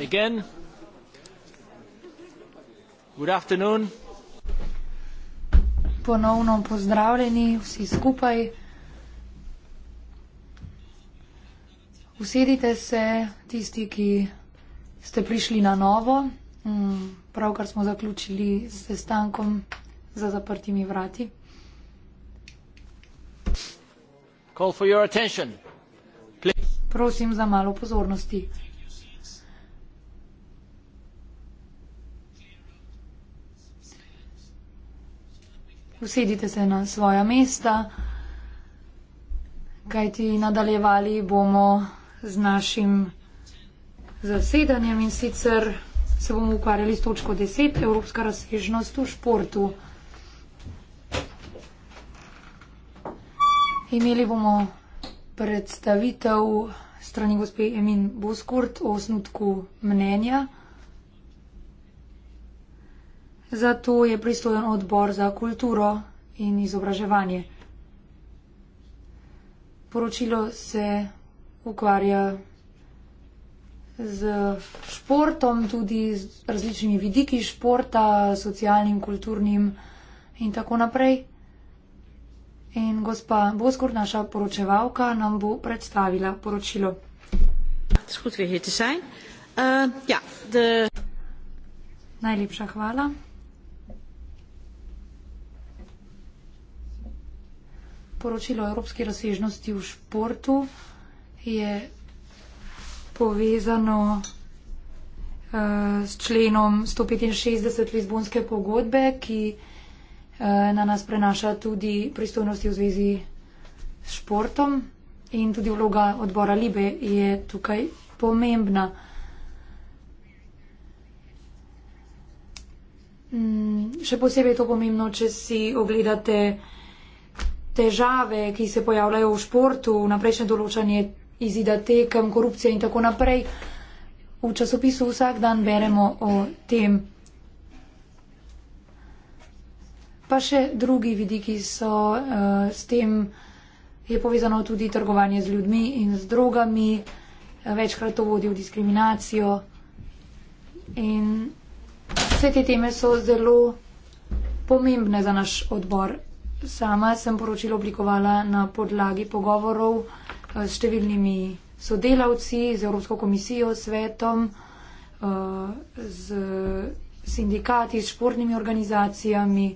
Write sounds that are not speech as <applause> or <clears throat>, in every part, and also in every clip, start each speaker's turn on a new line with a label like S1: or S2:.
S1: again. Good afternoon.
S2: Ponovno pozdravljeni vsi skupaj. Usedite se tisti, ki ste prišli na novo. Mm, pravkar smo zaključili s sestankom za zaprtimi vrati. Prosim za malo pozornosti. usedite se na svoja mesta, kajti nadaljevali bomo z našim zasedanjem in sicer se bomo ukvarjali s točko 10, evropska razsežnost v športu. Imeli bomo predstavitev strani gospe Emin Boskurt o osnutku mnenja. Zato je pristojen odbor za kulturo in izobraževanje. Poročilo se ukvarja z športom, tudi z različnimi vidiki športa, socialnim, kulturnim in tako naprej. In gospa Boskur, naša poročevalka, nam bo predstavila poročilo. Uh, ja, de... Najlepša hvala. poročilo o evropski razsežnosti v športu je povezano uh, s členom 165 Lizbonske pogodbe, ki uh, na nas prenaša tudi pristojnosti v zvezi s športom in tudi vloga odbora Libe je tukaj pomembna. Mm, še posebej je to pomembno, če si ogledate težave, ki se pojavljajo v športu, naprejšnje določanje izida tekem, korupcija in tako naprej. V časopisu vsak dan beremo o tem. Pa še drugi vidiki so uh, s tem, je povezano tudi trgovanje z ljudmi in z drogami, večkrat to vodi v diskriminacijo. In vse te teme so zelo pomembne za naš odbor Sama sem poročilo oblikovala na podlagi pogovorov eh, s številnimi sodelavci, z Evropsko komisijo, svetom, eh, z sindikati, s športnimi organizacijami,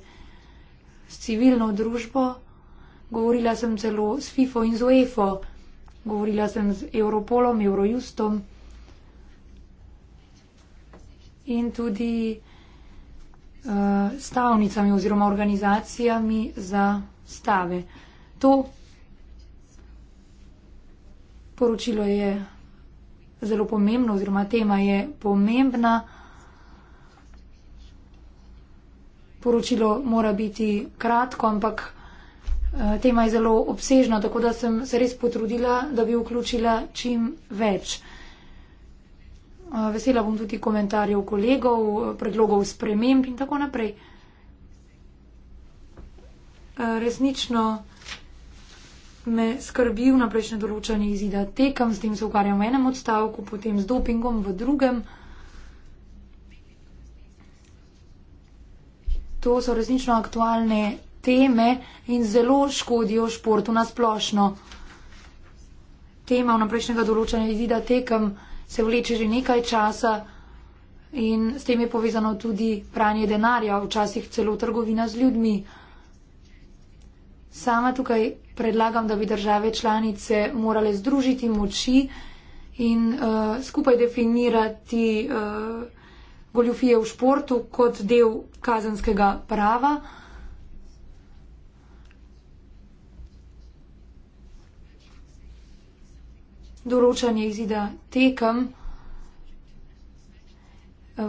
S2: s civilno družbo. Govorila sem celo s FIFO in z UEFO, govorila sem z Europolom, Eurojustom in tudi Eh, stavnicami oziroma organizacijami za stave. To poročilo je zelo pomembno oziroma tema je pomembna. Poročilo mora biti kratko, ampak eh, tema je zelo obsežna, tako da sem se res potrudila, da bi vključila čim več vesela bom tudi komentarjev kolegov, predlogov sprememb in tako naprej. Resnično me skrbi vnaprejšnje določanje izida tekem, s tem se ukvarjam v enem odstavku, potem z dopingom v drugem. To so resnično aktualne teme in zelo škodijo športu na splošno. Tema vnaprejšnjega določanja izida tekem se vleče že nekaj časa in s tem je povezano tudi pranje denarja, včasih celo trgovina z ljudmi. Sama tukaj predlagam, da bi države članice morale združiti moči in uh, skupaj definirati uh, goljufije v športu kot del kazenskega prava. določanje izida tekem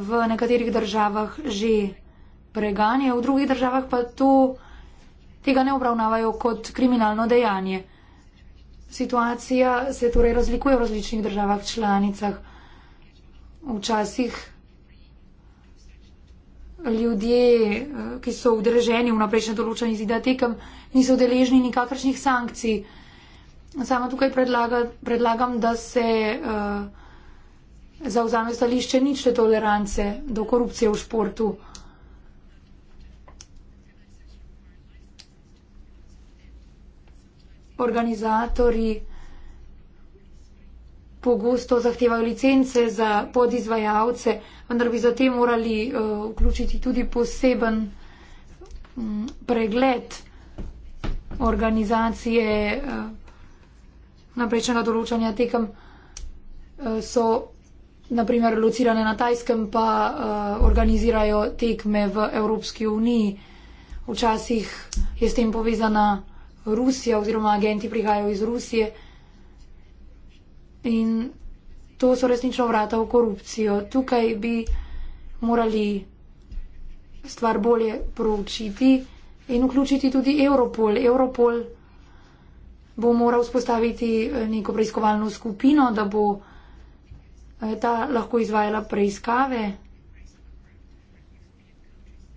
S2: v nekaterih državah že preganje, v drugih državah pa to, tega ne obravnavajo kot kriminalno dejanje. Situacija se torej razlikuje v različnih državah članicah. Včasih ljudje, eh, ki so udreženi v naprejšnje določanje izida tekem, niso deležni nikakršnih sankcij. Sama tukaj predlaga, predlagam, da se uh, eh, zauzame stališče nične tolerance do korupcije v športu. Organizatori pogosto zahtevajo licence za podizvajalce, vendar bi zatem morali uh, vključiti tudi poseben um, pregled organizacije. Uh, naprečnega določanja tekem eh, so naprimer locirane na tajskem, pa eh, organizirajo tekme v Evropski uniji. Včasih je s tem povezana Rusija oziroma agenti prihajajo iz Rusije. In to so resnično vrata v korupcijo. Tukaj bi morali stvar bolje proučiti in vključiti tudi Europol. Europol bo moral vzpostaviti eh, neko preiskovalno skupino, da bo eh, ta lahko izvajala preiskave.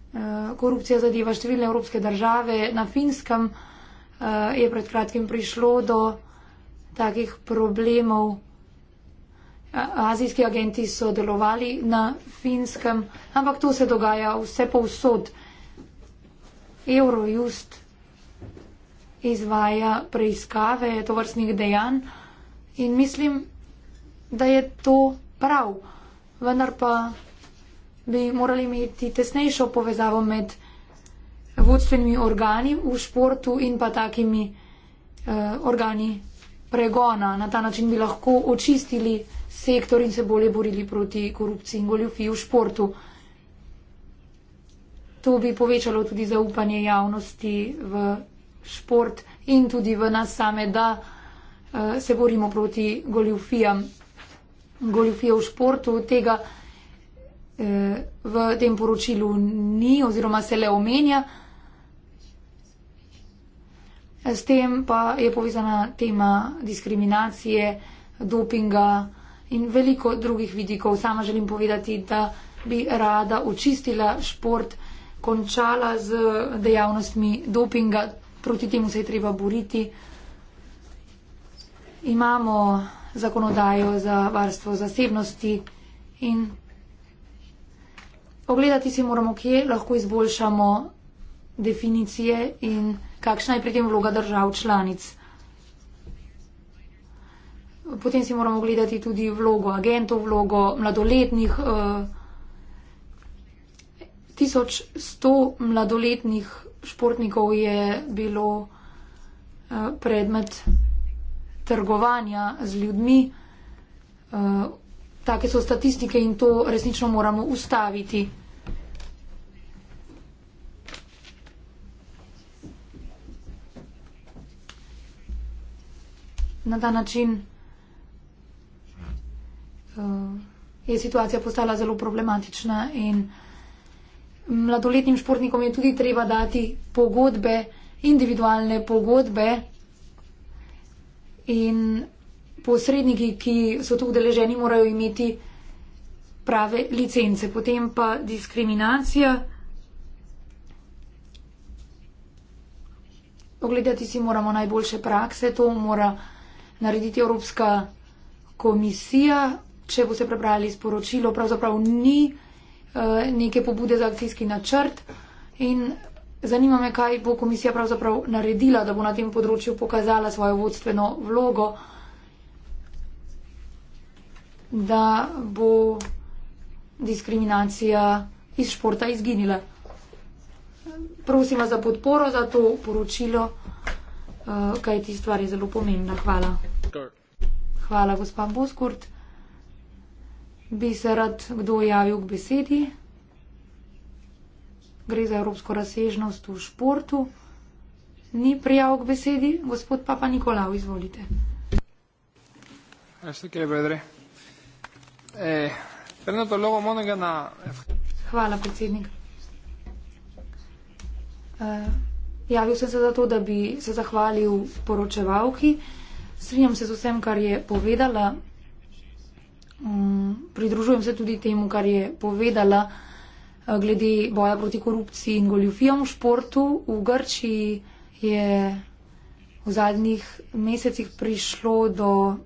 S2: Eh, korupcija zadeva številne evropske države. Na finskem je pred kratkim prišlo do takih problemov. Azijski agenti so delovali na finskem, ampak to se dogaja vse povsod. Eurojust izvaja preiskave to vrstnih dejanj in mislim, da je to prav. Vendar pa bi morali imeti tesnejšo povezavo med vodstvenimi organi v športu in pa takimi eh, organi pregona. Na ta način bi lahko očistili sektor in se bolje borili proti korupciji in goljufiji v športu. To bi povečalo tudi zaupanje javnosti v šport in tudi v nas same, da eh, se borimo proti goljufijam. Goljufije v športu tega eh, v tem poročilu ni oziroma se le omenja. S tem pa je povezana tema diskriminacije, dopinga in veliko drugih vidikov. Sama želim povedati, da bi rada očistila šport, končala z dejavnostmi dopinga, proti temu se je treba boriti. Imamo zakonodajo za varstvo zasebnosti in ogledati si moramo, kje lahko izboljšamo definicije in kakšna je pri tem vloga držav članic. Potem si moramo gledati tudi vlogo agentov, vlogo mladoletnih. 1100 eh, mladoletnih športnikov je bilo eh, predmet trgovanja z ljudmi. Eh, take so statistike in to resnično moramo ustaviti. Na ta način eh, je situacija postala zelo problematična in mladoletnim športnikom je tudi treba dati pogodbe, individualne pogodbe in posredniki, ki so tu udeleženi, morajo imeti prave licence. Potem pa diskriminacija. Ogledati si moramo najboljše prakse, to mora narediti Evropska komisija. Če boste prebrali sporočilo, pravzaprav ni. Eh, neke pobude za akcijski načrt in zanima me, kaj bo komisija pravzaprav naredila, da bo na tem področju pokazala svojo vodstveno vlogo, da bo diskriminacija iz športa izginila. Prosim vas za podporo za to poročilo, eh, kaj ti stvar je zelo pomembna. Hvala. Hvala, gospod Boskurt. Bi se rad kdo javil k besedi? Gre za evropsko razsežnost v športu. Ni prijav k besedi, gospod Papa Nikolao, izvolite. E, Hvala, predsednik. E, javil sem se zato, da bi se zahvalil poročevalki. Srinjam se z vsem, kar je povedala um, pridružujem se tudi temu, kar je povedala eh, glede boja proti korupciji in goljufijam v športu. V Grčiji je v zadnjih mesecih prišlo do eh,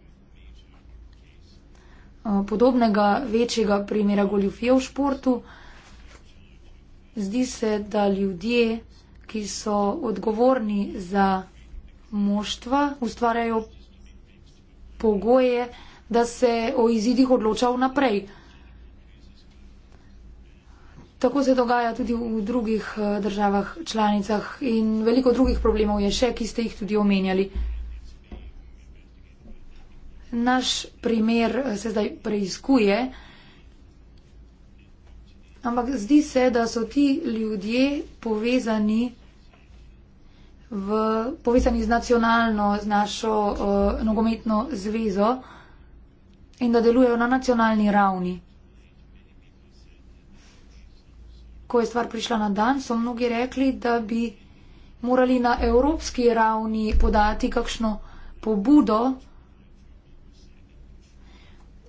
S2: podobnega večjega primera goljufije v športu. Zdi se, da ljudje, ki so odgovorni za moštva, ustvarjajo pogoje, uh, da se o izidih odloča vnaprej. Tako se dogaja tudi v drugih eh, državah članicah in veliko drugih problemov je še, ki ste jih tudi omenjali. Naš primer eh, se zdaj preizkuje, ampak zdi se, da so ti ljudje povezani, v, povezani z nacionalno, z našo uh, nogometno zvezo in da delujejo na nacionalni ravni. Ko je stvar prišla na dan, so mnogi rekli, da bi morali na evropski ravni podati kakšno pobudo,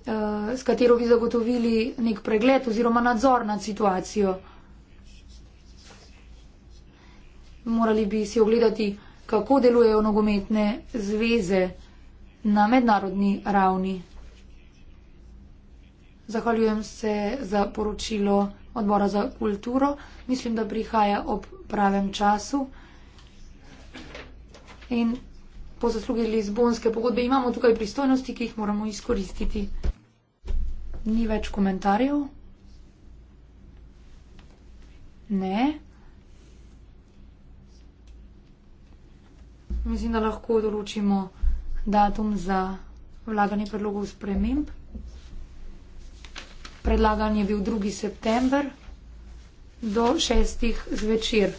S2: eh, s katero bi zagotovili nek pregled oziroma nadzor nad situacijo. Morali bi si ogledati, kako delujejo nogometne zveze na mednarodni ravni. Zahvaljujem se za poročilo odbora za kulturo. Mislim, da prihaja ob pravem času. In po zaslugi Lizbonske pogodbe imamo tukaj pristojnosti, ki jih moramo izkoristiti. Ni več komentarjev? Ne. Mislim, da lahko določimo datum za vlaganje predlogov sprememb predlagan je bil 2. september do 6. zvečer.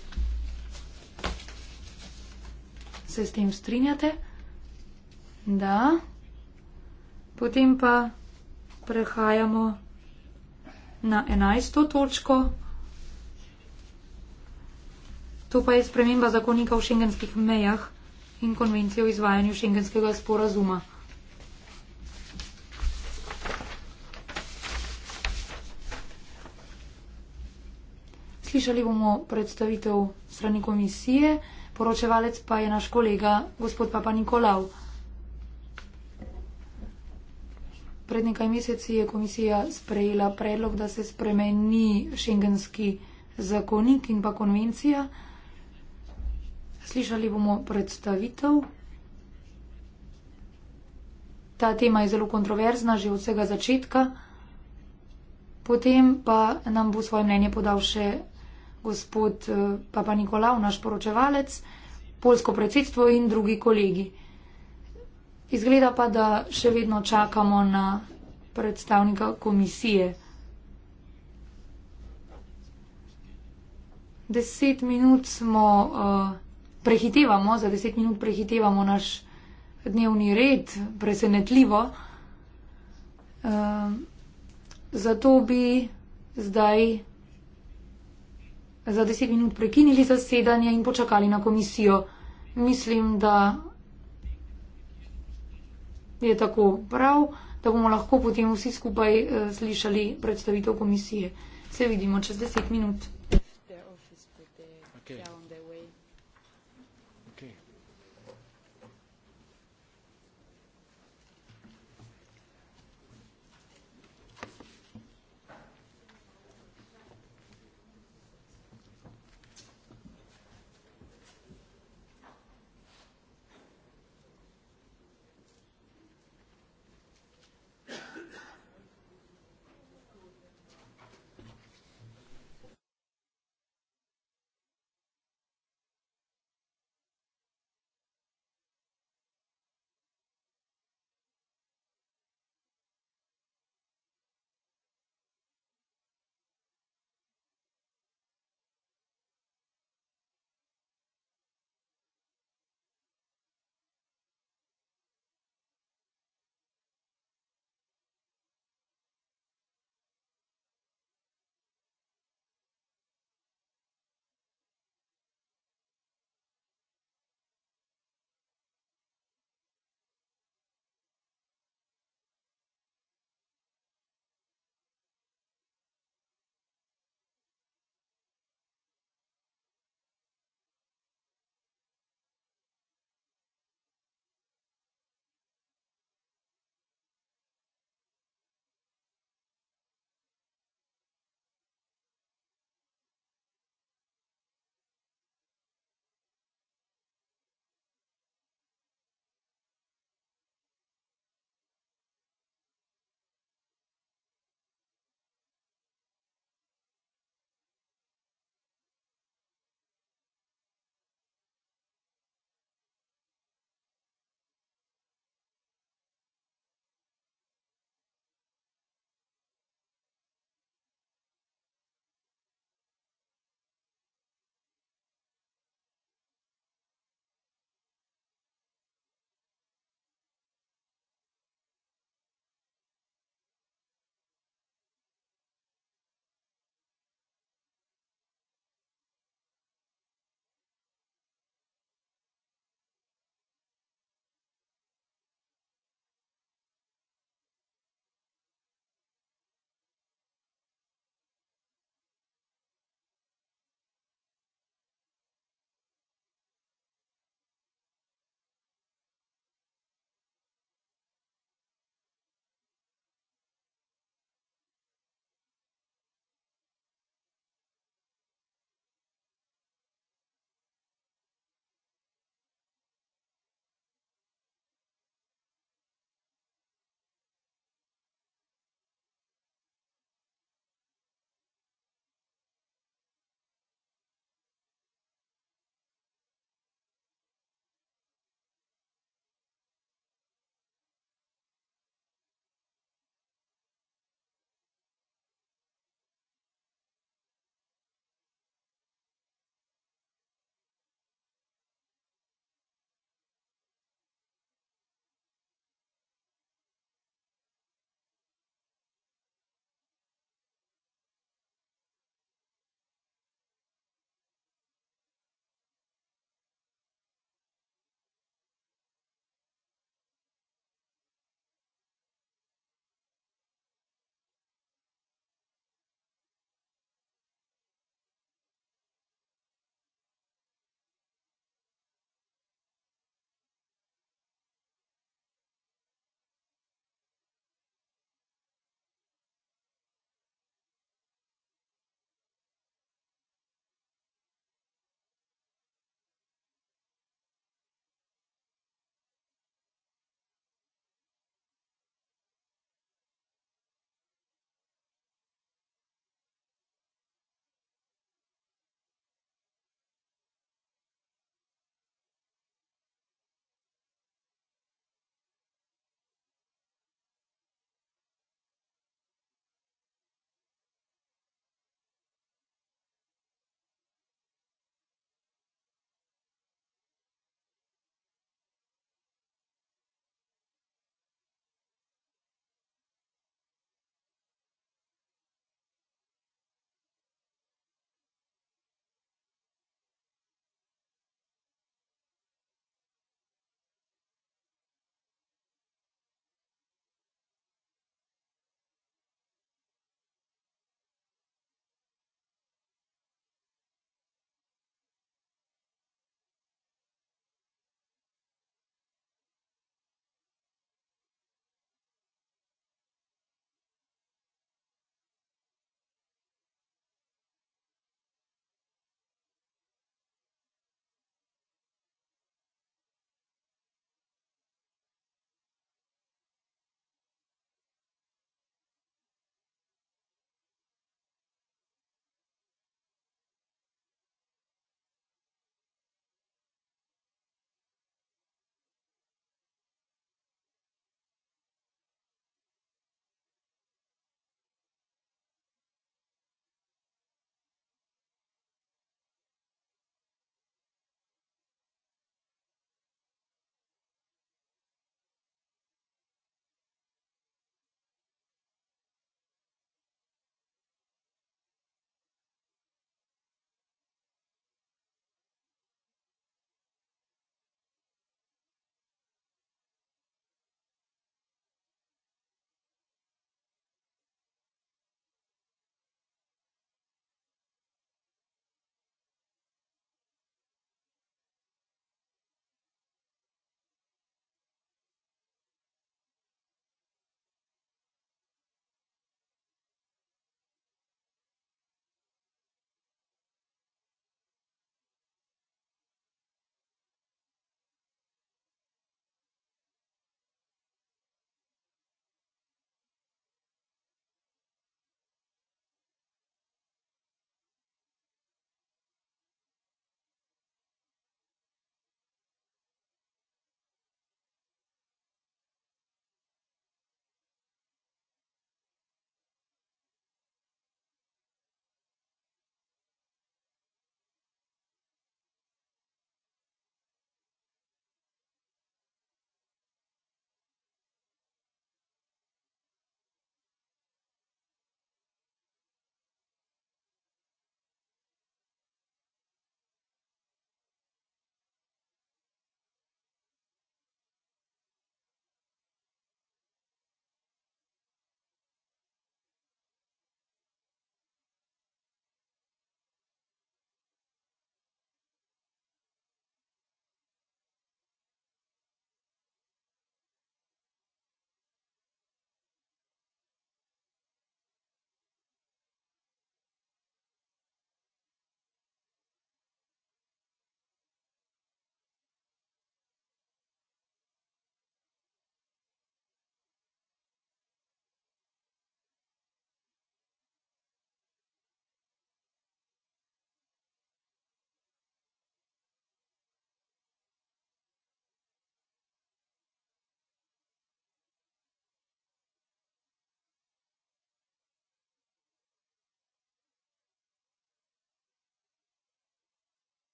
S2: Se s tem strinjate? Da. Potem pa prehajamo na 11. točko. To pa je sprememba zakonika o šengenskih mejah in konvencije o izvajanju šengenskega sporazuma. Slišali bomo predstavitev strani komisije, poročevalec pa je naš kolega, gospod Papa Nikolav. Pred nekaj meseci je komisija sprejela predlog, da se spremeni šengenski zakonik in pa konvencija. Slišali bomo predstavitev. Ta tema je zelo kontroverzna že od vsega začetka. Potem pa nam bo svoje mnenje podal še gospod eh, Papa Nikolaov, naš poročevalec, polsko predsedstvo in drugi kolegi. Izgleda pa, da še vedno čakamo na predstavnika komisije. Deset minut smo, uh, prehitevamo, za deset minut prehitevamo naš dnevni red, presenetljivo. Uh, zato bi zdaj za deset minut prekinili zasedanje in počakali na komisijo. Mislim, da je tako prav, da bomo lahko potem vsi skupaj eh, slišali predstavitev komisije. Se vidimo čez deset minut.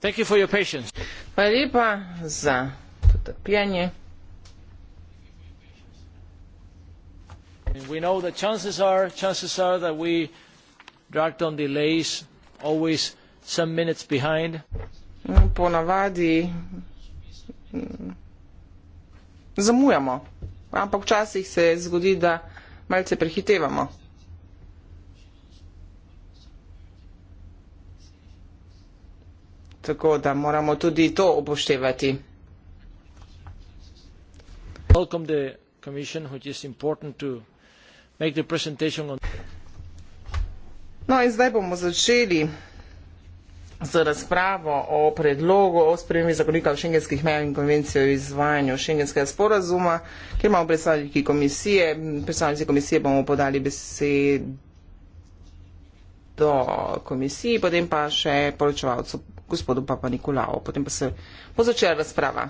S3: Hvala lepa za potrpljenje.
S1: We know that chances are, chances are that we
S3: dragged on delays, always some minutes behind. Mm, po navadi mm, zamujamo, ampak včasih se zgodi, da malce prehitevamo. tako da moramo tudi to upoštevati. No in zdaj bomo začeli z razpravo o predlogu o spremembi zakonika o šengenskih mejah in konvencijo o izvajanju šengenskega sporazuma, kjer imamo predstavniki komisije. Predstavniki komisije bomo podali besedo komisiji, potem pa še poročevalcu gospodu Papa Nikolao. Potem pa se bo začela razprava.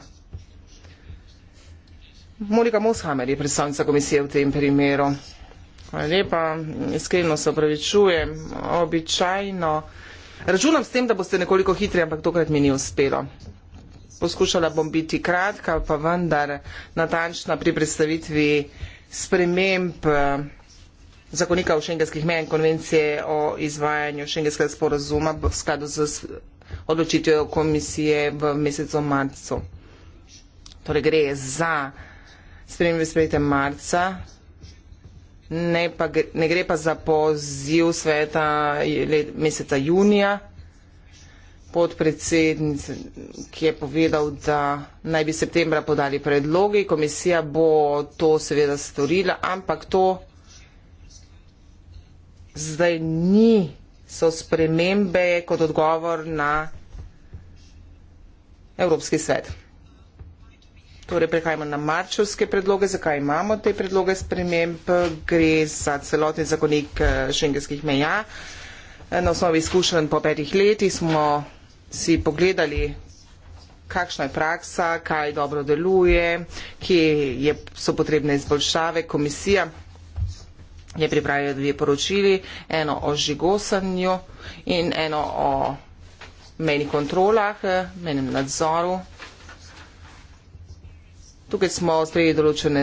S3: Monika Moshamer je predstavnica komisije v tem primeru. Hvala lepa, iskreno se opravičujem, običajno. Računam s tem, da boste nekoliko hitri, ampak tokrat mi ni uspelo. Poskušala bom biti kratka, pa vendar natančna pri predstavitvi sprememb eh, zakonika v šengenskih menj konvencije o izvajanju šengenskega sporazuma v skladu z odločitve komisije v mesecu marcu. Torej gre za spremembe sprejete marca, ne, pa, ne gre pa za poziv sveta let, meseca junija. Podpredsednik, ki je povedal, da naj bi septembra podali predlogi, komisija bo to seveda storila, ampak to zdaj ni so spremembe kot odgovor na Evropski svet. Torej, prehajamo na marčevske predloge. Zakaj imamo te predloge sprememb? Gre za celotni zakonik eh, šengenskih meja. Eh, na osnovi izkušenj po petih letih smo si pogledali, kakšna je praksa, kaj dobro deluje, kje je, so potrebne izboljšave. Komisija je pripravila dve poročili, eno o žigosanju in eno o mejnih kontrolah, mejnem nadzoru. Tukaj smo sprejeli določene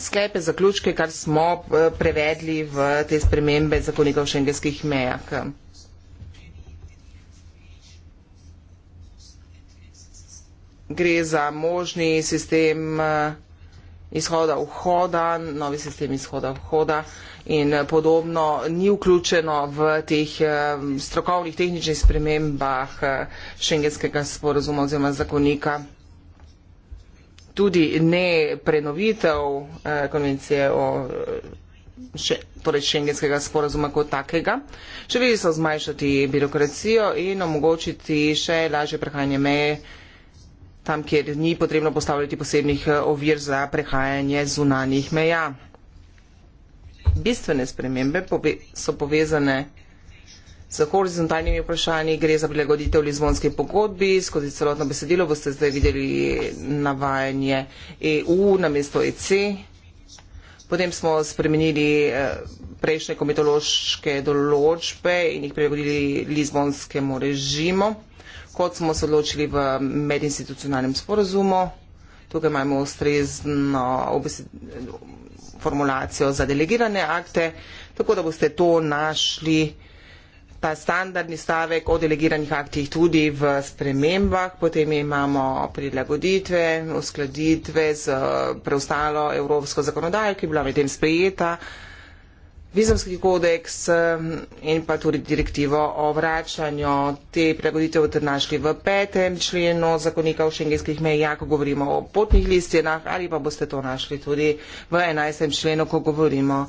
S3: sklepe, zaključke, kar smo eh, prevedli v te spremembe zakonika v šengenskih mejah. Gre za možni sistem eh, izhoda vhoda, novi sistem izhoda vhoda in eh, podobno ni vključeno v teh eh, strokovnih tehničnih spremembah eh, šengenskega sporozuma oziroma zakonika. Tudi ne prenovitev konvencije o še, torej šengenskega sporozuma kot takega. Želeli so zmanjšati birokracijo in omogočiti še lažje prehajanje meje tam, kjer ni potrebno postavljati posebnih eh, ovir za prehajanje zunanjih meja. Bistvene spremembe so povezane z horizontalnimi vprašanji, gre za prilagoditev Lizbonske pogodbi, skozi celotno besedilo boste zdaj videli navajanje EU na mesto EC. Potem smo spremenili eh, prejšnje komitološke določbe in jih prilagodili Lizbonskemu režimu kot smo se odločili v medinstitucionalnem sporozumu. Tukaj imamo ustrezno formulacijo za delegirane akte, tako da boste to našli, ta standardni stavek o delegiranih aktih tudi v spremembah. Potem imamo prilagoditve, uskladitve z preostalo evropsko zakonodajo, ki je bila medtem sprejeta vizumski kodeks in pa tudi direktivo o vračanju. Te pregoditev ste našli v petem členu zakonika o šengenskih mejah, ko govorimo o potnih listinah, ali pa boste to našli tudi v enajstem členu, ko govorimo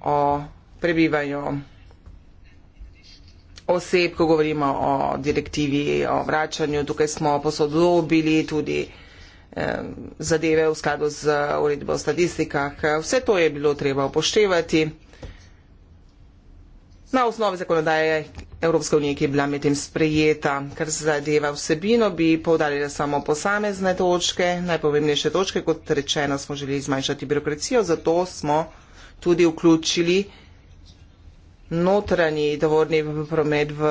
S3: o prebivanju oseb, ko govorimo o direktivi o vračanju. Tukaj smo posodobili tudi zadeve v skladu z uredbo o statistikah. Vse to je bilo treba upoštevati. Na osnovi zakonodaje Evropske unije, ki je bila medtem sprejeta, kar se zadeva vsebino, bi povdarjala samo posamezne točke. Najpomembnejše točke, kot rečeno, smo želeli zmanjšati birokracijo, zato smo tudi vključili notranji tovorni promet v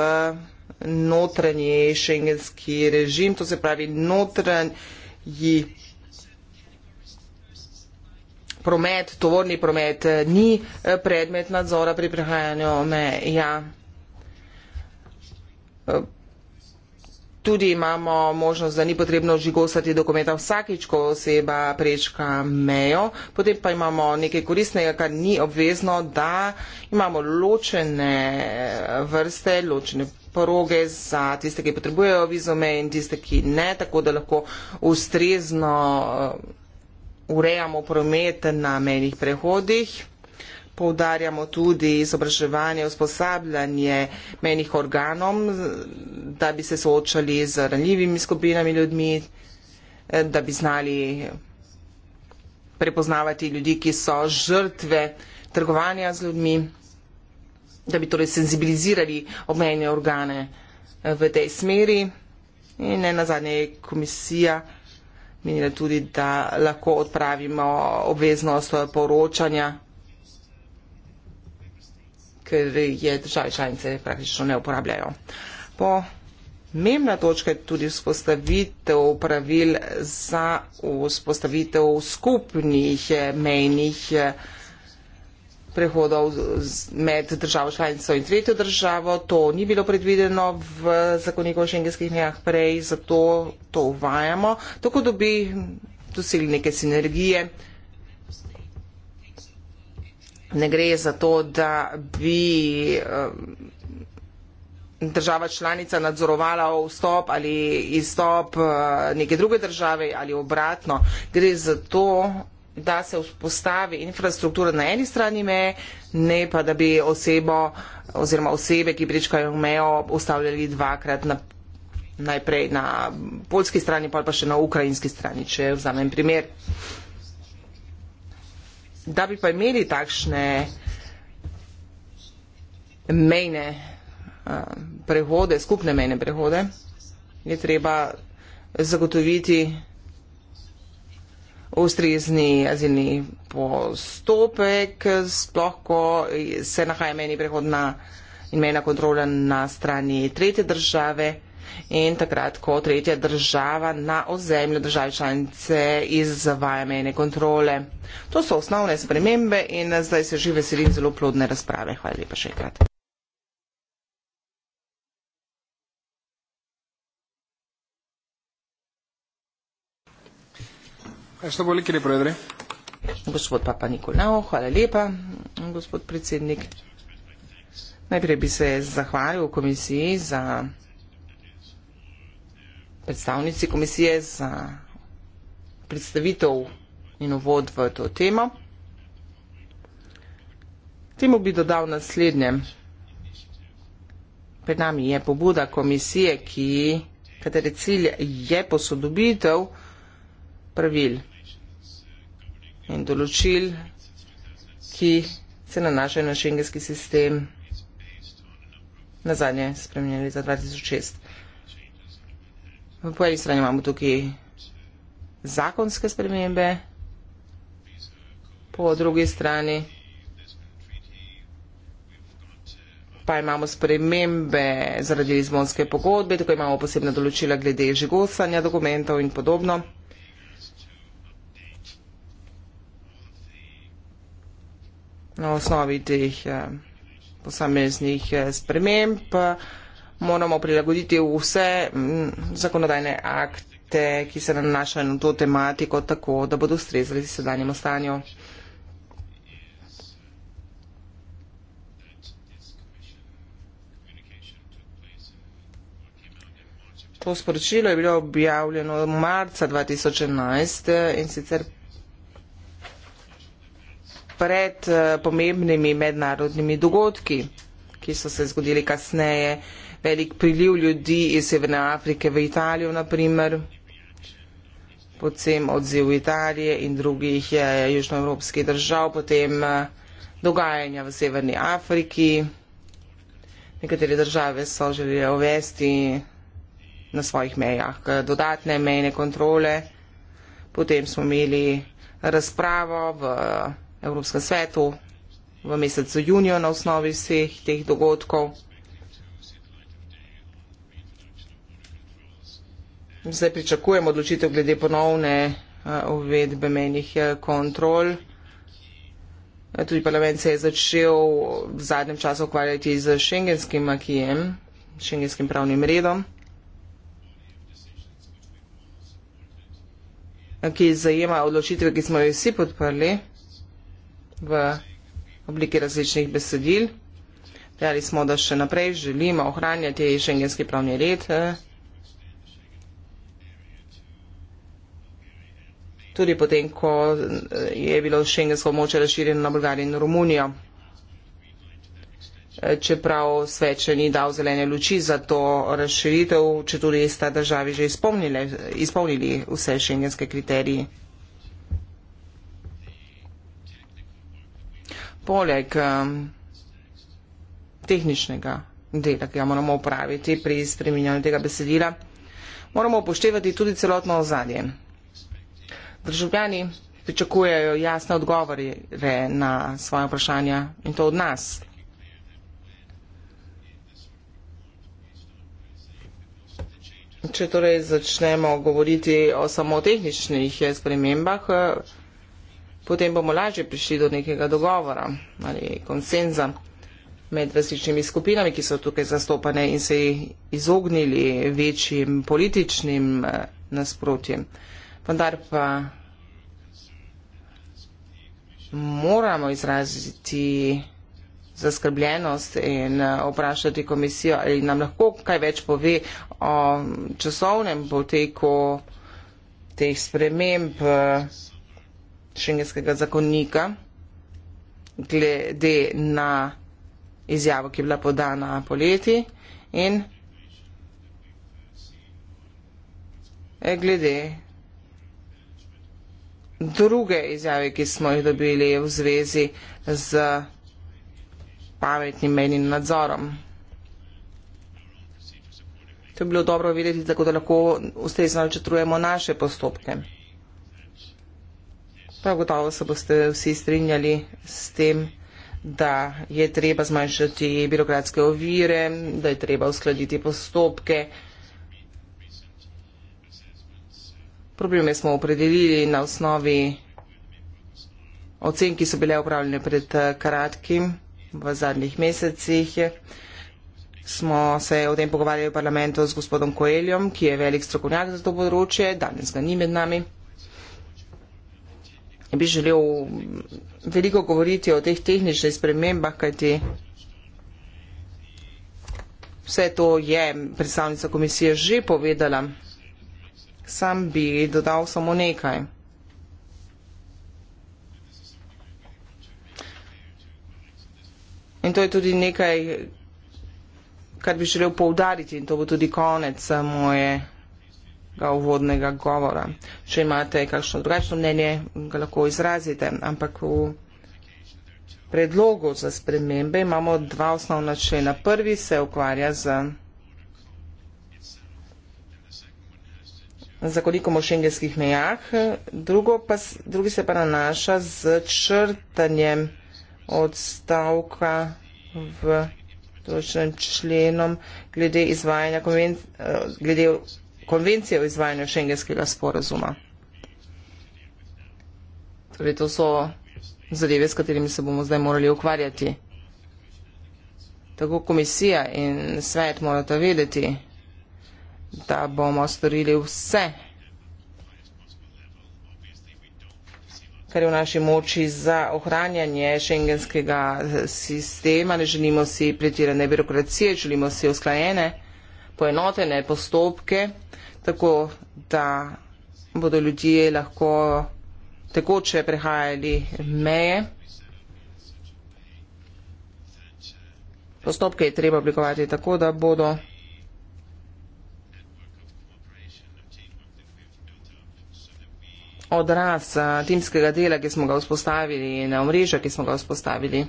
S3: notranji šengenski režim, to se pravi notranji ji promet, tovorni promet eh, ni eh, predmet nadzora pri prehajanju meja. Eh, tudi imamo možnost, da ni potrebno žigosati dokumenta vsakič, ko oseba prečka mejo. Potem pa imamo nekaj koristnega, kar ni obvezno, da imamo ločene vrste, ločene poroge za tiste, ki potrebujejo vizume in tiste, ki ne, tako da lahko ustrezno eh, urejamo promet na menih prehodih. Povdarjamo tudi izobraževanje, usposabljanje menih organom, da bi se soočali z ranljivimi skupinami ljudmi, eh, da bi znali prepoznavati ljudi, ki so žrtve trgovanja z ljudmi da bi torej senzibilizirali obmejne organe eh, v tej smeri. In ne nazadnje je komisija menila tudi, da lahko odpravimo obveznost eh, poročanja, ker je države članice praktično ne uporabljajo. Po Memna točka je tudi vzpostavitev pravil za vzpostavitev skupnih eh, mejnih prehodov med državo članico in tretjo državo. To ni bilo predvideno v zakoniku o šengenskih mejah prej, zato to uvajamo. Tako dobi dosili neke sinergije. Ne gre za to, da bi um, država članica nadzorovala vstop ali izstop uh, neke druge države ali obratno. Gre za to, da se vzpostavi infrastruktura na eni strani meje, ne pa da bi osebo oziroma osebe, ki prečkajo mejo, ustavljali dvakrat na, najprej na polski strani, pa še na ukrajinski strani, če vzamem primer. Da bi pa imeli takšne mejne prehode, skupne mejne prehode, je treba zagotoviti ustrezni azilni postopek, sploh ko se nahaja meni prehodna in mejna kontrola na strani tretje države in takrat, ko tretja država na ozemlju države članice izvaja mejne kontrole. To so osnovne spremembe in zdaj se že veselim zelo plodne razprave. Hvala lepa še enkrat. Ευχαριστώ πολύ κύριε Πρόεδρε. Господ Παπα Николао, χαλα λεπα, господ председник. Najprej bi se zahvalil komisiji za predstavnici komisije za predstavitev in uvod v to temo. Temu bi dodal naslednje. Pred nami je pobuda komisije, ki, katere cilj je posodobitev pravil in določil, ki se nanašajo na šengenski sistem, nazadnje spremenili za 2006. Po eni strani imamo tukaj zakonske spremembe, po drugi strani pa imamo spremembe zaradi Lizbonske pogodbe, tako imamo posebna določila glede žigosanja dokumentov in podobno. na osnovi teh eh, posameznih eh, sprememb eh, moramo prilagoditi vse mm, zakonodajne akte, ki se nanašajo na to tematiko, tako da bodo ustrezali sedanjemu stanju. To sporočilo je bilo objavljeno v marca 2011 in sicer pred eh, pomembnimi mednarodnimi dogodki, ki so se zgodili kasneje. Velik priliv ljudi iz Severne Afrike v Italijo, naprimer, potem odziv Italije in drugih južnoevropskih držav, potem eh, dogajanja v Severni Afriki. Nekatere države so želeli uvesti na svojih mejah eh, dodatne mejne kontrole. Potem smo imeli razpravo v Evropskem svetu v mesecu juniju na osnovi vseh teh dogodkov. Zdaj pričakujemo odločitev glede ponovne eh, uvedbe menjih eh, kontrol. Eh, tudi parlament se je začel v zadnjem času ukvarjati z šengenskim akijem, šengenskim pravnim redom, ki zajema odločitve, ki smo jo vsi podprli v obliki različnih besedil. Dejali smo, da še naprej želimo ohranjati šengenski pravni red. Eh, tudi potem, ko eh, je bilo šengensko območje razširjeno na Bolgarijo in Romunijo. Eh, čeprav svet še ni dal zelene luči za to razširitev, če tudi sta državi že izpolnili vse šengenske kriterije. poleg um, tehničnega dela, ki ga moramo upraviti pri spreminjanju tega besedila, moramo upoštevati tudi celotno ozadje. Državljani pričakujejo jasne odgovore na svoje vprašanja in to od nas. Če torej začnemo govoriti o samotehničnih eh, spremembah, eh, potem bomo lažje prišli do nekega dogovora ali konsenza med različnimi skupinami, ki so tukaj zastopane in se izognili večjim političnim eh, nasprotjem. Vendar pa moramo izraziti zaskrbljenost in eh, vprašati komisijo, ali nam lahko kaj več pove o časovnem poteku teh sprememb. Eh, šengenskega zakonnika glede na izjavo, ki je bila podana poleti in eh, glede druge izjave, ki smo jih dobili v zvezi z pametnim menim nadzorom. To je bilo dobro videti, tako da lahko ustrezno načetrujemo naše postopke pa gotovo se boste vsi strinjali s tem, da je treba zmanjšati birokratske ovire, da je treba uskladiti postopke. Probleme smo opredelili na osnovi ocen, ki so bile upravljene pred eh, kratkim v zadnjih mesecih. Smo se o tem pogovarjali v parlamentu z gospodom Koeljom, ki je velik strokovnjak za to področje, danes ga ni med nami bi želel veliko govoriti o teh tehničnih spremembah, kajti vse to je predstavnica komisije že povedala. Sam bi dodal samo nekaj. In to je tudi nekaj, kar bi želel poudariti in to bo tudi konec moje tega uvodnega govora. Če imate kakšno drugačno mnenje, ga lahko izrazite, ampak v predlogu za spremembe imamo dva osnovna člena. Prvi se ukvarja z zakonikom o šengenskih mejah, Drugo pa, drugi se pa nanaša z črtanjem odstavka v določenem členom glede izvajanja konvencije, eh, glede konvencije o izvajanju šengenskega sporazuma. Torej, to so zadeve, s katerimi se bomo zdaj morali ukvarjati. Tako komisija in svet morata vedeti, da bomo storili vse, kar je v naši moči za ohranjanje šengenskega sistema. Ne želimo si pretirane birokracije, želimo si usklajene, poenotene postopke tako da bodo ljudje lahko tekoče prehajali meje. Postopke je treba oblikovati tako, da bodo odraz timskega dela, ki smo ga vzpostavili, na omrežja, ki smo ga vzpostavili.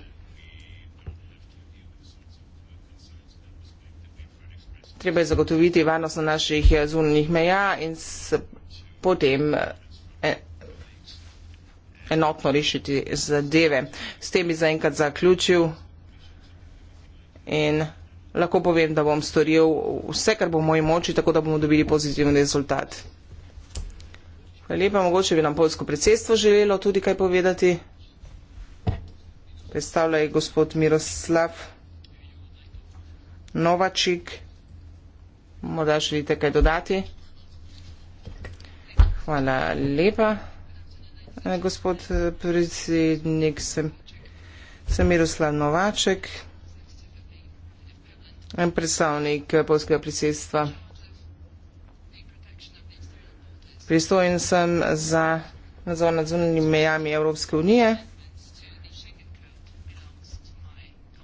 S3: treba je zagotoviti varnost na naših eh, zunanjih meja in s, potem eh, en, enotno rešiti zadeve. S tem bi zaenkrat zaključil in lahko povem, da bom storil vse, kar bo v moji moči, tako da bomo dobili pozitiven rezultat. Hvala lepa, mogoče bi nam polsko predsedstvo želelo tudi kaj povedati. Predstavlja je gospod Miroslav Novačik. Morda želite kaj dodati? Hvala lepa, eh, gospod eh, predsednik. Sem, sem Miroslav Novaček, predstavnik eh, polskega predsedstva. Pristojen sem za nadzor nad zunanjimi mejami Evropske unije.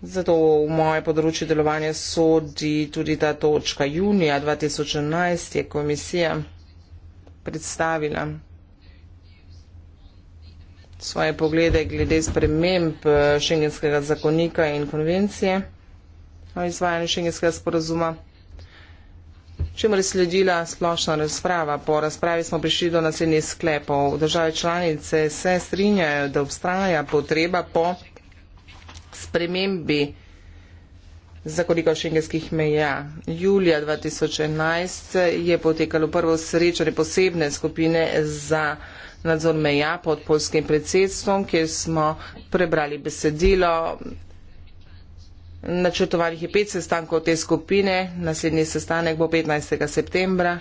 S3: Zato v moje področje delovanja sodi tudi ta točka. Junija 2011 je komisija predstavila svoje poglede glede sprememb eh, šengenskega zakonika in konvencije o izvajanju šengenskega sporazuma. Čemu je sledila splošna razprava? Po razpravi smo prišli do naslednjih sklepov. Države članice se strinjajo, da obstaja potreba po spremembi zakonika šengenskih meja. Julija 2011 je potekalo prvo srečanje posebne skupine za nadzor meja pod polskim predsedstvom, kjer smo prebrali besedilo. Načrtovanih je pet sestankov te skupine, naslednji sestanek bo 15. septembra,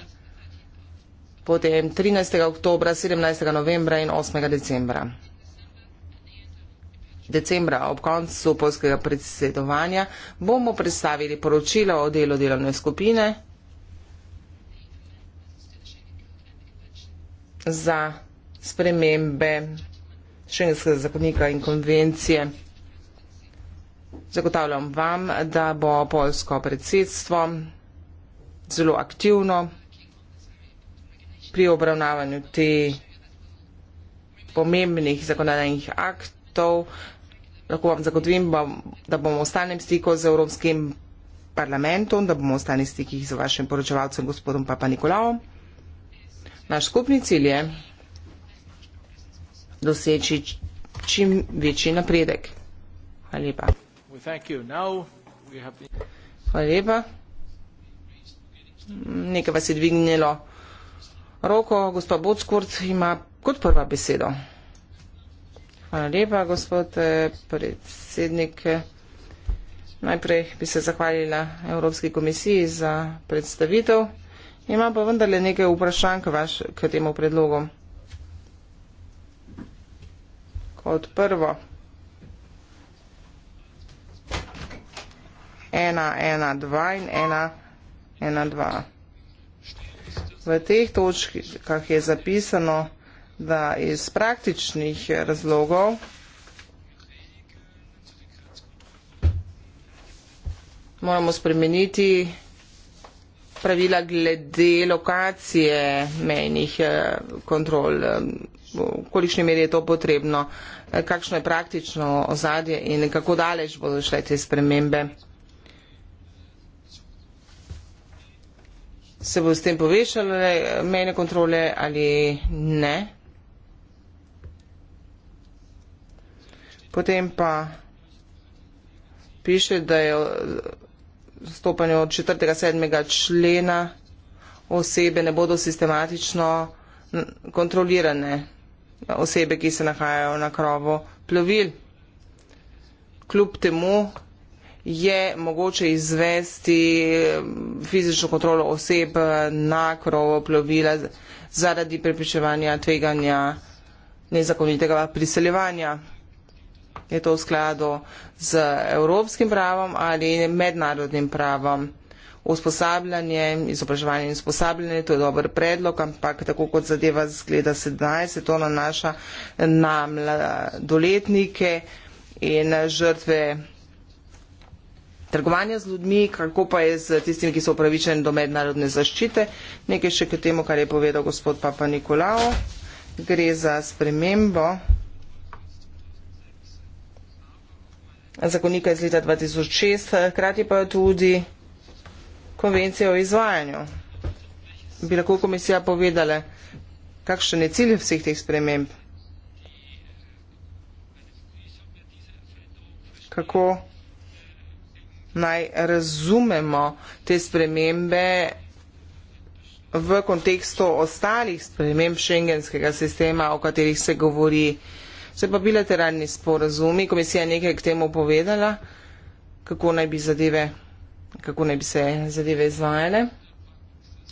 S3: potem 13. oktobra, 17. novembra in 8. decembra. Decembra ob koncu polskega predsedovanja bomo predstavili poročilo o delu delovne skupine za spremembe šengenskega zakonika in konvencije. Zagotavljam vam, da bo polsko predsedstvo zelo aktivno pri obravnavanju te pomembnih zakonodajnih aktov svetov. Lahko vam zagotovim, da bomo v stalnem stiku z Evropskim parlamentom, da bomo v stalnem stiku z vašim poročevalcem, gospodom Papa Nikolaom. Naš skupni cilj je doseči čim večji napredek. Hvala lepa. Hvala lepa. Nekaj vas je dvignilo roko. Gospod Bodskurt ima kot prva besedo. Hvala lepa, gospod eh, predsednik. Eh, najprej bi se zahvalila Evropski komisiji za predstavitev. Imam pa vendarle nekaj vprašanj k, vaš, k temu predlogu. Kot prvo. 1, 1, 2 in 1, 1, 2. V teh točkah je zapisano, da iz praktičnih razlogov moramo spremeniti pravila glede lokacije mejnih eh, kontrol, v kolikšni meri je to potrebno, kakšno je praktično ozadje in kako daleč bodo šle te spremembe. Se bo s tem povešale mejne kontrole ali ne? Potem pa piše, da je v stopanju od 4.7. člena osebe ne bodo sistematično kontrolirane osebe, ki se nahajajo na krovu plovil. Kljub temu je mogoče izvesti eh, fizično kontrolo oseb na krovo plovila zaradi prepričevanja tveganja nezakonitega priseljevanja je to v skladu z evropskim pravom ali mednarodnim pravom. Usposabljanje, izobraževanje in usposabljanje, to je dober predlog, ampak tako kot zadeva zgleda sedaj, se to nanaša na mladoletnike in žrtve trgovanja z ljudmi, kako pa je z tistimi, ki so upravičeni do mednarodne zaščite. Nekaj še k temu, kar je povedal gospod Papa Nikolao. Gre za spremembo. zakonika iz leta 2006, hkrati pa tudi konvencije o izvajanju. Bi lahko komisija povedala, kakšen je cilj vseh teh sprememb? Kako naj razumemo te spremembe v kontekstu ostalih sprememb šengenskega sistema, o katerih se govori? Se pa bilateralni sporazumi, komisija je nekaj k temu povedala, kako naj bi, zadeve, kako naj bi se zadeve izvajale,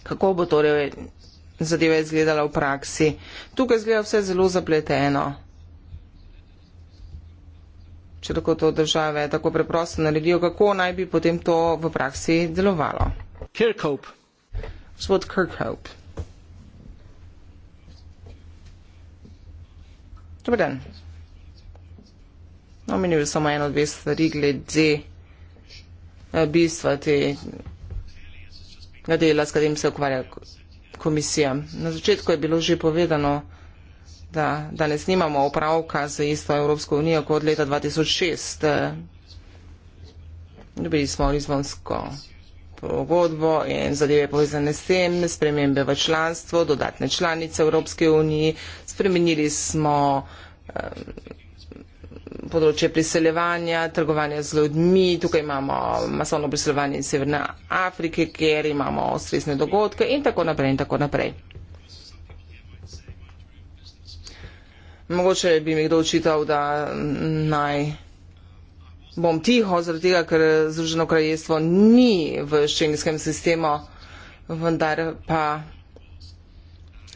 S3: kako bo torej zadeva izgledala v praksi. Tukaj zgleda vse zelo zapleteno. Če tako to države tako preprosto naredijo, kako naj bi potem to v praksi delovalo? Kirkhope. Gospod Kirkhope. Dobro dan. Omenil samo eno, dve stvari glede eh, bistva tega eh, dela, s katerim se ukvarja komisija. Na začetku je bilo že povedano, da danes nimamo opravka z isto Evropsko unijo kot leta 2006. Eh, dobili smo Lizbonsko pogodbo in zadeve povezane s tem, spremembe v članstvo, dodatne članice Evropske unije, spremenili smo eh, področje priseljevanja, trgovanja z ljudmi, tukaj imamo masovno priseljevanje iz Severne Afrike, kjer imamo stresne dogodke in tako naprej in tako naprej. Mogoče bi mi kdo očital, da naj. Mm, bom tiho, zaradi tega, ker Združeno kraljestvo ni v šengenskem sistemu, vendar pa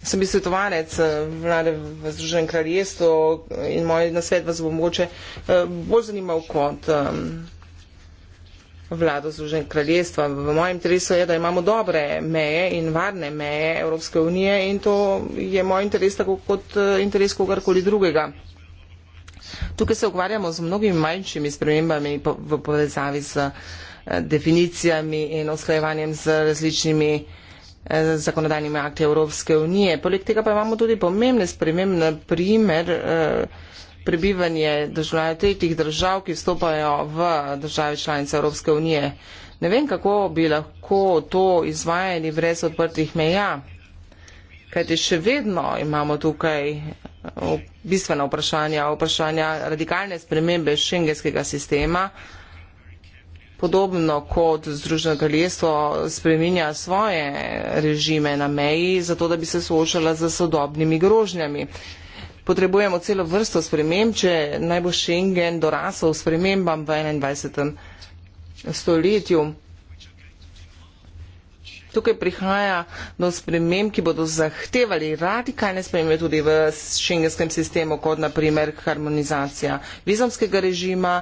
S3: sem bil svetovalec eh, vlade v Združenem kraljestvu in moj nasvet vas bo mogoče eh, bolj zanimal kot um, vlado Združenega kraljestva. V mojem interesu je, da imamo dobre meje in varne meje Evropske unije in to je moj interes tako kot eh, interes kogarkoli drugega. Tukaj se ukvarjamo z mnogimi manjšimi spremembami v povezavi z eh, definicijami in oslejevanjem z različnimi eh, zakonodajnimi akti Evropske unije. Poleg tega pa imamo tudi pomembne spremembe, na primer eh, prebivanje državljanov tretjih držav, ki vstopajo v države članice Evropske unije. Ne vem, kako bi lahko to izvajali brez odprtih meja, kajti še vedno imamo tukaj bistvena vprašanja, vprašanja radikalne spremembe šengenskega sistema. Podobno kot Združeno kraljestvo spreminja svoje režime na meji, zato da bi se soočala z sodobnimi grožnjami. Potrebujemo celo vrsto sprememb, če naj bo Schengen dorasel spremembam v 21. stoletju. Tukaj prihaja do sprememb, ki bodo zahtevali radikalne spremembe tudi v šengenskem sistemu, kot naprimer harmonizacija vizomskega režima,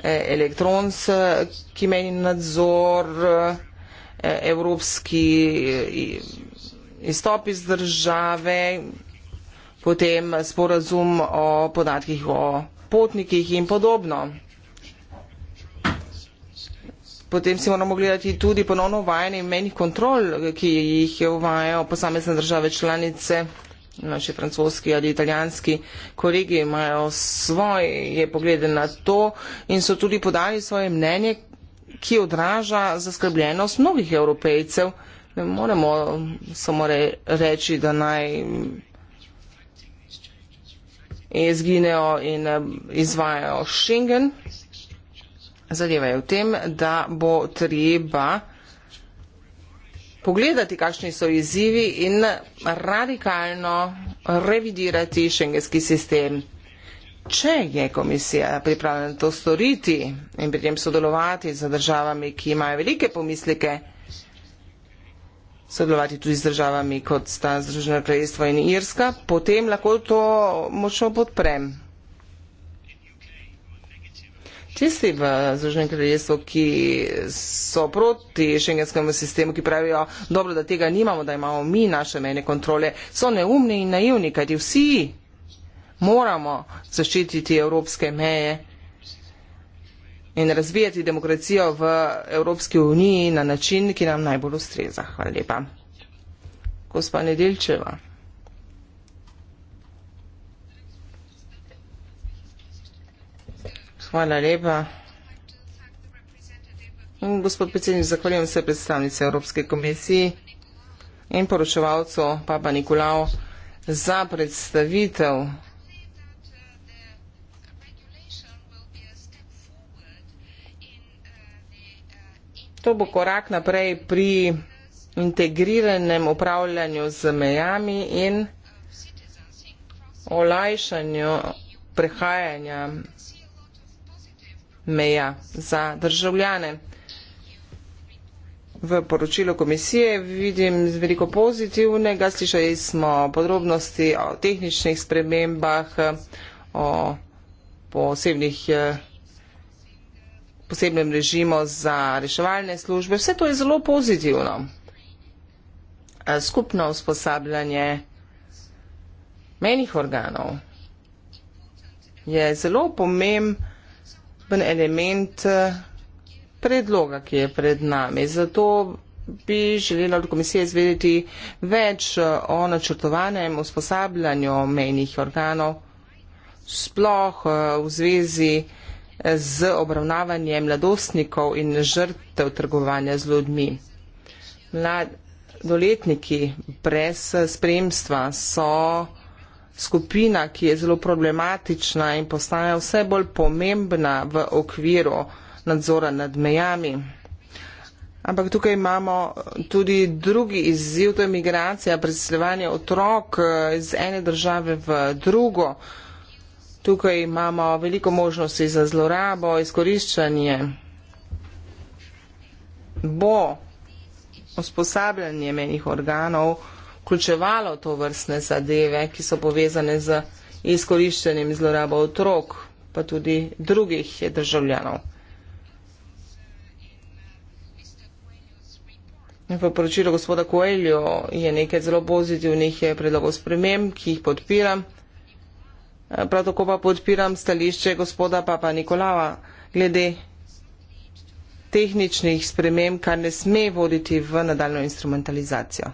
S3: e, elektronski e, meni nadzor, e, evropski izstop iz države, potem sporazum o podatkih o potnikih in podobno potem si moramo gledati tudi ponovno uvajanje menih kontrol, ki jih uvajajo posamezne države članice. Naši francoski ali italijanski kolegi imajo svoje poglede na to in so tudi podali svoje mnenje, ki odraža zaskrbljenost mnogih evropejcev. Ne moremo samo re, reči, da naj izginejo in eh, izvajajo Schengen. Zadeva je v tem, da bo treba pogledati, kakšni so izzivi in radikalno revidirati šengenski sistem. Če je komisija pripravljena to storiti in pri tem sodelovati z državami, ki imajo velike pomislike, sodelovati tudi z državami, kot sta Združeno kraljestvo in Irska, potem lahko to močno podprem. Tisti v Združenem kraljestvu, ki so proti šengenskemu sistemu, ki pravijo, dobro, da tega nimamo, da imamo mi naše mejne kontrole, so neumni in naivni, kajti vsi moramo zaščititi evropske meje in razvijati demokracijo v Evropski uniji na način, ki nam najbolj ustreza. Hvala lepa. Gospa Nedelčeva. Hvala lepa. Gospod predsednik, zahvaljujem se predstavnice Evropske komisije in poročevalcu Papa Nikolao za predstavitev. To bo korak naprej pri integriranem upravljanju z mejami in olajšanju prehajanja meja za državljane. V poročilu komisije vidim veliko pozitivnega, slišali smo podrobnosti o tehničnih spremembah, o posebnih eh, posebnem režimu za reševalne službe. Vse to je zelo pozitivno. Eh, skupno usposabljanje menih organov je zelo pomembno pomemben element eh, predloga, ki je pred nami. Zato bi želela od komisije izvedeti več eh, o načrtovanem usposabljanju menjih organov, sploh eh, v zvezi z obravnavanjem mladostnikov in žrtev trgovanja z ljudmi. Mladoletniki brez spremstva so skupina, ki je zelo problematična in postaja vse bolj pomembna v okviru nadzora nad mejami. Ampak tukaj imamo tudi drugi izziv, to je migracija, preseljevanje otrok eh, iz ene države v drugo. Tukaj imamo veliko možnosti za zlorabo, izkoriščanje. Bo usposabljanje menih organov vključevalo to vrstne zadeve, ki so povezane z izkoriščenjem zlorabo otrok, pa tudi drugih državljanov. V poročilu gospoda Koeljo je nekaj zelo pozitivnih predlogov sprejem, ki jih podpiram. Prav tako pa podpiram stališče gospoda Papa Nikolava glede tehničnih sprejem, kar ne sme voditi v nadaljno instrumentalizacijo.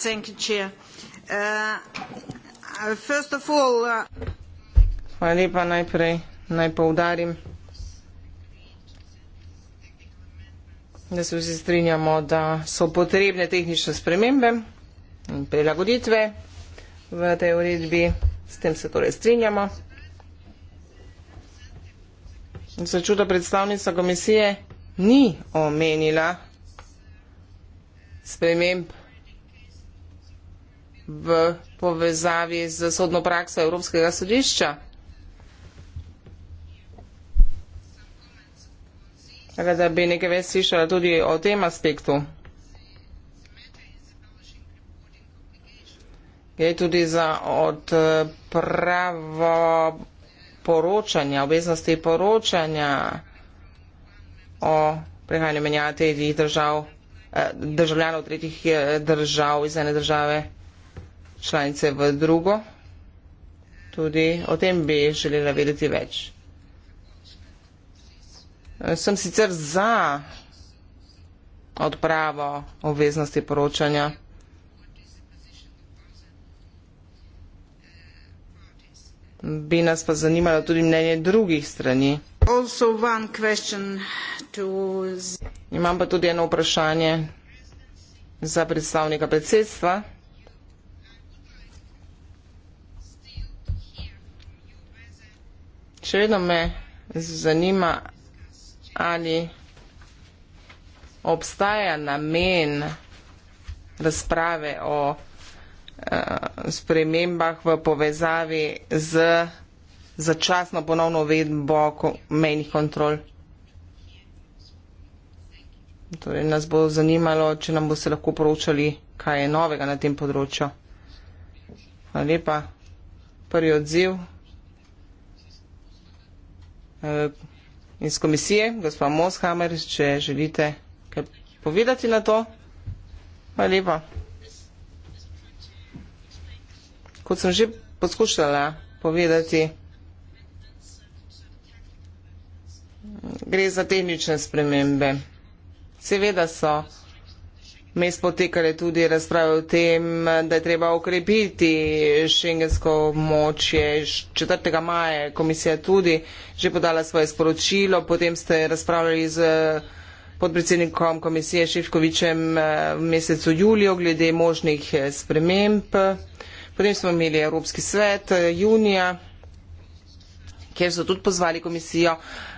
S3: Thank you, Chair. Uh, uh, uh, Hvala lepa. Najprej naj poudarim, da se vsi strinjamo, da so potrebne tehnične spremembe in prilagoditve v tej uredbi. S tem se torej strinjamo. Začuda predstavnica komisije ni omenila sprememb v povezavi z sodno prakso Evropskega sodišča. Tako da bi nekaj več slišala tudi o tem aspektu. Je tudi za odpravo poročanja, obveznosti poročanja o prehajanju menjavi teh držav, eh, državljanov tretjih eh, držav iz ene države članice v drugo. Tudi o tem bi želela vedeti več. Sem sicer za odpravo obveznosti poročanja. Bi nas pa zanimalo tudi mnenje drugih strani. Imam pa tudi eno vprašanje za predstavnika predsedstva. še vedno me zanima, ali obstaja namen razprave o uh, spremembah v povezavi z začasno ponovno uvedbo mejnih kontrol. Torej nas bo zanimalo, če nam boste lahko poročali, kaj je novega na tem področju. Hvala lepa. Prvi odziv. Eh, iz komisije, gospa Moshammer, če želite kaj povedati na to. Hvala lepa. Kot sem že poskušala povedati, gre za tehnične spremembe. Seveda so. Mes potekale tudi razprave o tem, da je treba okrepiti šengensko močje. 4. maja je komisija tudi že podala svoje sporočilo, potem ste razpravljali z podpredsednikom komisije Šivkovičem eh, v mesecu julijo glede možnih eh, sprememb. Potem smo imeli Evropski svet eh, junija kjer so tudi pozvali komisijo,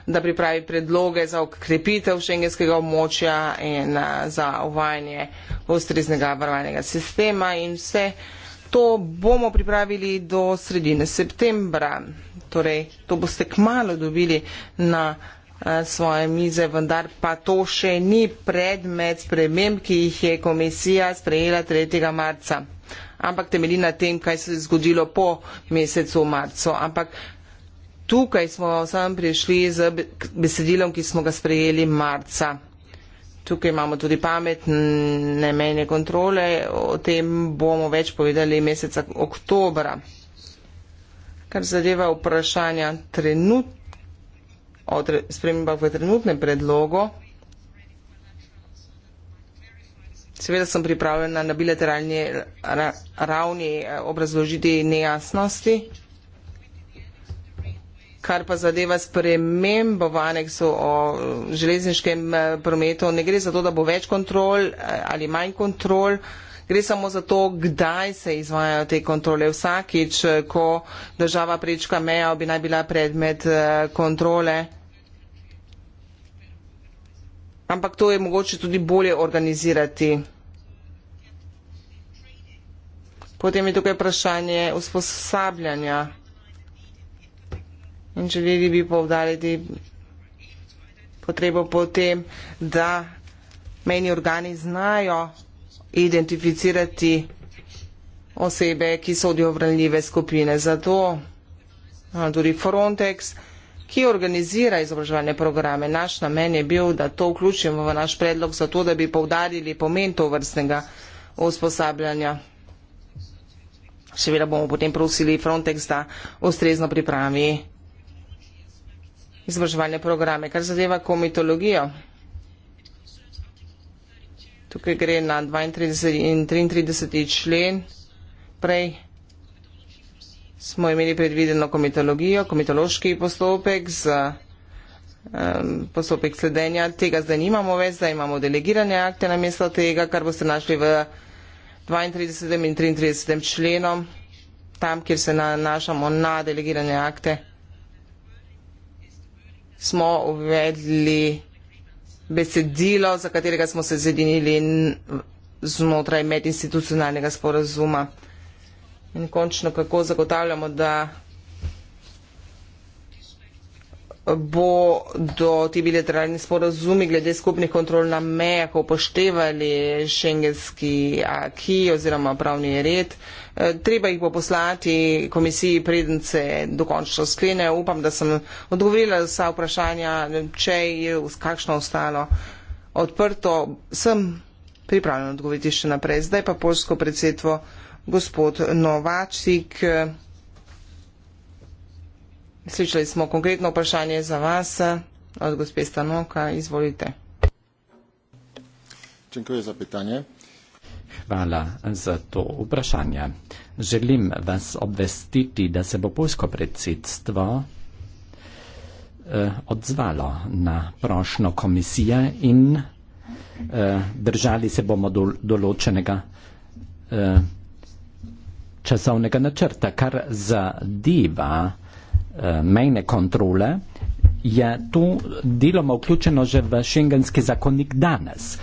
S3: da pripravi predloge za okrepitev šengenskega območja in eh, za uvajanje ustreznega varovanega sistema in vse to bomo pripravili do sredine septembra. Torej, to boste kmalo dobili na eh, svoje mize, vendar pa to še ni predmet sprememb, ki jih je komisija sprejela 3. marca. Ampak temeli na tem, kaj se je zgodilo po mesecu marcu. Ampak tukaj smo sam prišli z besedilom, ki smo ga sprejeli marca. Tukaj imamo tudi pametne menje kontrole, o tem bomo več povedali meseca oktobra. Kar zadeva vprašanja trenut, o tre, spremembah v trenutnem predlogu, seveda sem pripravljena na bilateralni ra, ravni eh, obrazložiti nejasnosti. Kar pa zadeva spremembo v aneksu o eh, železniškem eh, prometu, ne gre za to, da bo več kontrol eh, ali manj kontrol, gre samo za to, kdaj se izvajajo te kontrole. Vsakič, ko država prečka mejo, bi naj bila predmet kontrole. Ampak to je mogoče tudi bolje organizirati. Potem je tukaj vprašanje usposabljanja. In želeli bi povdariti potrebo po tem, da meni organi znajo identificirati osebe, ki so odjovranljive skupine. Zato tudi Frontex, ki organizira izobraževalne programe. Naš namen je bil, da to vključimo v naš predlog, zato da bi povdarili pomen to vrstnega usposabljanja. Še vedno bomo potem prosili Frontex, da ustrezno pripravi izvrševanje programe. Kar zadeva komitologijo, tukaj gre na 32 in 33 člen, prej smo imeli predvideno komitologijo, komitološki postopek z postopek sledenja. Tega zdaj nimamo več, zdaj imamo delegirane akte na mesto tega, kar boste našli v 32. in 33. členom, tam, kjer se nanašamo na delegirane akte smo uvedli besedilo, za katerega smo se zedinili znotraj medinstitucionalnega sporazuma. In končno, kako zagotavljamo, da bodo ti bilateralni sporazumi glede skupnih kontrol na mejah upoštevali šengenski aki oziroma pravni red. E, treba jih bo poslati komisiji prednice dokončno sklene. Upam, da sem odgovorila vsa vprašanja, če je kakšno ostalo odprto. Sem pripravljena odgovoriti še naprej. Zdaj pa polsko predsedstvo gospod Novačik. Slišali smo konkretno vprašanje za vas eh, od gospe Stanoka. Izvolite. Čekujem za
S1: pitanje. Hvala za to vprašanje. Želim vas obvestiti, da se bo polsko predsedstvo eh, odzvalo na prošno komisije in eh, držali se bomo določenega časovnega načrta, kar zadeva Eh, mejne kontrole je tu deloma vključeno že v šengenski zakonnik danes.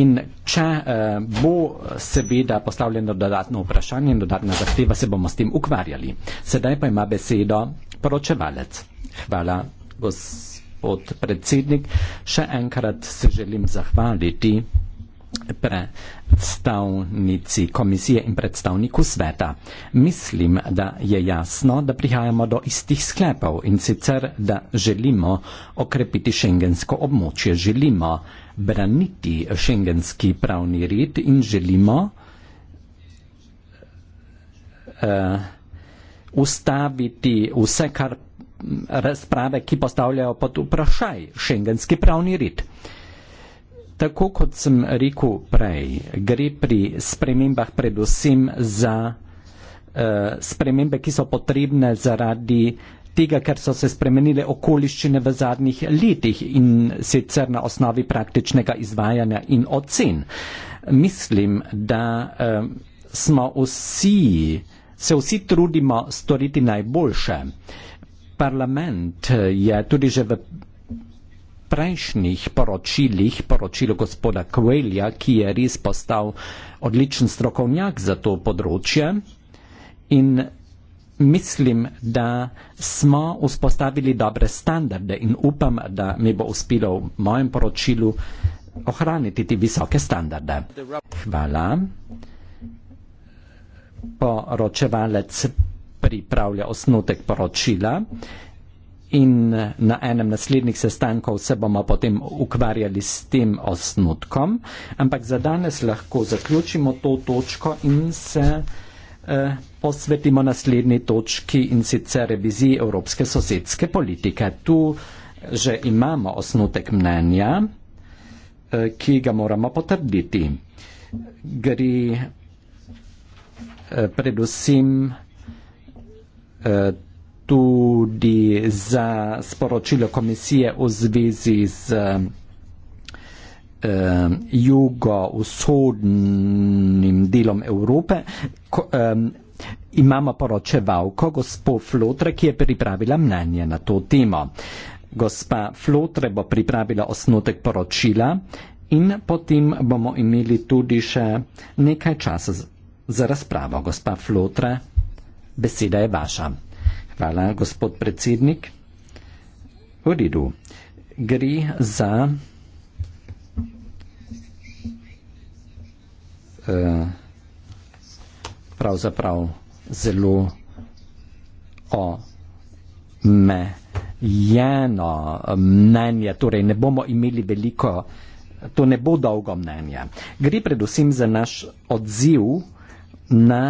S1: In če eh, bo seveda postavljeno dodatno vprašanje in dodatna zahteva, se bomo s tem ukvarjali. Sedaj pa ima besedo poročevalec. Hvala, gospod predsednik. Še enkrat se želim zahvaliti predstavnici komisije in predstavniku sveta. Mislim, da je jasno, da prihajamo do istih sklepov in sicer, da želimo okrepiti šengensko območje, želimo braniti šengenski pravni red in želimo uh, ustaviti vse, kar razprave, ki postavljajo pod vprašaj šengenski pravni red. Uh, Tako kot sem rekel prej, gre pri spremembah predvsem za uh, spremembe, ki so potrebne zaradi tega, ker so se spremenile okoliščine v zadnjih letih in sicer na osnovi praktičnega izvajanja in ocen. Mislim, da uh, smo vsi, se vsi trudimo storiti najboljše. Parlament eh, je tudi že v prejšnjih poročilih, poročilo gospoda Kvelja, ki je res postal odličen strokovnjak za to področje in mislim, da smo vzpostavili dobre standarde in upam, da mi bo uspelo v mojem poročilu ohraniti ti visoke standarde. Hvala. Poročevalec pripravlja osnutek poročila in eh, na enem naslednjih sestankov se bomo potem ukvarjali s tem osnutkom, ampak za danes lahko zaključimo to točko in se eh, posvetimo naslednji točki in sicer reviziji Evropske sosedske politike. Tu eh, že imamo osnutek mnenja, eh, ki ga moramo potrditi. Gre eh, predvsem eh, tudi za sporočilo komisije v zvezi z eh, eh jugovzhodnim delom Evrope. Ko, eh, imamo poročevalko gospod Flotre, ki je pripravila mnenje na to temo. Gospa Flotre bo pripravila osnotek poročila in potem bomo imeli tudi še nekaj časa za razpravo. Gospa Flotre, beseda je vaša. Hvala, gospod predsednik. V redu. Gre za eh, pravzaprav zelo omejeno mnenje, torej ne bomo imeli veliko, to ne bo dolgo mnenje. Gre predvsem za naš odziv na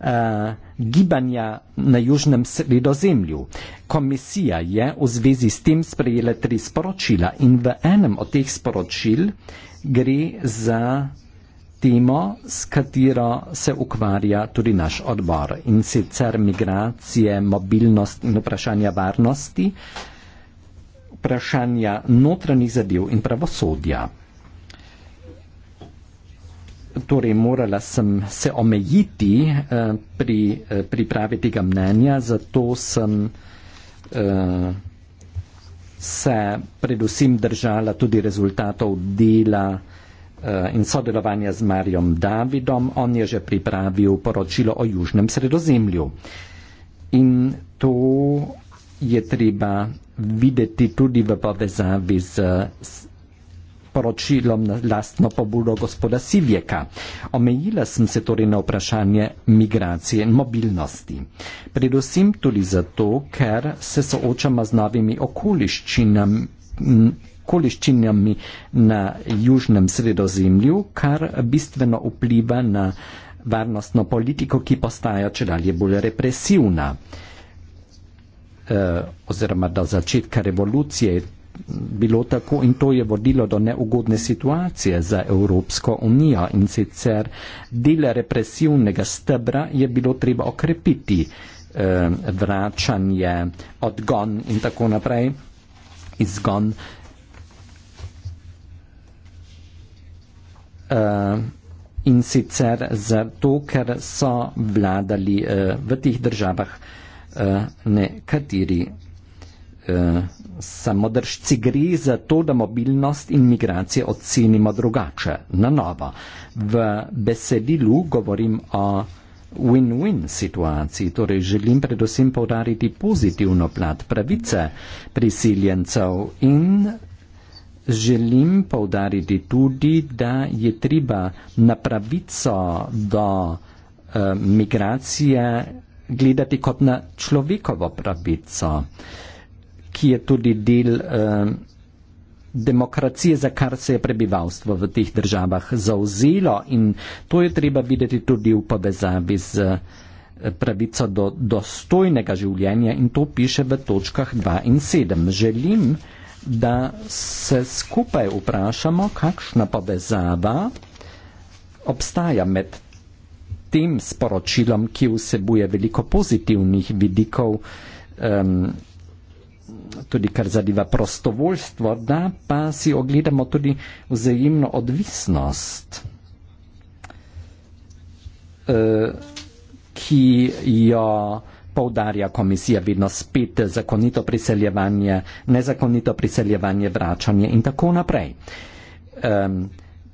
S1: Eh, gibanja na južnem sredozemlju. Komisija je v zvezi s tem sprejela tri sporočila in v enem od teh sporočil gre za temo, s katero se ukvarja tudi naš odbor in sicer migracije, mobilnost in vprašanja varnosti, vprašanja notranjih zadev in pravosodja torej morala sem se omejiti eh, pri eh, pripravi tega mnenja, zato sem eh, se predvsem držala tudi rezultatov dela eh, in sodelovanja z Marjom Davidom. On je že pripravil poročilo o Južnem sredozemlju. In to je treba videti tudi v povezavi z. z sporočilom lastno pobudo gospoda Sivjeka. Omejila sem se torej na vprašanje migracije in mobilnosti. Predvsem tudi zato, ker se soočamo z novimi okoliščinami okoliščinami na južnem sredozemlju, kar bistveno vpliva na varnostno politiko, ki postaja čedalje bolj represivna. E, oziroma do začetka revolucije je bilo tako in to je vodilo do neugodne situacije za Evropsko unijo in sicer del represivnega stebra je bilo treba okrepiti eh, vračanje, odgon in tako naprej, izgon. Uh, in sicer zato, ker so vladali uh, v teh državah uh, nekateri uh, samodržci gre za to, da mobilnost in migracije ocenimo drugače, na novo. V besedilu govorim o win-win situaciji, torej želim predvsem povdariti pozitivno plat pravice prisiljencev in želim povdariti tudi, da je treba na pravico do eh, migracije gledati kot na človekovo pravico. Eh, ki je tudi del um, demokracije, za kar se je prebivalstvo v teh državah zauzelo in to je treba videti tudi v povezavi z eh, pravico do dostojnega življenja in to piše v točkah 2 in 7. Želim, da se skupaj vprašamo, kakšna povezava obstaja med tem sporočilom, ki vsebuje veliko pozitivnih vidikov. Um, tudi kar zadeva prostovoljstvo, da pa si ogledamo tudi vzajemno odvisnost, eh, ki jo povdarja komisija vedno spet zakonito priseljevanje, nezakonito priseljevanje, vračanje in tako naprej.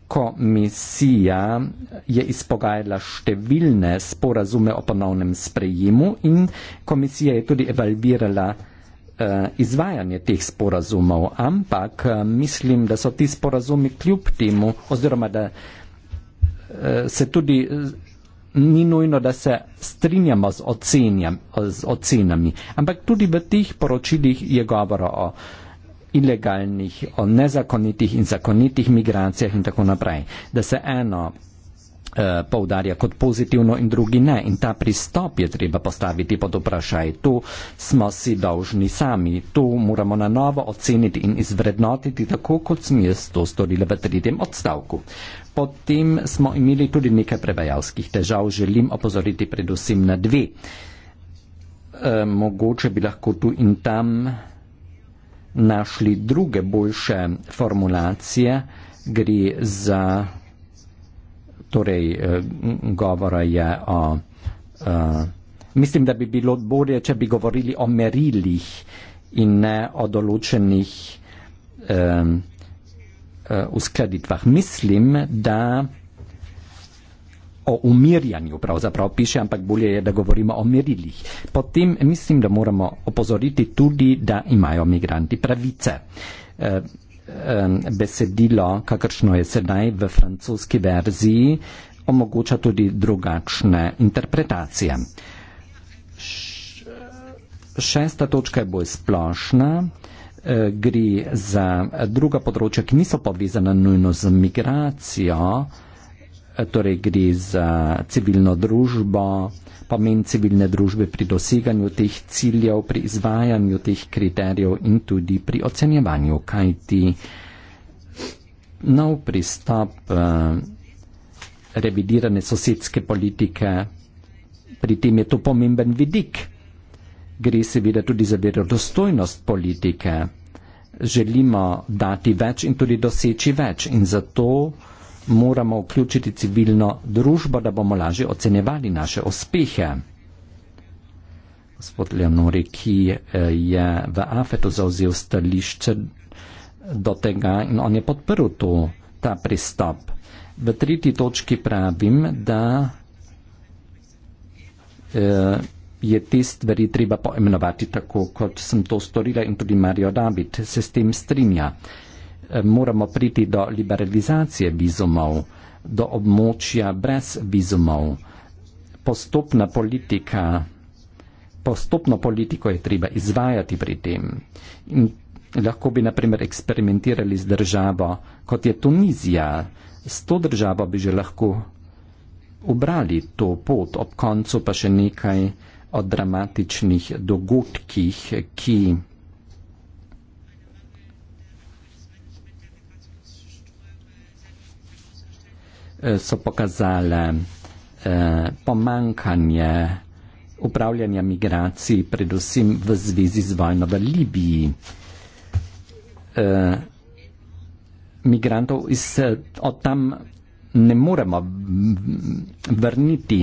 S1: Komisija je izpogajala številne sporazume o ponovnem sprejemu in komisija je tudi evalvirala Eh, izvajanje teh sporazumov, ampak eh, mislim, da so ti sporazumi kljub temu, oziroma da eh, se tudi ni nujno, da se strinjamo z, ocenjam, z ocenami, ampak tudi v teh poročilih je govora o ilegalnih, o nezakonitih in zakonitih migracijah in tako naprej. Da se eno Eh, poudarja kot pozitivno in drugi ne. In ta pristop je treba postaviti pod vprašaj. Tu smo si dolžni sami, tu moramo na novo oceniti in izvrednotiti, tako kot smo jaz to storili v tretjem odstavku. Potem smo imeli tudi nekaj prevajalskih težav, želim opozoriti predvsem na dve. E, mogoče bi lahko tu in tam našli druge boljše formulacije, gre za torej eh, govora je o. Uh, mislim, da bi bilo bolje, če bi govorili o merilih in ne o določenih um, uh, uskladitvah. Mislim, da o umirjanju pravzaprav piše, ampak bolje je, da govorimo o merilih. Potem mislim, da moramo opozoriti tudi, da imajo migranti pravice. Uh, um, besedilo, kakršno je sedaj v francoski verziji, omogoča tudi drugačne interpretacije. Šesta točka je bolj splošna, e, gre za druga področja, ki niso povezana nujno z migracijo, torej gre za civilno družbo, pomen civilne družbe pri doseganju teh ciljev, pri izvajanju teh kriterijev in tudi pri ocenjevanju, kaj ti nov pristop eh, revidirane sosedske politike, pri tem je to pomemben vidik. Gre seveda tudi za verodostojnost politike. Želimo dati več in tudi doseči več. In zato uh, moramo vključiti civilno družbo, da bomo lažje ocenjevali naše uspehe. Gospod Leonori, ki eh, je v Afetu zauzel stališče do tega in on je podprl to, ta pristop. V tretji točki pravim, da eh, je te stvari treba poimenovati tako, kot sem to storila in tudi Mario David se s tem strinja moramo priti do liberalizacije vizumov, do območja brez vizumov. Postopna politika, postopno politiko je treba izvajati pri tem. In lahko bi, na primer, eksperimentirali z državo, kot je Tunizija. S to državo bi že lahko obrali to pot, ob koncu pa še nekaj o dramatičnih dogodkih, ki Eh, so pokazale eh, pomankanje upravljanja migracij, predvsem v zvezi z vojno v Libiji. Eh, migrantov iz, od tam ne moremo vrniti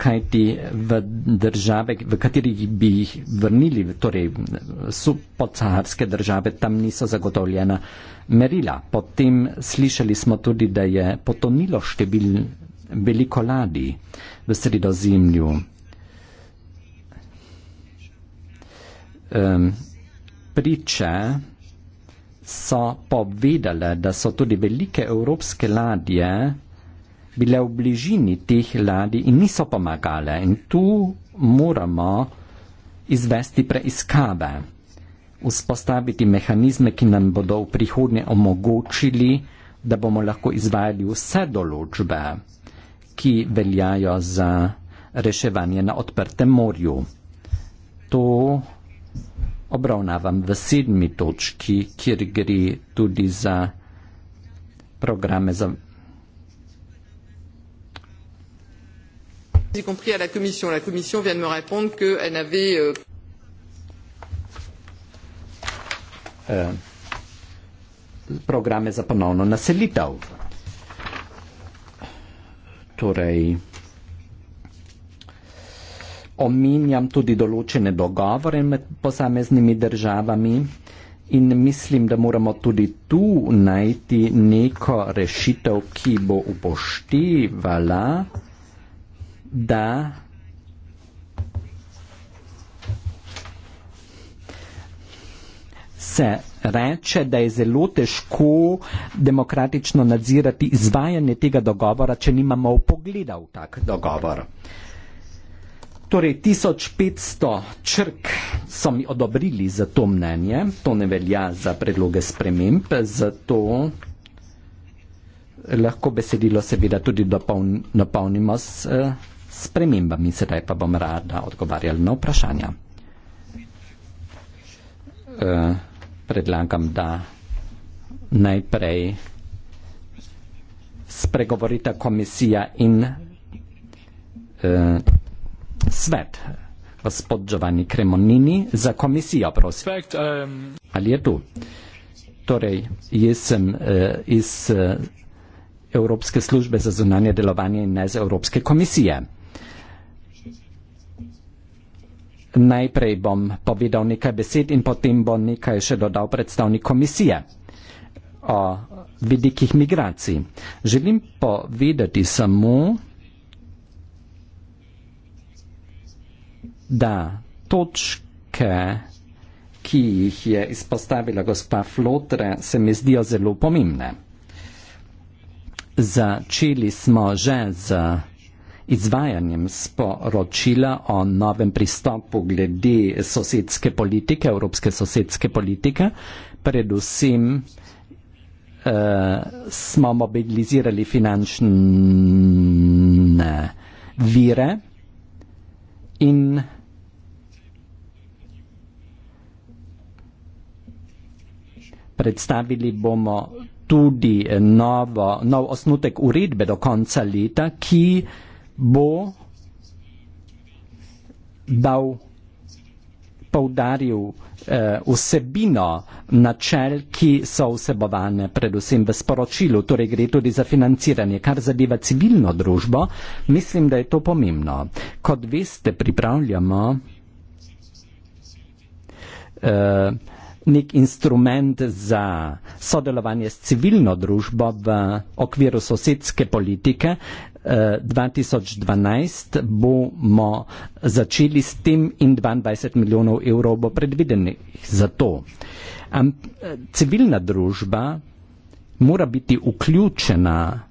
S1: kajti v države, v katerih bi jih vrnili, torej so podsaharske države, tam niso zagotovljena merila. Potem slišali smo tudi, da je potonilo števil veliko ladij v sredozemlju. Um, priče so povedale, da so tudi velike evropske ladje bile v bližini teh ladi in niso pomagale. In tu moramo izvesti preiskave, vzpostaviti mehanizme, ki nam bodo v prihodnje omogočili, da bomo lahko izvajali vse določbe, ki veljajo za reševanje na odprtem morju. To obravnavam v sedmi točki, kjer gre tudi za programe za
S3: y compris à la Commission. La Commission vient de me répondre qu'elle n'avait. Euh,
S1: euh, programe za ponovno naselitev. Torej, omenjam tudi določene dogovore med posameznimi državami in mislim, da moramo tudi tu najti neko rešitev, ki bo upoštevala da se reče, da je zelo težko demokratično nadzirati izvajanje tega dogovora, če nimamo pogleda v tak dogovor. Torej, 1500 črk so mi odobrili za to mnenje, to ne velja za predloge sprememb, zato lahko besedilo seveda tudi dopolnimo s eh, spremembami. Sedaj pa bom rada odgovarjala na vprašanja. Uh, predlagam, da najprej spregovorita komisija in uh, svet. Gospod Giovanni Cremonini za komisijo, prosim. Fact, um... Ehm, Ali je tu? Torej, jaz sem uh, iz uh, Evropske službe za zunanje delovanje in ne iz Evropske komisije. Najprej bom povedal nekaj besed in potem bo nekaj še dodal predstavnik komisije o vidikih migracij. Želim povedati samo, da točke, ki jih je izpostavila gospa Flotre, se mi zdijo zelo pomembne. Začeli smo že z izvajanjem sporočila o novem pristopu glede sosedske politike, evropske sosedske politike. Predvsem eh, smo mobilizirali finančne vire in predstavili bomo tudi novo, nov osnutek uredbe do konca leta, ki eh, bo dal, poudaril eh, vsebino načel, ki so vsebovane predvsem v sporočilu, torej gre tudi za financiranje, kar zadeva civilno družbo, mislim, da je to pomembno. Kot veste, pripravljamo eh, nek instrument za sodelovanje s civilno družbo v okviru sosedske politike, 2012 eh, bomo začeli s tem in 22 milijonov evrov bo predvidenih za to. Am, eh, civilna družba mora biti vključena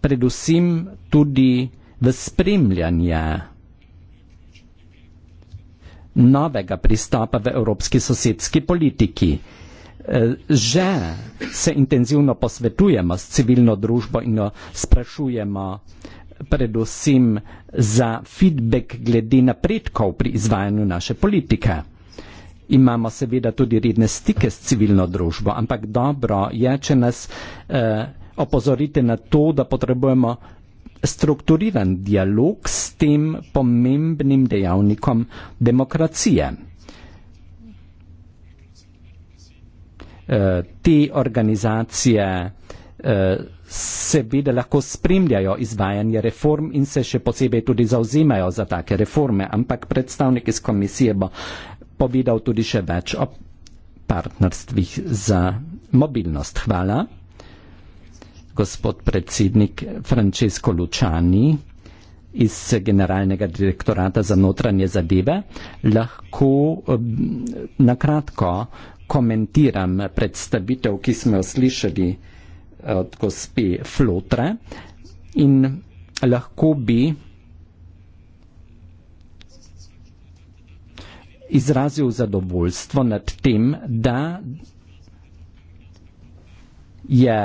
S1: predvsem tudi v spremljanje novega pristopa v evropski sosedski politiki. Uh, Eh, že se intenzivno posvetujemo s civilno družbo in jo sprašujemo predvsem za feedback glede napredkov pri izvajanju naše politike. Imamo seveda tudi redne stike s civilno družbo, ampak dobro je, če nas eh, opozorite na to, da potrebujemo strukturiran dialog s tem pomembnim dejavnikom demokracije. Eh, te organizacije eh, seveda lahko spremljajo izvajanje reform in se še posebej tudi zauzimajo za take reforme, ampak predstavnik iz komisije bo povedal tudi še več o partnerstvih za mobilnost. Hvala. Gospod predsednik Francesco Lučani iz Generalnega direktorata za notranje zadeve, lahko eh, na kratko komentiram predstavitev, ki smo jo slišali eh, od gospe Flotre in lahko bi izrazil zadovoljstvo nad tem, da je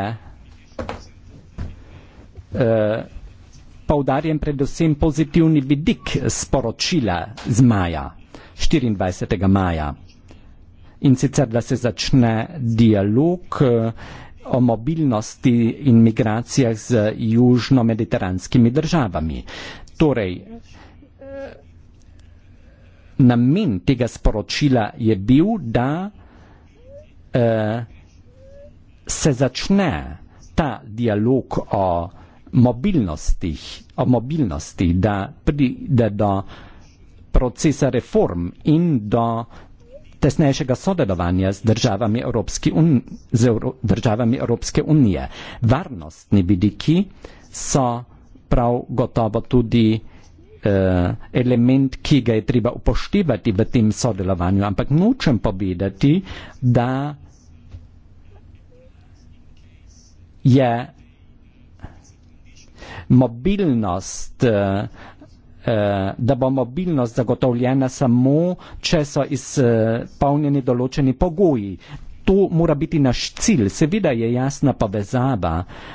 S1: uh, eh, povdarjen predvsem pozitivni vidik sporočila z maja, 24. maja in sicer da se začne dialog eh, o mobilnosti in migracijah z južno-mediteranskimi državami. Torej, eh, namen tega sporočila je bil, da eh, se začne ta dialog o mobilnostih, o mobilnosti, da pride do procesa reform in do eh, tesnejšega sodelovanja z državami, un, z državami Evropske unije. Varnostni vidiki so prav gotovo tudi eh, element, ki ga je treba upoštevati v tem sodelovanju, ampak nočem povedati, da je mobilnost eh, Eh, da bo mobilnost zagotovljena samo, če so izpolnjeni določeni pogoji. To mora biti naš cilj. Seveda je jasna povezava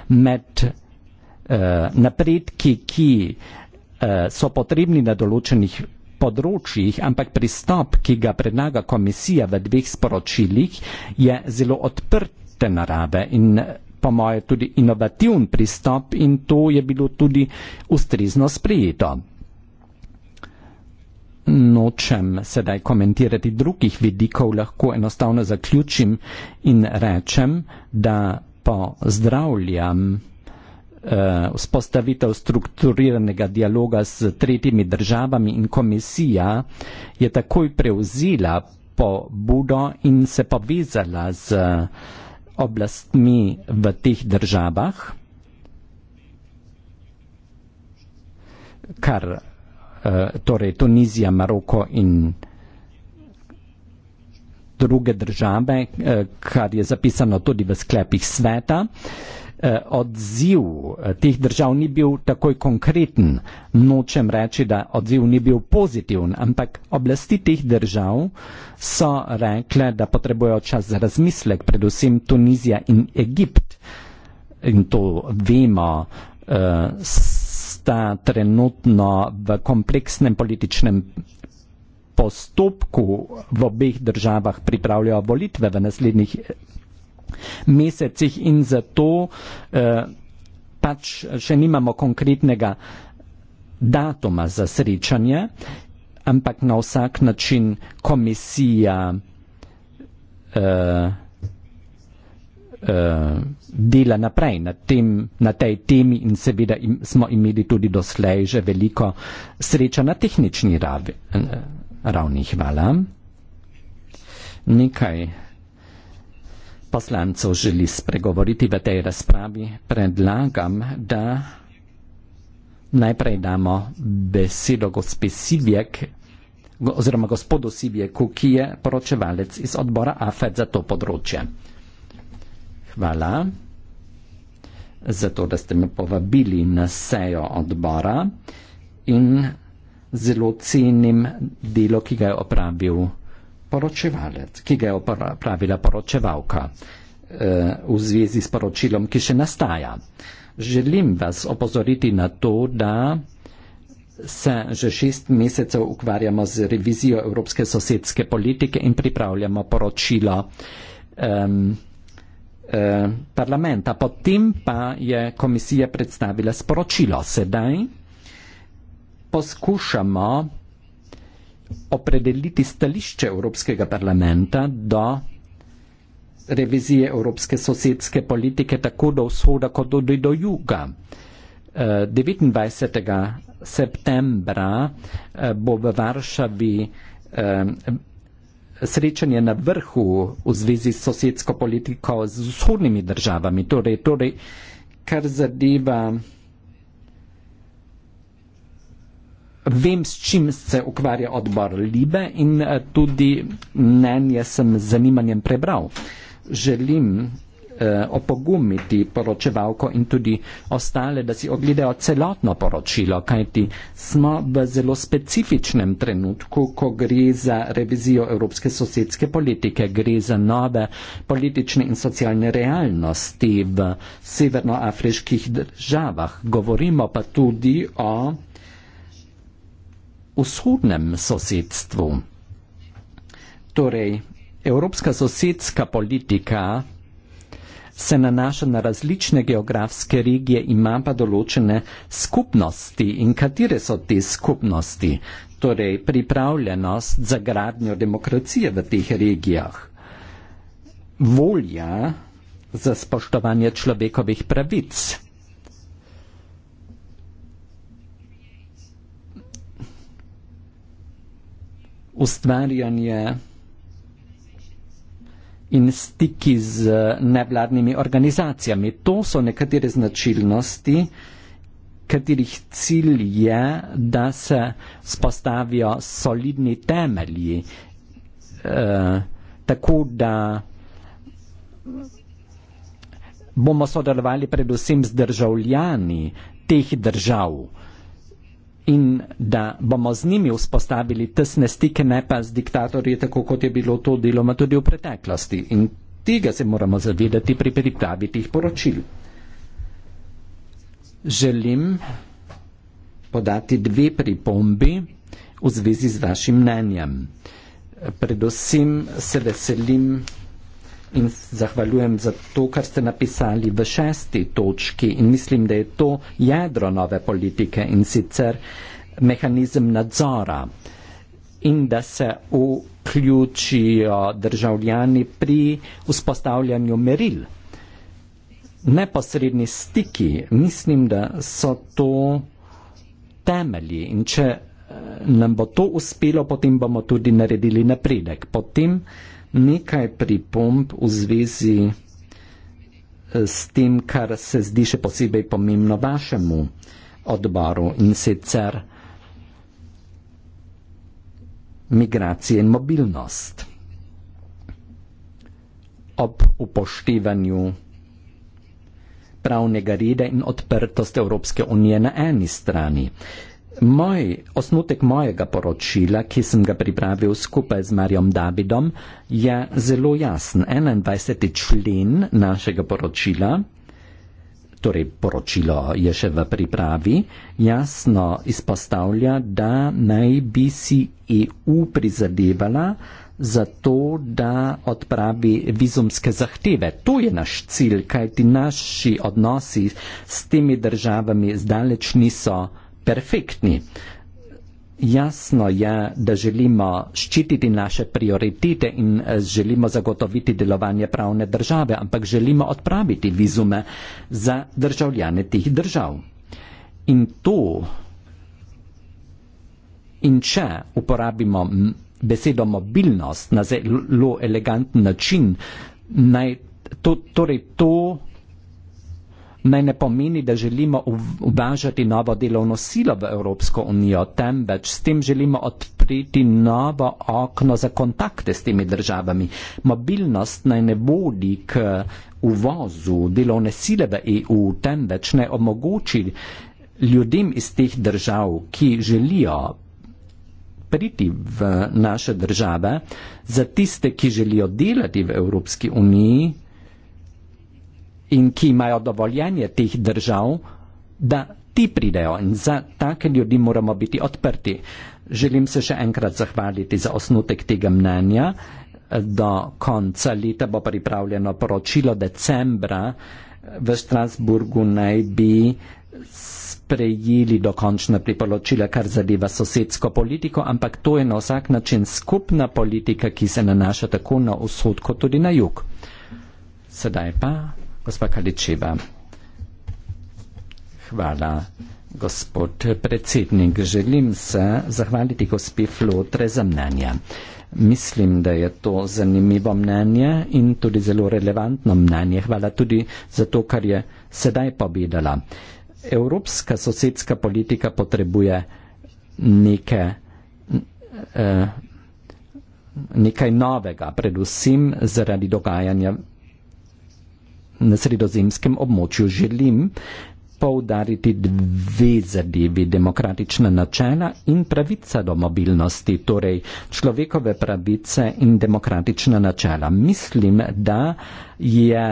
S1: med eh, napredki, ki eh, so potrebni na določenih področjih, ampak pristop, ki ga predlaga komisija v dveh sporočilih, je zelo odprte narave in po moje tudi inovativen pristop in to je bilo tudi ustrezno sprejeto nočem sedaj komentirati drugih vidikov, lahko enostavno zaključim in rečem, da pozdravljam eh, vzpostavitev strukturiranega dialoga s tretjimi državami in komisija je takoj prevzela pobudo in se povezala z oblastmi v teh državah, kar Eh, torej Tunizija, Maroko in druge države, eh, kar je zapisano tudi v sklepih sveta. Eh, odziv teh držav ni bil takoj konkreten, nočem reči, da odziv ni bil pozitiven, ampak oblasti teh držav so rekle, da potrebujejo čas za razmislek, predvsem Tunizija in Egipt. In to vemo. Uh, sta trenutno v kompleksnem političnem postopku v obeh državah pripravljajo volitve v naslednjih eh, mesecih in zato eh, pač še nimamo konkretnega datuma za srečanje, ampak na vsak način komisija eh, eh, dela naprej na, tem, na tej temi in seveda im, smo imeli tudi doslej že veliko sreča na tehnični ravi, eh, ravni. Hvala. Nekaj poslancev želi spregovoriti v tej razpravi. Predlagam, da najprej damo besedo gospe Sibjek oziroma gospodu Sibjeku, ki je poročevalec iz odbora AFED za to področje. Hvala za to, da ste me povabili na sejo odbora in zelo cenim delo, ki ga je opravil poročevalec, ki ga je opravila poročevalka eh, v zvezi s poročilom, ki še nastaja. Želim vas opozoriti na to, da se že šest mesecev ukvarjamo z revizijo evropske sosedske politike in pripravljamo poročilo. Um, eh, parlamenta po tim pa je komisija predstavila sporočilo. Sedaj poskušamo opredeliti stališče Evropskega parlamenta do revizije Evropske sosedske politike tako do vzhoda kot tudi do juga. 29. Eh, septembra eh, bo v Varšavi eh, srečanje na vrhu v zvezi s sosedsko politiko z vzhodnimi državami, torej, torej kar zadeva. Vem, s čim se ukvarja odbor Libe in eh, tudi mnenje sem z zanimanjem prebral. Želim eh, opogumiti poročevalko in tudi ostale, da si ogledajo celotno poročilo, kajti smo v zelo specifičnem trenutku, ko gre za revizijo evropske sosedske politike, gre za nove politične in socialne realnosti v severnoafriških državah. Govorimo pa tudi o vzhodnem sosedstvu. Torej, evropska sosedska politika se nanaša na različne geografske regije, ima pa določene skupnosti. In katere so te skupnosti? Torej, pripravljenost za gradnjo demokracije v teh regijah, volja za spoštovanje človekovih pravic. Ustvarjanje in stiki z nevladnimi organizacijami. To so nekatere značilnosti, katerih cilj je, da se spostavijo solidni temelji, eh, tako da bomo sodelovali predvsem z državljani teh držav. Eh, in da bomo z njimi vzpostavili tesne stike, ne pa z diktatorji, tako kot je bilo to deloma tudi v preteklosti. In tega se moramo zavedati pri pripravi tih poročil. Želim podati dve pripombi v zvezi z vašim mnenjem. Predvsem se veselim in zahvaljujem za to, kar ste napisali v šesti točki in mislim, da je to jedro nove politike in sicer mehanizem nadzora in da se vključijo državljani pri vzpostavljanju meril. Neposredni stiki, mislim, da so to temelji in če eh, nam bo to uspelo, potem bomo tudi naredili napredek. Potem uh, nekaj pripomb v zvezi eh, s tem, kar se zdi še posebej pomembno vašemu odboru in sicer migracije in mobilnost. Ob upoštevanju pravnega reda in odprtost Evropske unije na eni strani. Moj osnutek mojega poročila, ki sem ga pripravil skupaj z Marjom Davidom, je zelo jasen. 21. člen našega poročila, torej poročilo je še v pripravi, jasno izpostavlja, da naj bi si EU prizadevala za to, da odpravi vizumske zahteve. To je naš cilj, kajti naši odnosi s temi državami zdaleč niso perfektni. Jasno je, da želimo ščititi naše prioritete in eh, želimo zagotoviti delovanje pravne države, ampak želimo odpraviti vizume za državljane tih držav. In to, in če uporabimo besedo mobilnost na zelo elegantni način, naj, to, torej to naj ne pomeni, da želimo uvažati novo delovno silo v Evropsko unijo, temveč s tem želimo odpreti novo okno za kontakte s temi državami. Mobilnost naj ne vodi k uvozu delovne sile v EU, temveč naj omogoči ljudem iz teh držav, ki želijo priti v naše države, za tiste, ki želijo delati v Evropski uniji, in ki imajo dovoljenje teh držav, da ti pridejo in za take ljudi moramo biti odprti. Želim se še enkrat zahvaliti za osnutek tega mnenja. Do konca leta bo pripravljeno poročilo decembra. V Strasburgu naj bi sprejeli dokončno priporočilo, kar zadeva sosedsko politiko, ampak to je na vsak način skupna politika, ki se nanaša tako na vzhod kot tudi na jug. Sedaj pa gospa Kaličeva. Hvala, gospod predsednik. Želim se zahvaliti gospi Flotre za mnenja. Mislim, da je to zanimivo mnenje in tudi zelo relevantno mnenje. Hvala tudi za to, kar je sedaj povedala. Evropska sosedska politika potrebuje neke, eh, nekaj novega, predvsem zaradi dogajanja na sredozemskem območju. Želim poudariti dve zadevi, demokratična načela in pravica do mobilnosti, torej človekove pravice in demokratična načela. Mislim, da je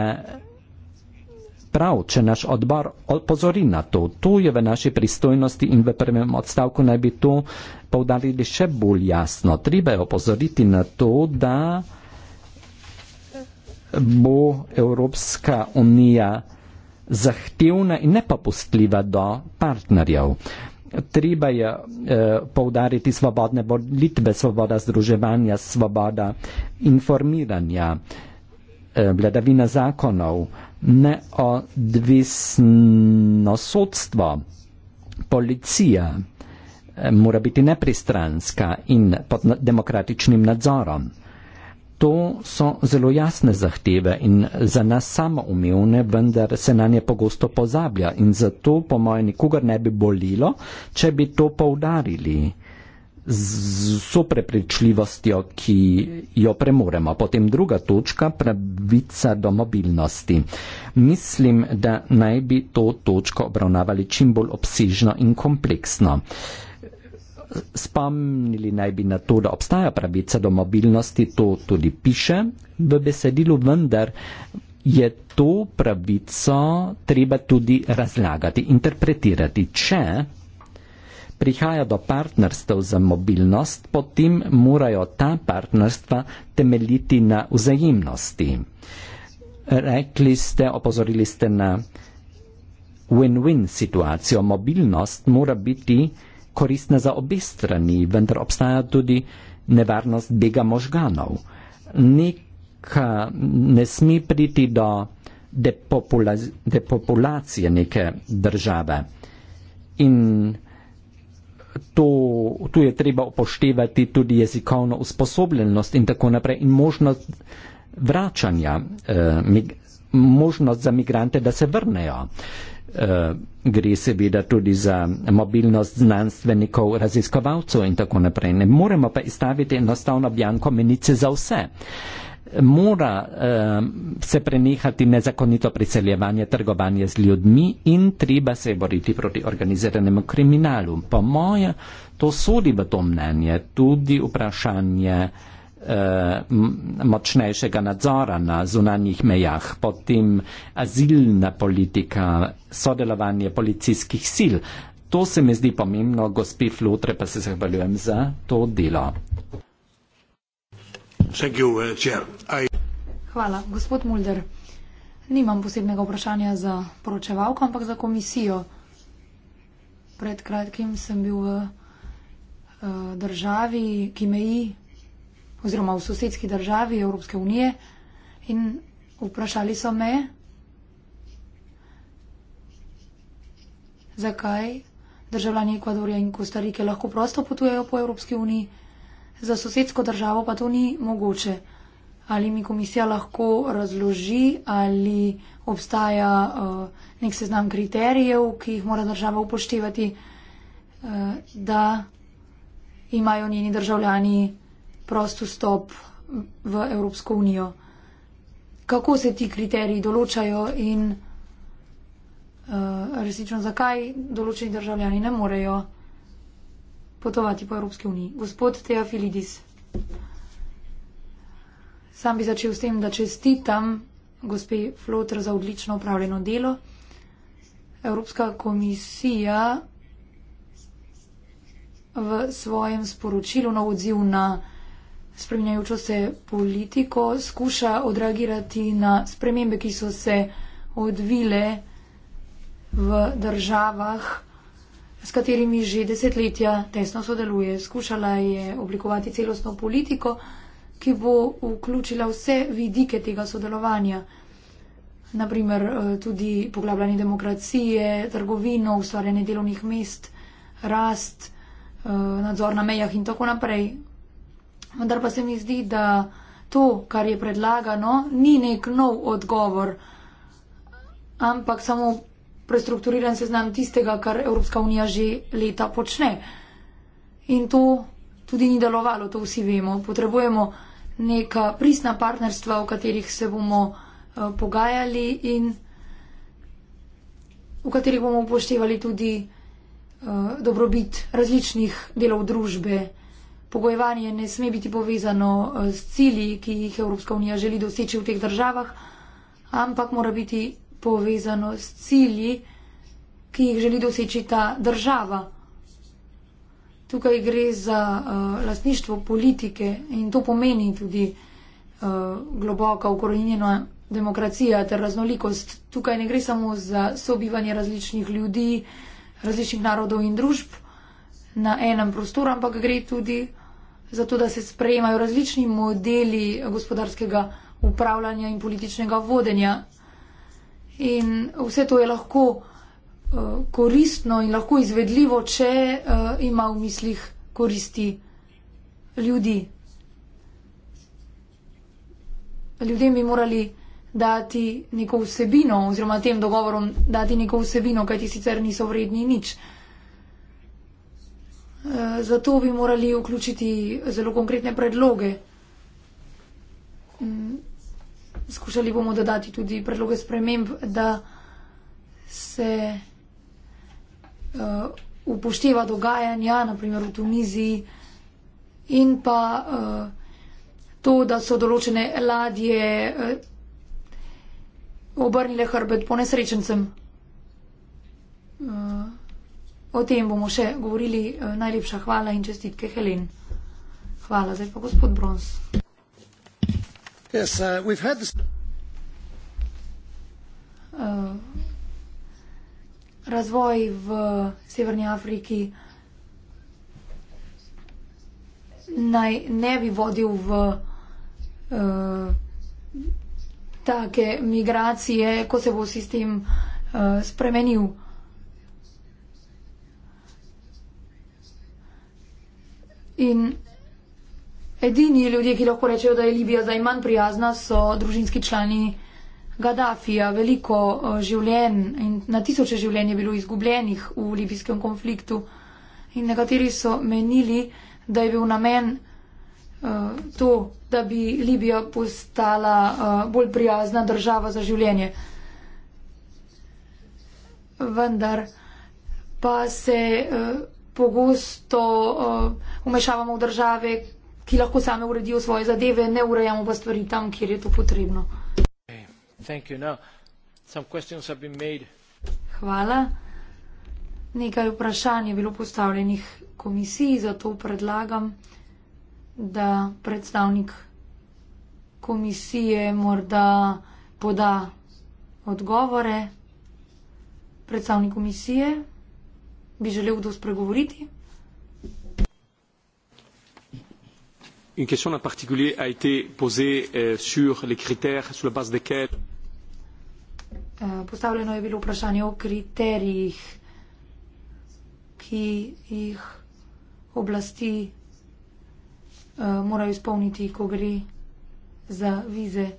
S1: prav, če naš odbor opozori na to. To je v naši pristojnosti in v prvem odstavku naj bi to poudarili še bolj jasno. Treba je opozoriti na to, da bo Evropska unija zahtevna in ne pa postljiva do partnerjev. Treba je eh, povdariti svobodne bolitve, svoboda združevanja, svoboda informiranja, eh, vladavina zakonov, neodvisno sodstvo, policija eh, mora biti nepristranska in pod demokratičnim nadzorom. To so zelo jasne zahteve in za nas samoumevne, vendar se na nje pogosto pozablja in zato po mojem nikogar ne bi bolilo, če bi to poudarili z vso prepričljivostjo, ki jo premoremo. Potem druga točka, pravica do mobilnosti. Mislim, da naj bi to točko obravnavali čim bolj obsežno in kompleksno. Uh, spomnili naj bi na to, da obstaja pravica do mobilnosti, to tudi piše v besedilu, vendar je to pravico treba tudi razlagati, interpretirati. Če prihaja do partnerstev za mobilnost, potem morajo ta partnerstva temeljiti na vzajemnosti. Rekli ste, opozorili ste na win-win situacijo. Mobilnost mora biti koristna za obe strani, vendar obstaja tudi nevarnost bega možganov. Neka ne sme priti do depopulacije neke države. In to, tu je treba upoštevati tudi jezikovno usposobljenost in tako naprej in možnost vračanja, eh, mig, možnost za migrante, da se vrnejo. Eh, Eh, gre seveda tudi za mobilnost znanstvenikov, raziskovalcev in tako naprej. Ne moremo pa izstaviti enostavno bjanko menice za vse. Mora uh, se prenehati nezakonito priseljevanje, trgovanje z ljudmi in treba se boriti proti organiziranemu kriminalu. Po moje, to sodi v to mnenje tudi vprašanje uh, Eh, močnejšega nadzora na zunanjih mejah, potem azilna politika, sodelovanje policijskih sil. To se mi zdi pomembno, gospe Flutre, pa se zahvaljujem za to delo.
S3: Eh,
S2: Hvala, gospod Mulder. Nimam posebnega vprašanja za poročevalko, ampak za komisijo. Pred kratkim sem bil v uh, državi, ki meji oziroma v sosedski državi Evropske unije in vprašali so me, zakaj državljani Ekvadorja in Kostarike lahko prosto potujejo po Evropski uniji, za sosedsko državo pa to ni mogoče. Ali mi komisija lahko razloži, ali obstaja uh, nek seznam kriterijev, ki jih mora država upoštevati, uh, da imajo njeni državljani prost vstop v Evropsko unijo. Kako se ti kriteriji določajo in uh, resnično zakaj določeni državljani ne morejo potovati po Evropski uniji. Gospod Teofilidis, sam bi začel s tem, da čestitam gospe Flotr za odlično upravljeno delo. Evropska komisija v svojem sporočilu na odziv na spremenjajočo se politiko, skuša odreagirati na spremembe, ki so se odvile v državah, s katerimi že desetletja tesno sodeluje. Skušala je oblikovati celostno politiko, ki bo vključila vse vidike tega sodelovanja. Naprimer eh, tudi poglabljanje demokracije, trgovino, ustvarjanje delovnih mest, rast, eh, nadzor na mejah in tako naprej. Vendar pa se mi zdi, da to, kar je predlagano, ni nek nov odgovor, ampak samo prestrukturiran seznam tistega, kar Evropska unija že leta počne. In to tudi ni delovalo, to vsi vemo. Potrebujemo neka pristna partnerstva, v katerih se bomo eh, pogajali in v katerih bomo upoštevali tudi eh, dobrobit različnih delov družbe pogojevanje ne sme biti povezano eh, s cilji, ki jih Evropska unija želi doseči v teh državah, ampak mora biti povezano s cilji, ki jih želi doseči ta država. Tukaj gre za uh, eh, lasništvo politike in to pomeni tudi uh, globoka ukorenjena demokracija ter raznolikost. Tukaj ne gre samo za sobivanje različnih ljudi, različnih narodov in družb na enem prostoru, ampak gre tudi zato da se sprejemajo različni modeli gospodarskega upravljanja in političnega vodenja. In vse to je lahko uh, koristno in lahko izvedljivo, če uh, ima v mislih koristi ljudi. Ljudem bi morali dati neko vsebino oziroma tem dogovorom dati neko vsebino, kajti sicer niso vredni nič. Uh, Eh, zato bi morali vključiti zelo konkretne predloge. Mm, skušali bomo dodati tudi predloge sprememb, da se eh, upošteva dogajanja, naprimer v Tuniziji, in pa eh, to, da so določene ladje obrnile hrbet po nesrečencem. O tem bomo še govorili. Eh, najlepša hvala in čestitke, Helen. Hvala. Zdaj pa gospod Brons.
S1: Yes, uh, this...
S2: uh, razvoj v Severni Afriki naj ne bi vodil v uh, take migracije, ko se bo sistem uh, spremenil. In edini ljudje, ki lahko rečejo, da je Libija zdaj manj prijazna, so družinski člani Gaddafija. Veliko eh, življenj in na tisoče življenj je bilo izgubljenih v libijskem konfliktu. In nekateri so menili, da je bil namen uh, to, da bi Libija postala uh, bolj prijazna država za življenje. Vendar pa se. Uh, pogosto umešavamo eh, v države, ki lahko same uredijo svoje zadeve, ne urejamo pa stvari tam, kjer je to potrebno. Hvala. Nekaj vprašanj je bilo postavljenih komisiji, zato predlagam, da predstavnik komisije morda poda odgovore. Predstavnik komisije bi želel kdo spregovoriti?
S1: Une question en particulier a été posée eh, sur les critères sur la base desquels.
S2: Eh, postavljeno je bilo vprašanje o kriterijih, ki jih oblasti uh, morajo izpolniti, ko gre za vize,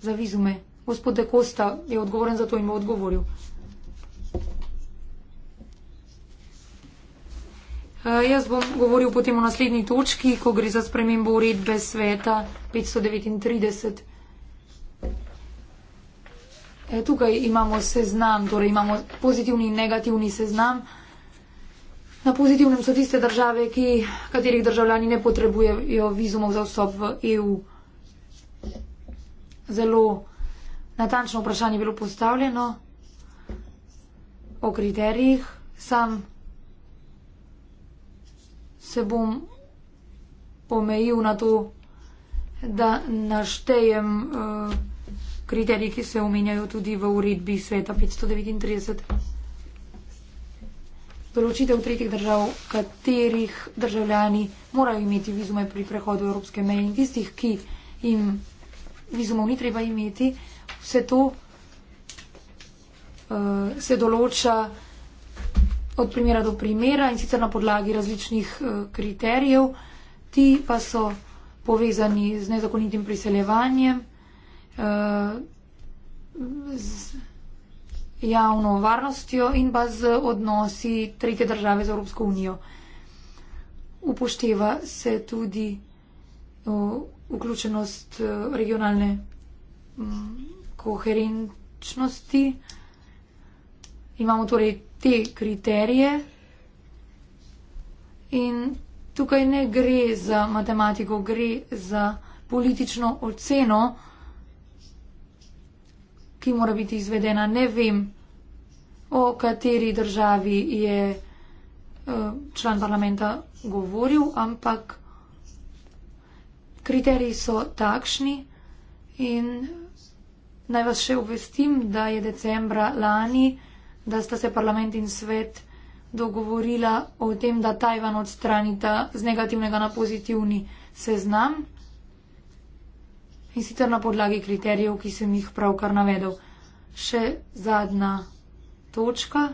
S2: za vizume. Gospod De Costa je odgovoren za to in bo odgovoril. Uh, Eh, jaz bom govoril potem o naslednji točki, ko gre za spremembo uredbe sveta 539. E, eh, tukaj imamo seznam, torej imamo pozitivni in negativni seznam. Na pozitivnem so tiste države, ki, katerih državljani ne potrebujejo vizumov za vstop v EU. Zelo natančno vprašanje je bilo postavljeno o kriterijih. Sam se bom omejil na to, da naštejem uh, eh, kriterije, ki se omenjajo tudi v uredbi sveta 539. Določitev tretjih držav, katerih državljani morajo imeti vizume pri prehodu Evropske meje in tistih, ki jim vizumov ni treba imeti, vse to uh, se določa od primera do primera in sicer na podlagi različnih eh, kriterijev. Ti pa so povezani z nezakonitim priseljevanjem, eh, z javno varnostjo in pa z odnosi tretje države z Evropsko unijo. Upošteva se tudi eh, vključenost regionalne mm, koherenčnosti imamo torej te kriterije in tukaj ne gre za matematiko, gre za politično oceno, ki mora biti izvedena. Ne vem, o kateri državi je eh, član parlamenta govoril, ampak kriteriji so takšni in naj vas še obvestim, da je decembra lani da sta se parlament in svet dogovorila o tem, da Tajvan odstranita z negativnega na pozitivni seznam in sicer na podlagi kriterijev, ki sem jih pravkar navedel. Še zadnja točka.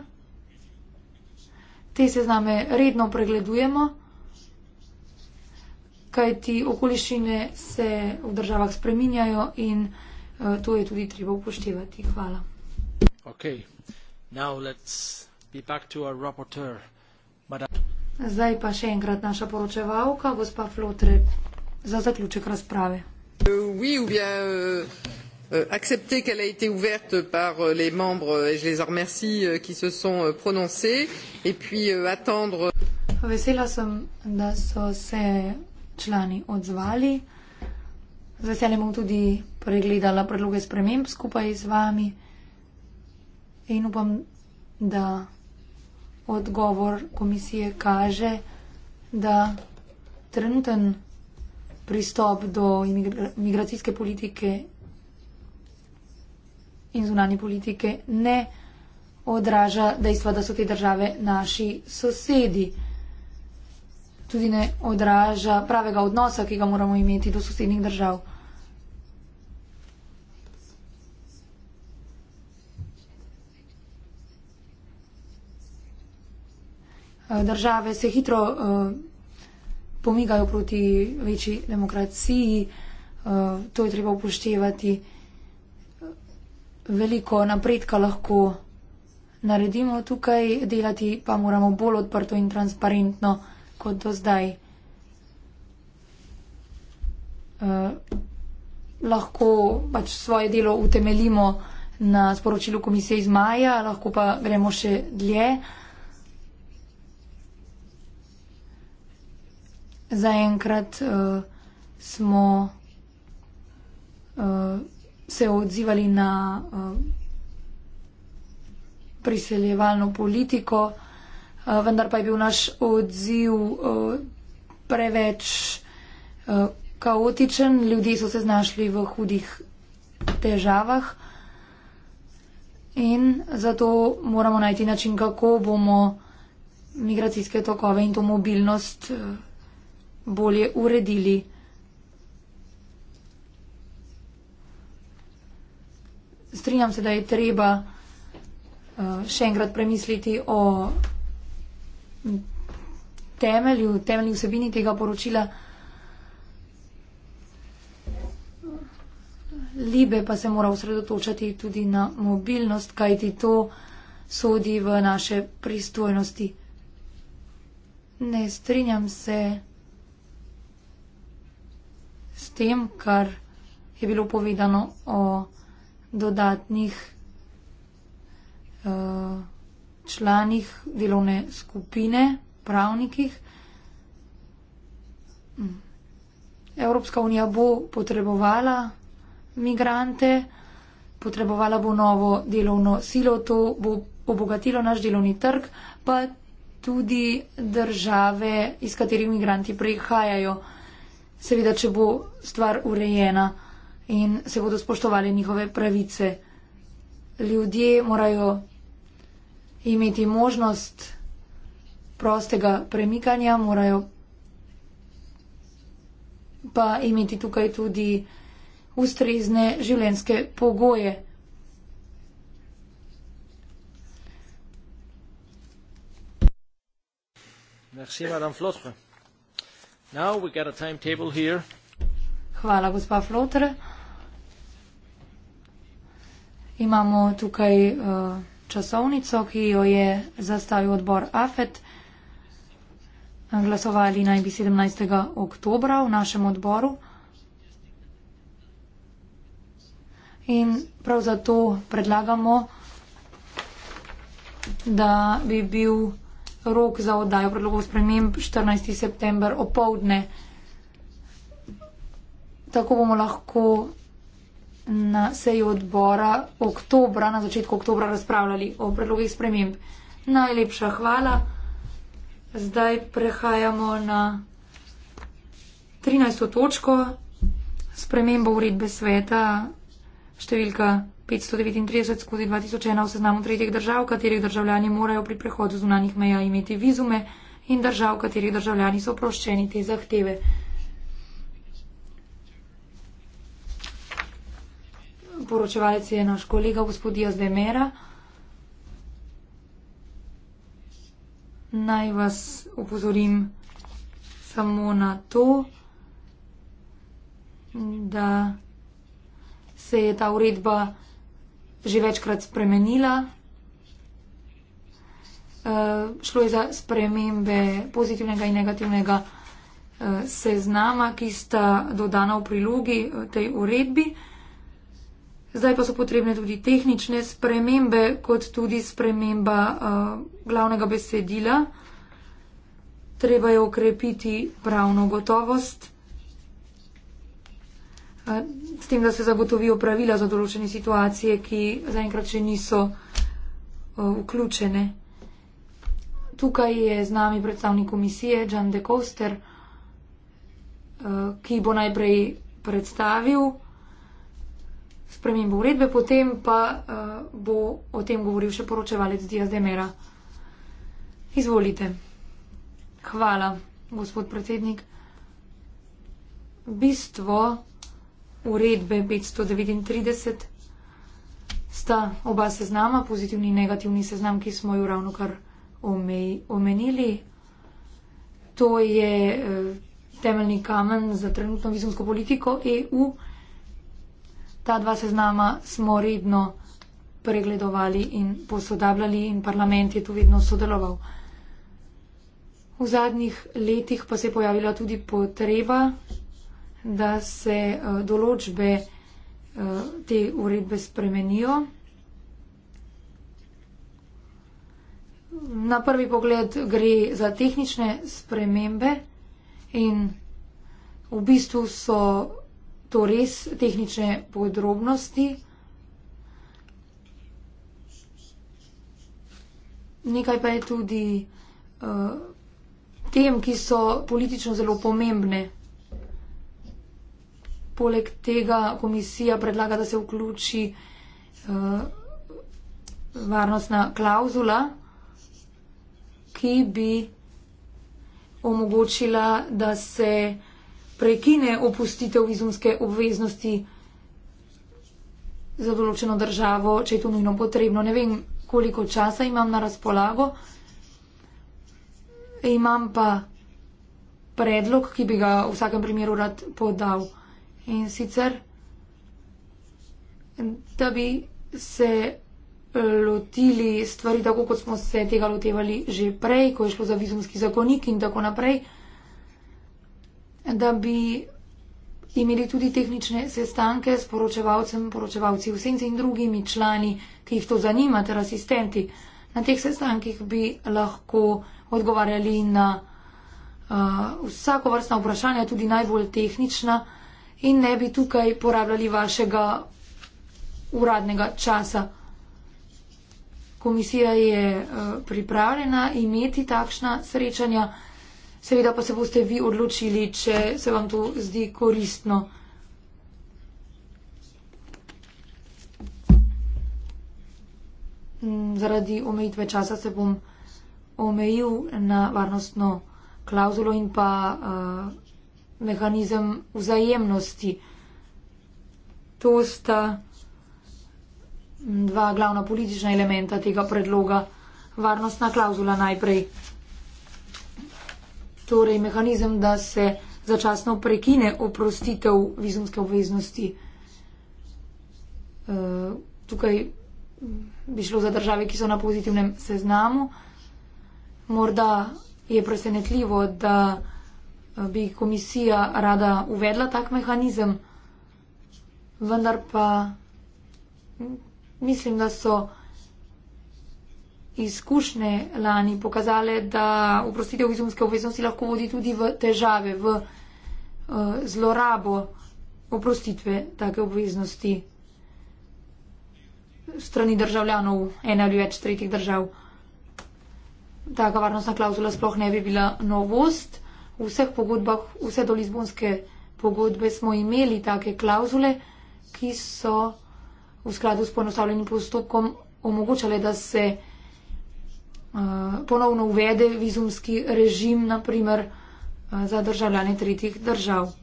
S2: Te sezname redno pregledujemo, kajti okoliščine se v državah spreminjajo in eh, to je tudi treba upoštevati. Hvala.
S1: Okay. Now let's be back to our rapporteur.
S2: Zdaj pa še enkrat naša poročevalka, gospa Flotre, za zaključek razprave. Euh,
S3: euh, euh, accepter qu'elle a été ouverte par les membres et je les en remercie qui se sont prononcés et puis attendre.
S2: Vesela sem, da so se člani odzvali. Z veseljem bom tudi pregledala predloge sprememb skupaj z vami in upam, da odgovor komisije kaže, da trenuten pristop do imigracijske politike in zunanje politike ne odraža dejstva, da so te države naši sosedi. Tudi ne odraža pravega odnosa, ki ga moramo imeti do sosednjih držav. Eh, države se hitro eh, pomigajo proti večji demokraciji. Eh, to je treba upoštevati. Veliko napredka lahko naredimo tukaj, delati pa moramo bolj odprto in transparentno kot do zdaj. Eh, lahko pač svoje delo utemelimo na sporočilu komisije iz maja, lahko pa gremo še dlje. Eh, zaenkrat uh, smo uh, se odzivali na uh, priseljevalno politiko, uh, vendar pa je bil naš odziv uh, preveč uh, kaotičen. Ljudje so se znašli v hudih težavah. In zato moramo najti način, kako bomo migracijske tokove in to mobilnost uh, bolje uredili. Strinjam se, da je treba eh, še enkrat premisliti o temelju, temelju vsebini tega poročila. Libe pa se mora osredotočati tudi na mobilnost, kajti to sodi v naše pristojnosti. Ne strinjam se s tem, kar je bilo povedano o dodatnih uh, članih delovne skupine, pravnikih. Evropska unija bo potrebovala migrante, potrebovala bo novo delovno silo, to bo obogatilo naš delovni trg, pa tudi države, iz katerih migranti prihajajo seveda, če bo stvar urejena in se bodo spoštovali njihove pravice. Ljudje morajo imeti možnost prostega premikanja, morajo pa imeti tukaj tudi ustrezne življenske pogoje.
S3: Merci, Madame Flotre.
S1: Now we got a timetable here.
S2: Hvala, gospa Flotr. Imamo tukaj uh, časovnico, ki jo je zastavil odbor AFET. Glasovali naj bi 17. oktobra v našem odboru. In prav zato predlagamo, da bi bil rok za oddajo predlogov sprememb 14. september opovdne. Tako bomo lahko na seji odbora oktobra, na začetku oktobra razpravljali o predlogih sprememb. Najlepša hvala. Zdaj prehajamo na 13. točko spremembo uredbe sveta številka 539 skozi 2001 v seznamu tretjih držav, katerih državljani morajo pri prehodu zunanih meja imeti vizume in držav, katerih državljani so oproščeni te zahteve. Poročevalec je naš kolega gospod Jaz Demera. Naj vas upozorim samo na to, da se je ta uredba že večkrat spremenila. Uh, šlo je za spremembe pozitivnega in negativnega uh, seznama, ki sta dodana v prilogi uh, tej uredbi. Zdaj pa so potrebne tudi tehnične spremembe, kot tudi sprememba uh, glavnega besedila. Treba je okrepiti pravno gotovost s tem, da se zagotovijo pravila za določene situacije, ki zaenkrat še niso vključene. Tukaj je z nami predstavnik komisije Jan de Koster, ki bo najprej predstavil spremembo uredbe, potem pa bo o tem govoril še poročevalec Diaz de Mera. Izvolite. Hvala, gospod predsednik. Bistvo uredbe 539 sta oba seznama, pozitivni in negativni seznam, ki smo jo ravno kar omenili. To je eh, temeljni kamen za trenutno vizumsko politiko EU. Ta dva seznama smo redno pregledovali in posodabljali in parlament je tu vedno sodeloval. V zadnjih letih pa se je pojavila tudi potreba da se eh, določbe eh, te uredbe spremenijo. Na prvi pogled gre za tehnične spremembe in v bistvu so to res tehnične podrobnosti. Nekaj pa je tudi uh, tem, ki so politično zelo pomembne. Poleg tega komisija predlaga, da se vključi uh, varnostna klauzula, ki bi omogočila, da se prekine opustitev vizumske obveznosti za določeno državo, če je to nujno potrebno. Ne vem, koliko časa imam na razpolago. Imam pa predlog, ki bi ga v vsakem primeru rad podal. In sicer, da bi se eh, lotili stvari tako, kot smo se tega lotevali že prej, ko je šlo za vizumski zakonik in tako naprej, da bi imeli tudi tehnične sestanke s poročevalcem, poročevalci v senci in drugimi člani, ki jih to zanima, ter asistenti. Na teh sestankih bi lahko odgovarjali na uh, vsako vrstno vprašanje, tudi najbolj tehnična in ne bi tukaj porabljali vašega uradnega časa. Komisija je eh, pripravljena imeti takšna srečanja, seveda pa se boste vi odločili, če se vam to zdi koristno. Mm, zaradi omejitve časa se bom omejil na varnostno klauzulo in pa uh, mehanizem vzajemnosti. To sta dva glavna politična elementa tega predloga. Varnostna klauzula najprej. Torej, mehanizem, da se začasno prekine oprostitev vizumske obveznosti. Eh, tukaj bi šlo za države, ki so na pozitivnem seznamu. Morda je presenetljivo, da bi komisija rada uvedla tak mehanizem, vendar pa mislim, da so izkušnje lani pokazale, da uprostitev vizumske obveznosti lahko vodi tudi v težave, v eh, zlorabo oprostitve take obveznosti strani državljanov ene ali več tretjih držav. Taka varnostna klauzula sploh ne bi bila novost v vseh pogodbah, vse do Lizbonske pogodbe smo imeli take klauzule, ki so v skladu s ponostavljenim postopkom omogočale, da se uh, ponovno uvede vizumski režim, naprimer uh, eh, za državljane tretjih držav.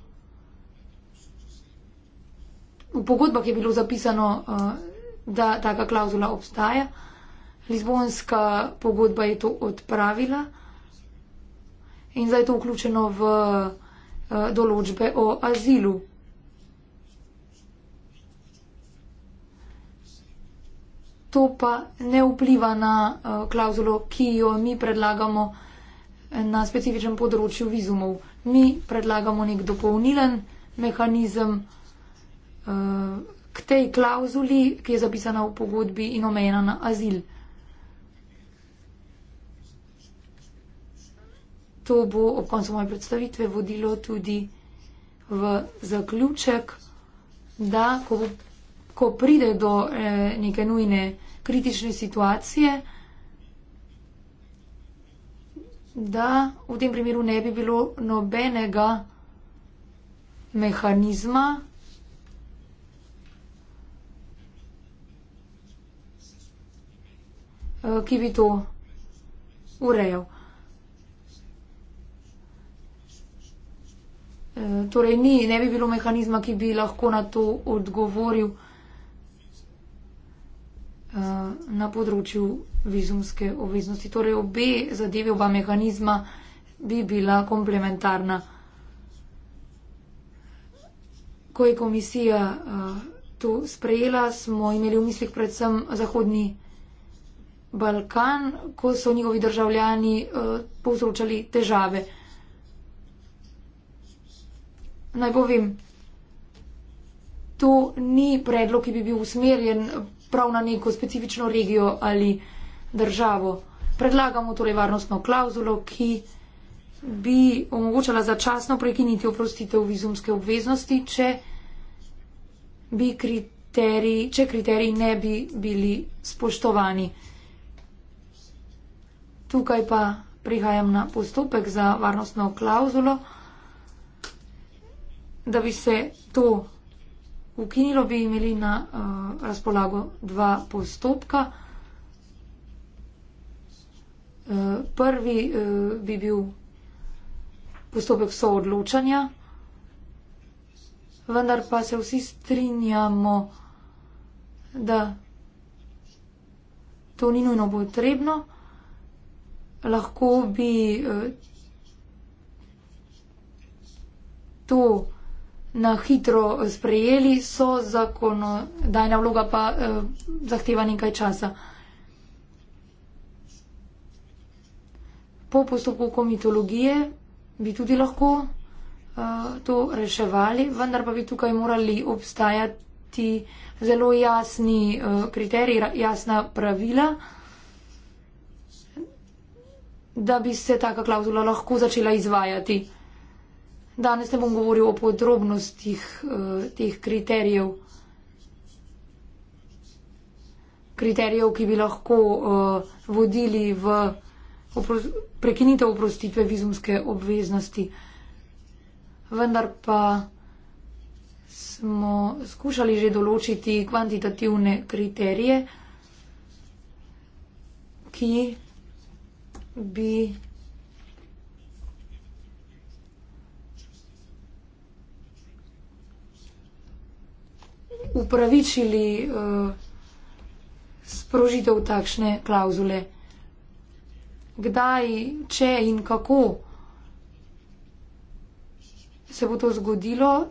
S2: V pogodbah je bilo zapisano, uh, da taka klauzula obstaja. Lizbonska pogodba je to odpravila in zdaj je to vključeno v eh, določbe o azilu. To pa ne vpliva na eh, klauzulo, ki jo mi predlagamo na specifičnem področju vizumov. Mi predlagamo nek dopolnilen mehanizem eh, k tej klauzuli, ki je zapisana v pogodbi in omejena na azil. to bo ob koncu moje predstavitve vodilo tudi v zaključek, da ko, ko pride do eh, neke nujne kritične situacije, da v tem primeru ne bi bilo nobenega mehanizma, eh, ki bi to urejal. torej ni, ne bi bilo mehanizma, ki bi lahko na to odgovoril eh, na področju vizumske obveznosti. Torej obe zadeve, oba mehanizma bi bila komplementarna. Ko je komisija eh, to sprejela, smo imeli v mislih predvsem Zahodni Balkan, ko so njihovi državljani eh, povzročali težave. Naj povem, to ni predlog, ki bi bil usmerjen prav na neko specifično regijo ali državo. Predlagamo torej varnostno klauzulo, ki bi omogočala začasno prekiniti oprostitev vizumske obveznosti, če bi kriteriji, če kriteriji ne bi bili spoštovani. Tukaj pa prihajam na postopek za varnostno klauzulo da bi se to ukinilo, bi imeli na uh, razpolago dva postopka. Uh, prvi uh, bi bil postopek soodločanja, vendar pa se vsi strinjamo, da to ni nujno potrebno. Lahko bi uh, to na hitro sprejeli, so zakonodajna vloga pa eh, zahteva nekaj časa. Po postopku komitologije bi tudi lahko eh, to reševali, vendar pa bi tukaj morali obstajati zelo jasni eh, kriteriji, jasna pravila, da bi se taka klauzula lahko začela izvajati. Danes ne bom govoril o podrobnostih eh, teh kriterijev, kriterijev, ki bi lahko eh, vodili v prekinitev oprostitve vizumske obveznosti. Vendar pa smo skušali že določiti kvantitativne kriterije, ki bi upravičili uh, sprožitev takšne klauzule. Kdaj, če in kako se bo to zgodilo,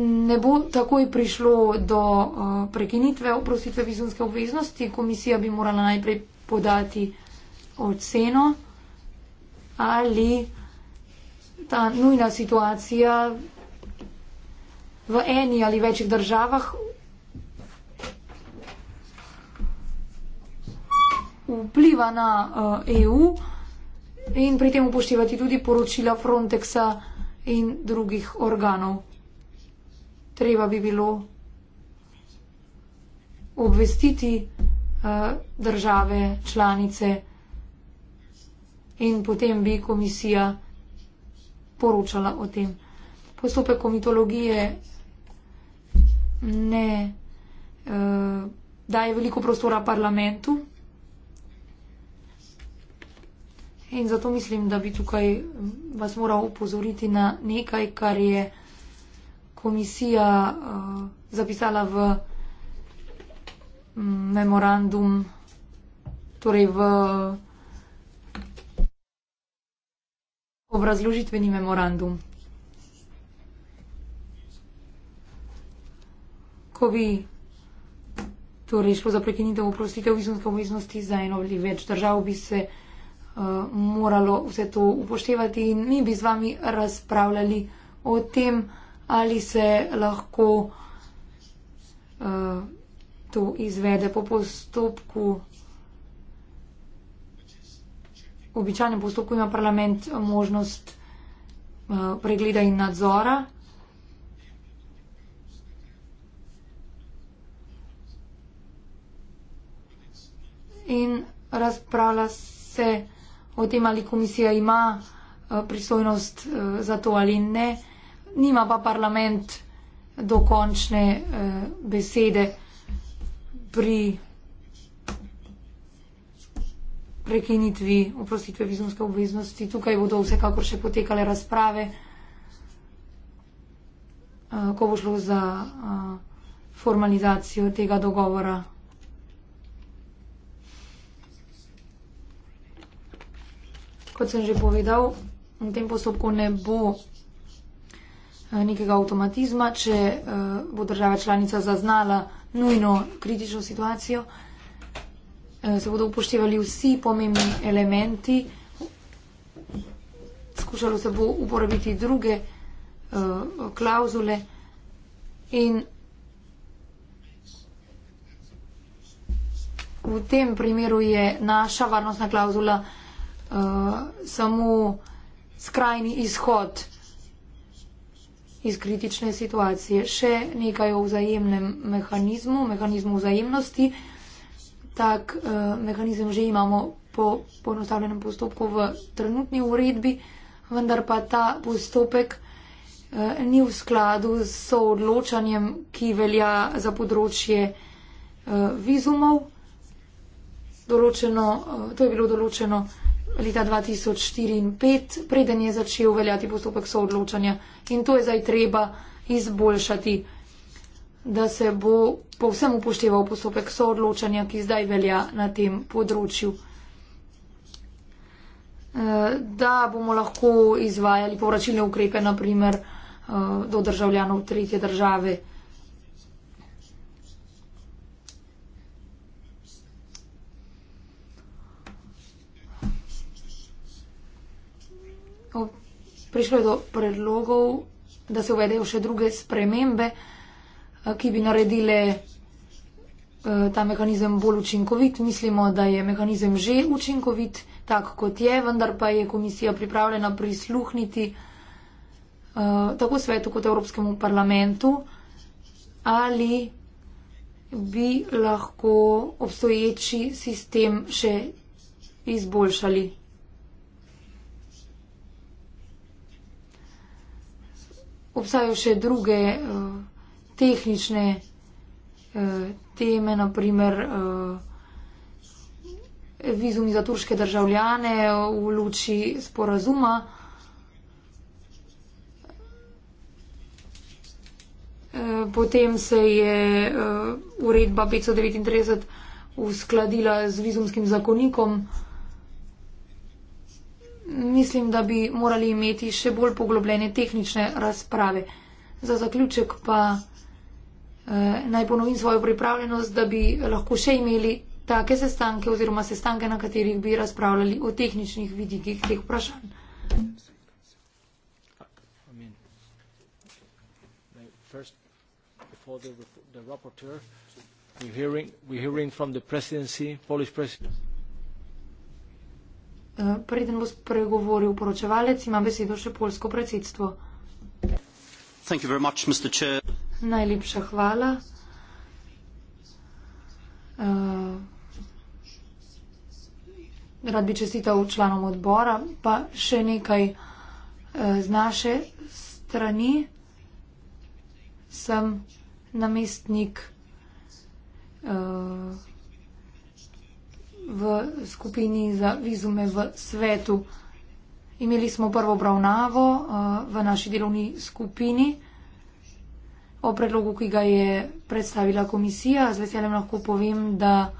S2: ne bo takoj prišlo do uh, prekinitve oprostitve vizumske obveznosti. Komisija bi morala najprej podati oceno ali ta nujna situacija v eni ali večjih državah. vpliva na uh, eh, EU in pri tem upoštevati tudi poročila Frontexa in drugih organov. Treba bi bilo obvestiti uh, države članice in potem bi komisija poročala o tem. Postopek komitologije ne uh, daje veliko prostora parlamentu. In zato mislim, da bi tukaj mm, vas moral upozoriti na nekaj, kar je komisija uh, zapisala v mm, memorandum, torej v obrazložitveni memorandum. ko bi torej šlo za prekinitev oprostitev vizumske obveznosti za eno ali več držav, bi se uh, moralo vse to upoštevati in mi bi z vami razpravljali o tem, ali se lahko uh, to izvede po postopku. V običajnem postopku ima parlament možnost uh, pregleda in nadzora. in razpravlja se o tem, ali komisija ima eh, pristojnost eh, za to ali ne. Nima pa parlament dokončne eh, besede pri prekinitvi oprostitve vizumske obveznosti. Tukaj bodo vsekakor še potekale razprave, ko bo šlo za formalizacijo tega dogovora. kot sem že povedal, v tem postopku ne bo eh, nekega avtomatizma, če eh, bo država članica zaznala nujno kritično situacijo, eh, se bodo upoštevali vsi pomembni elementi, skušalo se bo uporabiti druge klauzule in v tem primeru je naša varnostna klauzula uh, samo skrajni izhod iz kritične situacije. Še nekaj o vzajemnem mehanizmu, mehanizmu vzajemnosti. Tak uh, mehanizem že imamo po ponostavljenem postopku v trenutni uredbi, vendar pa ta postopek uh, ni v skladu s soodločanjem, ki velja za področje uh, vizumov. Določeno, uh, to je bilo določeno uh, leta 2004 in 2005, preden je začel veljati postopek soodločanja. In to je zdaj treba izboljšati, da se bo povsem upošteval postopek soodločanja, ki zdaj velja na tem področju. Eh, da bomo lahko izvajali povračilne ukrepe, naprimer eh, do državljanov tretje države. prišlo je do predlogov, da se uvedejo še druge spremembe, eh, ki bi naredile eh, ta mehanizem bolj učinkovit. Mislimo, da je mehanizem že učinkovit, tako kot je, vendar pa je komisija pripravljena prisluhniti eh, tako svetu kot Evropskemu parlamentu, ali bi lahko obstoječi sistem še izboljšali. obstajajo še druge eh, tehnične eh, teme, naprimer eh, vizumi za turške državljane v luči sporazuma. Potem se je uredba 539 uskladila z vizumskim zakonikom mislim, da bi morali imeti še bolj poglobljene tehnične razprave. Za zaključek pa eh, naj ponovim svojo pripravljenost, da bi lahko še imeli take sestanke oziroma sestanke, na katerih bi razpravljali o tehničnih vidikih teh vprašanj.
S1: The, the rapporteur, we're hearing, we're hearing from the presidency, Polish presidency.
S2: Eh, preden bo spregovoril poročevalec, ima besedo še polsko predsedstvo. Much, Najlepša hvala. Uh, rad bi čestital članom odbora, pa še nekaj uh, z naše strani. Sem namestnik. Uh, v skupini za vizume v svetu. Imeli smo prvo obravnavo eh, v naši delovni skupini o predlogu, ki ga je predstavila komisija. Z veseljem lahko povem, da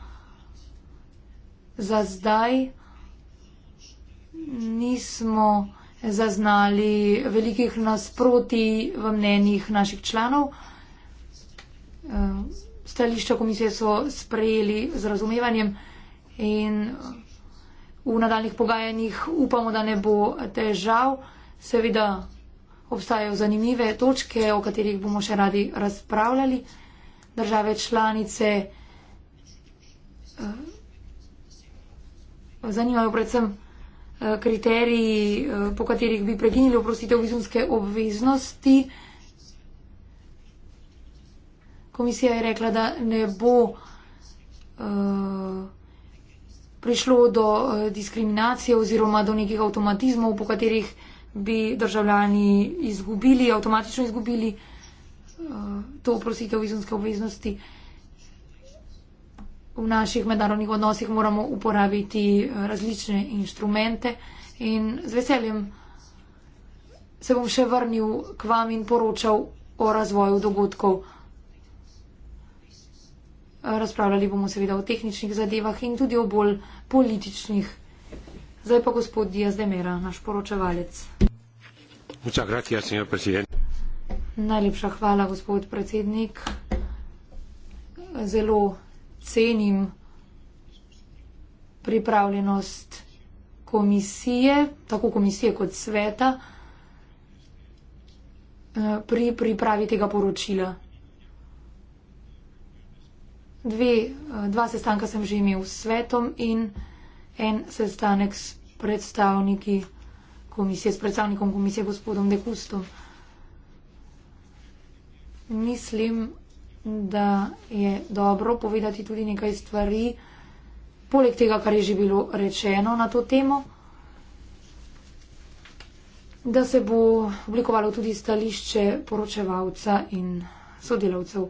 S2: za zdaj nismo zaznali velikih nasproti v mnenjih naših članov. Eh, stališča komisije so sprejeli z razumevanjem in v nadaljnih pogajanjih upamo, da ne bo težav. Seveda obstajajo zanimive točke, o katerih bomo še radi razpravljali. Države članice eh, zanimajo predvsem eh, kriteriji, eh, po katerih bi prekinili oprostitev vizumske obveznosti. Komisija je rekla, da ne bo uh, prišlo do eh, diskriminacije oziroma do nekih avtomatizmov, po katerih bi državljani izgubili, avtomatično izgubili eh, to prositev vizumske obveznosti. V naših mednarodnih odnosih moramo uporabiti eh, različne inštrumente in z veseljem se bom še vrnil k vam in poročal o razvoju dogodkov razpravljali bomo seveda o tehničnih zadevah in tudi o bolj političnih. Zdaj pa gospod Diaz de Mera, naš poročevalec. Gracias, Najlepša hvala, gospod predsednik. Zelo cenim pripravljenost komisije, tako komisije kot sveta, eh, pri pripravi tega poročila. Dve, eh, dva sestanka sem že imel s svetom in en sestanek s predstavniki komisije, s predstavnikom komisije gospodom Dekustom. Mislim, da je dobro povedati tudi nekaj stvari, poleg tega, kar je že bilo rečeno na to temo, da se bo oblikovalo tudi stališče poročevalca in sodelavcev.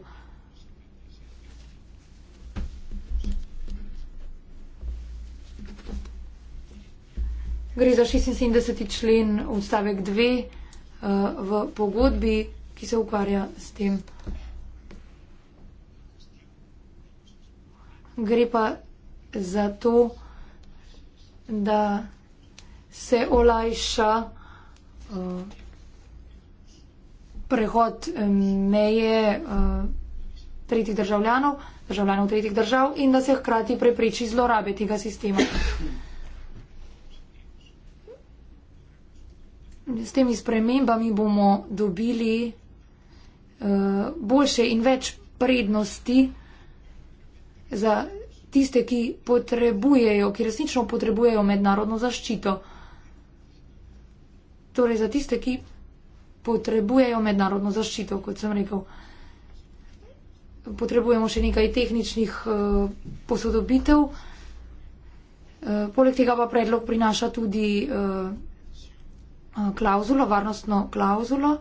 S2: Gre za 76. člen odstavek 2 uh, eh, v pogodbi, ki se ukvarja s tem. Gre pa za to, da se olajša uh, prehod eh, meje uh, tretjih državljanov, državljanov tretjih držav in da se hkrati prepreči zlorabe tega sistema. s temi spremembami bomo dobili uh, boljše in več prednosti za tiste, ki potrebujejo, ki resnično potrebujejo mednarodno zaščito. Torej za tiste, ki potrebujejo mednarodno zaščito, kot sem rekel. Potrebujemo še nekaj tehničnih uh, posodobitev. Uh, poleg tega pa predlog prinaša tudi. Uh, Eh, klauzulo, varnostno klauzulo.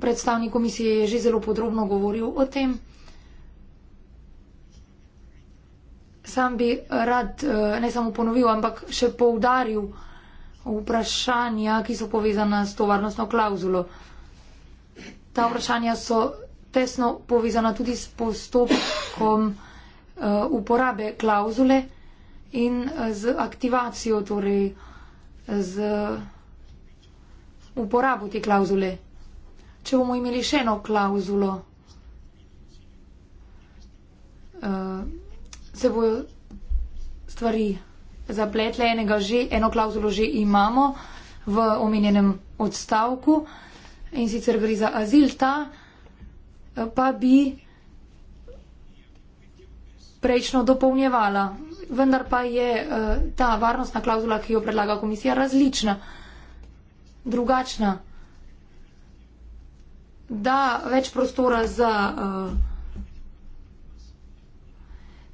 S2: Predstavnik komisije je že zelo podrobno govoril o tem. Sam bi rad eh, ne samo ponovil, ampak še poudaril vprašanja, ki so povezana s to varnostno klauzulo. Ta vprašanja so tesno povezana tudi s postopkom eh, uporabe klauzule in z aktivacijo, torej z uporabo te klauzule. Če bomo imeli še eno klauzulo, uh, se bojo stvari zapletle. Enega že, eno klauzulo že imamo v omenjenem odstavku in sicer gre za azil ta, eh, pa bi prejšnjo dopolnjevala. Vendar pa je uh, ta varnostna klauzula, ki jo predlaga komisija, različna. Uh, drugačna. Da več prostora za uh,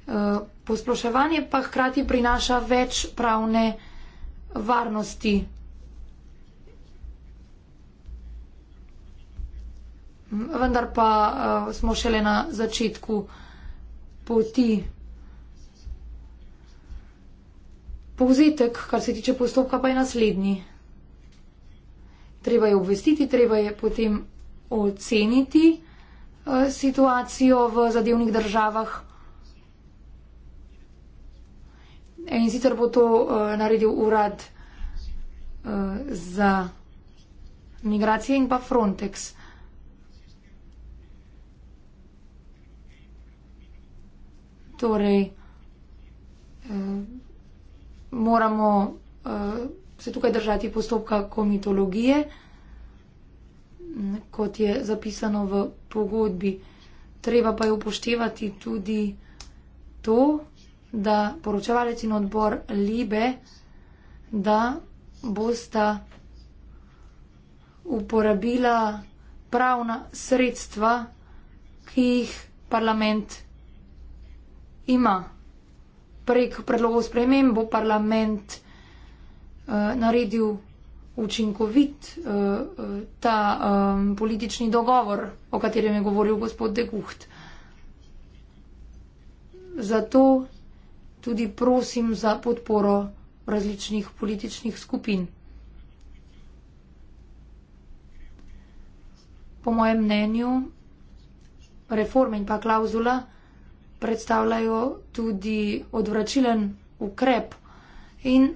S2: uh, posploševanje, pa hkrati prinaša več pravne varnosti. Vendar pa uh, smo šele na začetku poti. Povzetek, kar se tiče postopka, pa je naslednji treba je obvestiti, treba je potem oceniti eh, situacijo v zadevnih državah. In sicer bo to eh, naredil urad eh, za migracije in pa Frontex. Torej, moramo se tukaj držati postopka komitologije, kot je zapisano v pogodbi. Treba pa je upoštevati tudi to, da poročevalec in odbor Libe, da bosta uporabila pravna sredstva, ki jih parlament ima. Prek predlogov sprememb bo parlament Eh, naredil učinkovit eh, ta politični dogovor, o katerem je govoril gospod De Gucht. Zato tudi prosim za podporo različnih političnih skupin. Po mojem mnenju reforme in pa klauzula predstavljajo tudi odvračilen ukrep in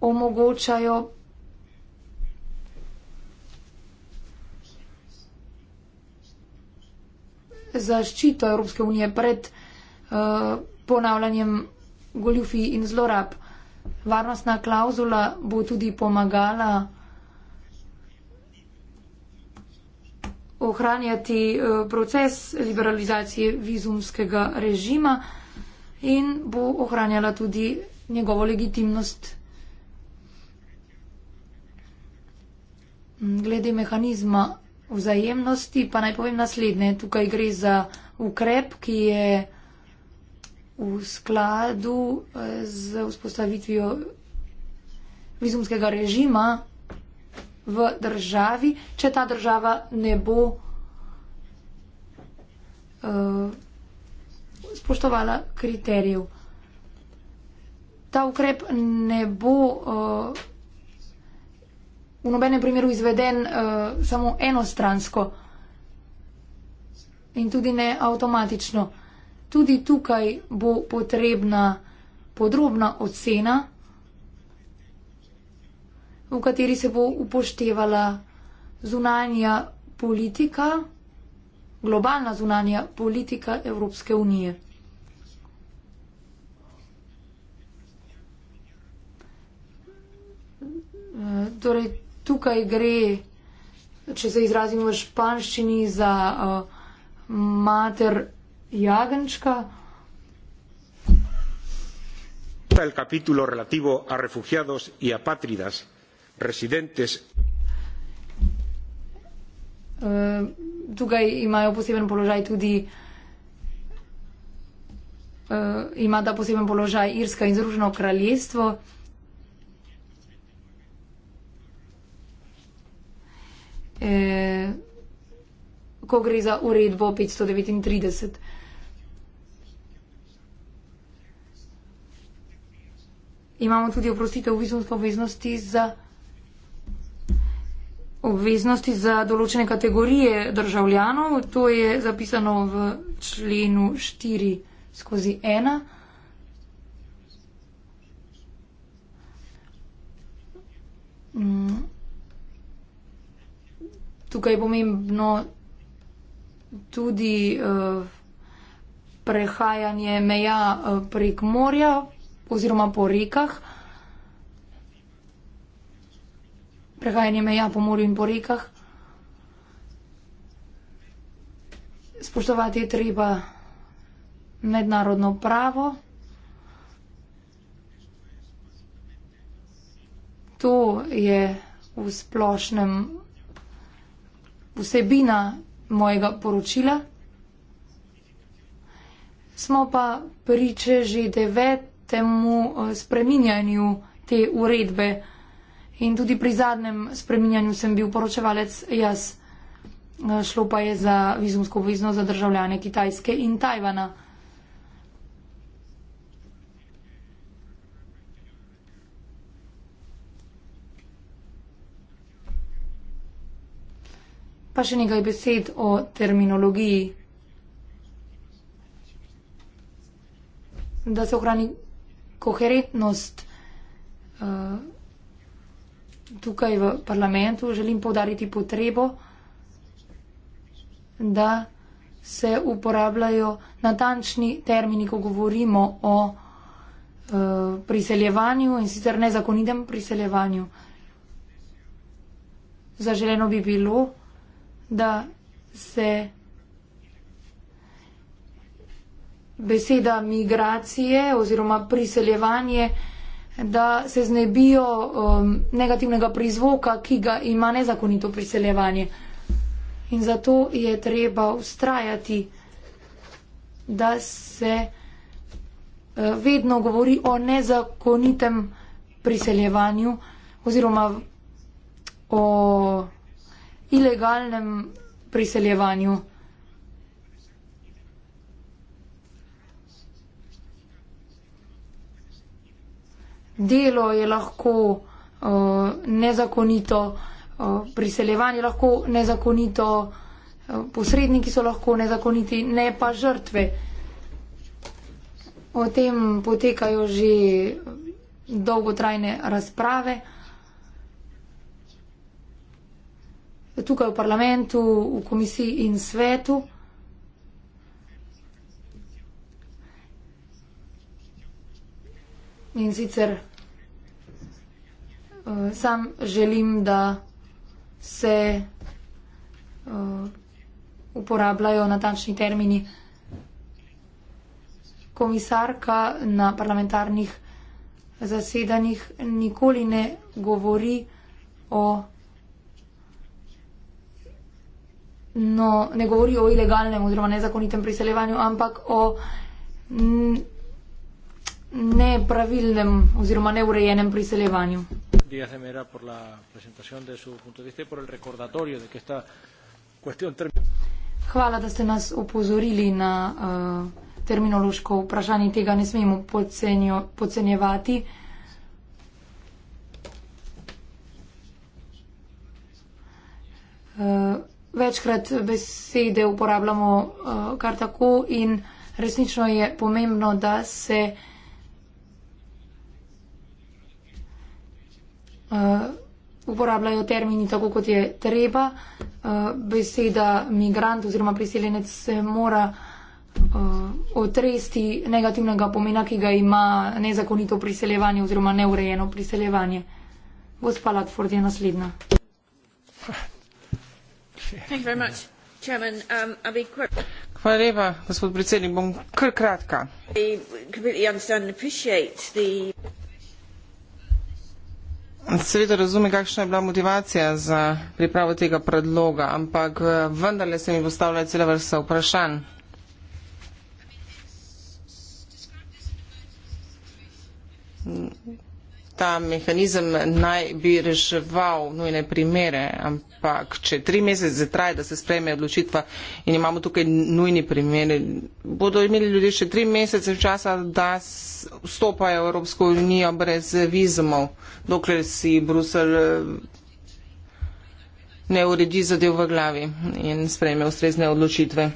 S2: omogočajo zaščito Evropske unije pred uh, ponavljanjem goljufij in zlorab. Varnostna klauzula bo tudi pomagala ohranjati eh, proces liberalizacije vizumskega režima in bo ohranjala tudi njegovo legitimnost. Glede mehanizma vzajemnosti pa naj povem naslednje. Tukaj gre za ukrep, ki je v skladu eh, z vzpostavitvijo vizumskega režima v državi, če ta država ne bo uh, spoštovala kriterijev. Ta ukrep ne bo. Uh, v nobenem primeru izveden uh, samo enostransko in tudi ne avtomatično. Tudi tukaj bo potrebna podrobna ocena, v kateri se bo upoštevala zunanja politika, globalna zunanja politika Evropske unije. Eh, torej, tukaj gre, če se izrazim v španščini, za uh, mater jagenčka.
S1: El capítulo relativo a refugiados y apátridas residentes.
S2: Uh, tukaj imajo poseben položaj tudi, uh, ima ta poseben položaj Irska in Združeno kraljestvo. eh, ko gre za uredbo 539. Imamo tudi oprostitev obveznosti za, obveznosti za določene kategorije državljanov. To je zapisano v členu 4 skozi 1. Mm tukaj je pomembno tudi eh, prehajanje meja eh, prek morja oziroma po rekah. Prehajanje meja po morju in po rekah. Spoštovati je treba mednarodno pravo. To je v splošnem vsebina mojega poročila. Smo pa priče že devetemu eh, spreminjanju te uredbe in tudi pri zadnjem spreminjanju sem bil poročevalec jaz. Eh, šlo pa je za vizumsko obveznost za državljane Kitajske in Tajvana. Pa še nekaj besed o terminologiji. Da se ohrani koherentnost uh, tukaj v parlamentu, želim povdariti potrebo, da se uporabljajo natančni termini, ko govorimo o uh, priseljevanju in sicer nezakonitem priseljevanju. Zaželeno bi bilo, da se beseda migracije oziroma priseljevanje, da se znebijo um, negativnega prizvoka, ki ga ima nezakonito priseljevanje. In zato je treba ustrajati, da se uh, vedno govori o nezakonitem priseljevanju oziroma o ilegalnem priseljevanju. Delo je lahko uh, nezakonito, uh, priseljevanje je lahko nezakonito, uh, posredniki so lahko nezakoniti, ne pa žrtve. O tem potekajo že dolgotrajne razprave. tukaj v parlamentu, v komisiji in svetu. In sicer uh, sam želim, da se uh, uporabljajo natančni termini komisarka na parlamentarnih zasedanjih, nikoli ne govori o no, ne govori o ilegalnem oziroma nezakonitem priseljevanju, ampak o nepravilnem oziroma neurejenem priseljevanju. Hvala, da ste nas upozorili na uh, terminološko vprašanje. Tega ne smemo podcenjo, podcenjevati. Uh, večkrat besede uporabljamo uh, kar tako in resnično je pomembno, da se uh, uporabljajo termini tako, kot je treba. Uh, beseda migrant oziroma priseljenec se mora uh, otresti negativnega pomena, ki ga ima nezakonito priseljevanje oziroma neurejeno priseljevanje. Gospa Latford je naslednja.
S3: Um, Hvala lepa, gospod predsednik. Bom kar kratka. Seveda razumem, kakšna je bila motivacija za pripravo tega predloga, ampak eh, vendarle se mi postavlja cela vrsta vprašanj ta mehanizem naj bi reševal nujne primere, ampak če tri mesece traje, da se spreme odločitva in imamo tukaj nujni primer, bodo imeli ljudje še tri mesece časa, da vstopajo v Evropsko unijo brez vizumov, dokler si Brusel eh, ne uredi zadev v glavi in spreme ustrezne odločitve.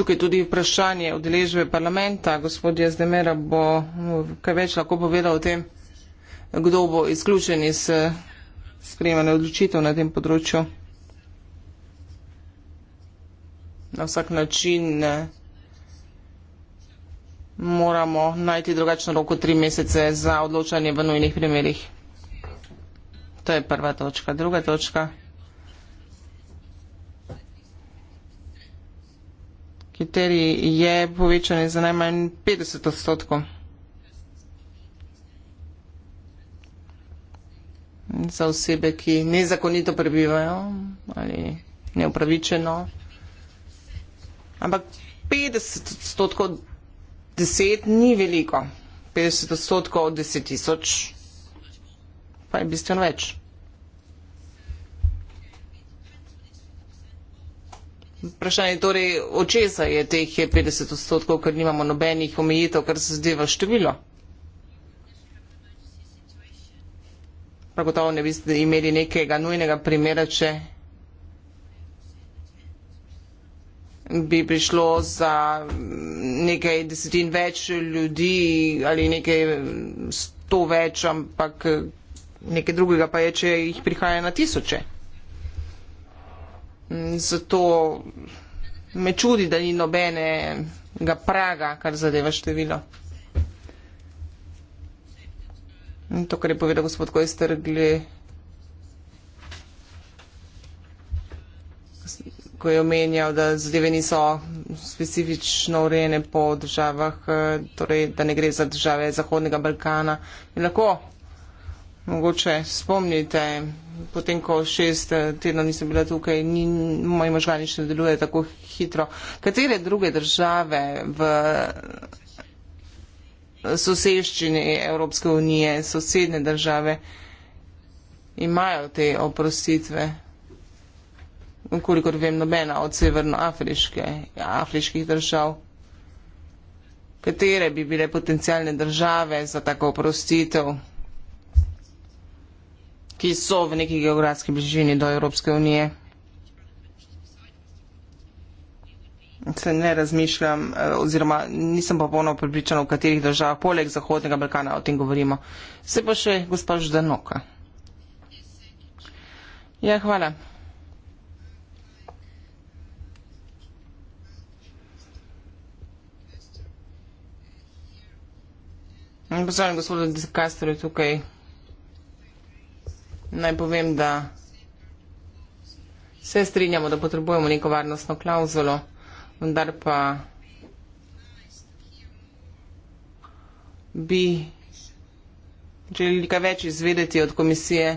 S3: tukaj tudi vprašanje odeležbe parlamenta. Gospod Jazdemera bo kaj več lahko povedal o tem, kdo bo izključen iz eh, sprejemanja odločitev na tem področju. Na vsak način eh, moramo najti drugačno roko tri mesece za odločanje v nujnih primerih. To je prva točka. Druga točka. kriterij je povečanje za najmanj 50 odstotkov. Za osebe, ki nezakonito prebivajo ali neupravičeno. Ampak 50 odstotkov 10 ni veliko. 50 odstotkov 10 tisoč pa je bistveno več. Vprašanje je torej, od česa je teh 50 odstotkov, ker nimamo nobenih omejitev, kar se zdi v število. Pravgotovo ne bi imeli nekega nujnega primera, če bi prišlo za nekaj desetin več ljudi ali nekaj sto več, ampak nekaj drugega pa je, če jih prihaja na tisoče zato me čudi, da ni nobenega praga, kar zadeva število. In to, kar je povedal gospod Kojster, gle, ko je omenjal, da zadeve niso specifično urejene po državah, torej, da ne gre za države Zahodnega Balkana. In lahko, mogoče spomnite, potem, ko šest eh, tedna nisem bila tukaj, ni, moji možgani še ne delujejo tako hitro. Katere druge države v eh, soseščini Evropske unije, sosedne države imajo te oprostitve? Kolikor vem, nobena od severnoafriških držav. Katere bi bile potencijalne države za tako oprostitev? ki so v neki geografski bližini do Evropske unije. Se ne razmišljam, eh, oziroma nisem pa polno pripričan, v katerih državah, poleg Zahodnega Balkana, o tem govorimo. Se pa še gospa Ždanoka. Ja, hvala. Pozdravljam gospoda Dekastro tukaj naj povem, da vse strinjamo, da potrebujemo neko varnostno klauzulo, vendar pa bi želeli kaj več izvedeti od komisije.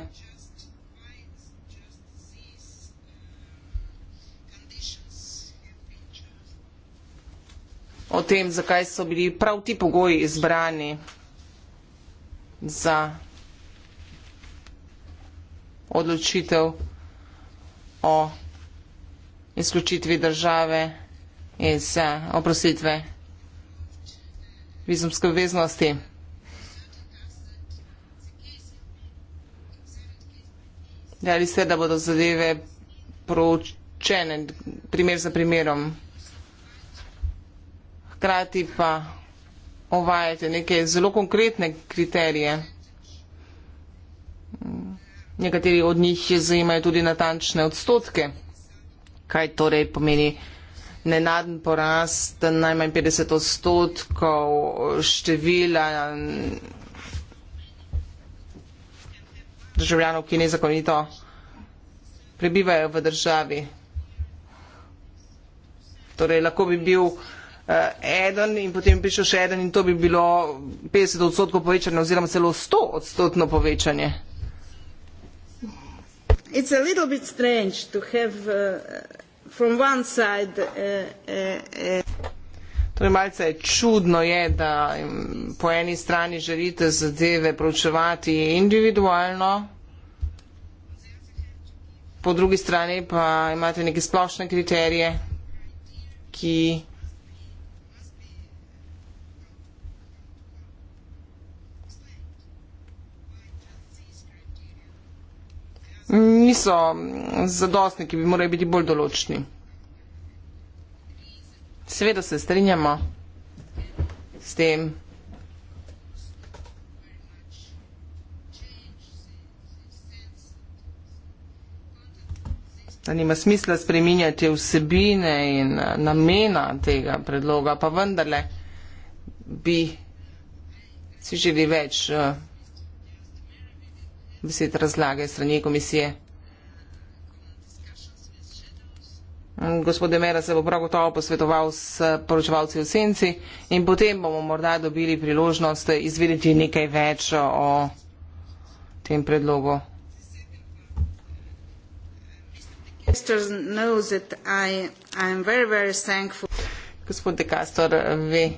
S3: o tem, zakaj so bili prav ti pogoji izbrani za odločitev o izključitvi države iz eh, oprostitve vizumske obveznosti. Dali ste, da bodo zadeve proučene primer za primerom. Hkrati pa uvajate neke zelo konkretne kriterije nekateri od njih zajemajo tudi natančne odstotke. Kaj torej pomeni nenaden porast najmanj 50 odstotkov števila državljanov, ki nezakonito prebivajo v državi. Torej, lahko bi bil uh, eden in potem prišel še eden in to bi bilo 50 odstotkov povečanje oziroma celo 100 odstotno povečanje it's a little bit strange to have uh, from one side uh, uh, uh Torej malce je čudno je, da po eni strani želite zadeve proučevati individualno, po drugi strani pa imate neke splošne kriterije, ki niso zadostni, ki bi morali biti bolj določni. Seveda se strinjamo s tem. da nima smisla spreminjati vsebine in eh, namena tega predloga, pa vendarle bi si želi več eh, besed razlage strani komisije. Gospod Demera se bo prav gotovo posvetoval s poročevalci v senci in potem bomo morda dobili priložnost izvedeti nekaj več o tem predlogu. Gospod De Castor ve,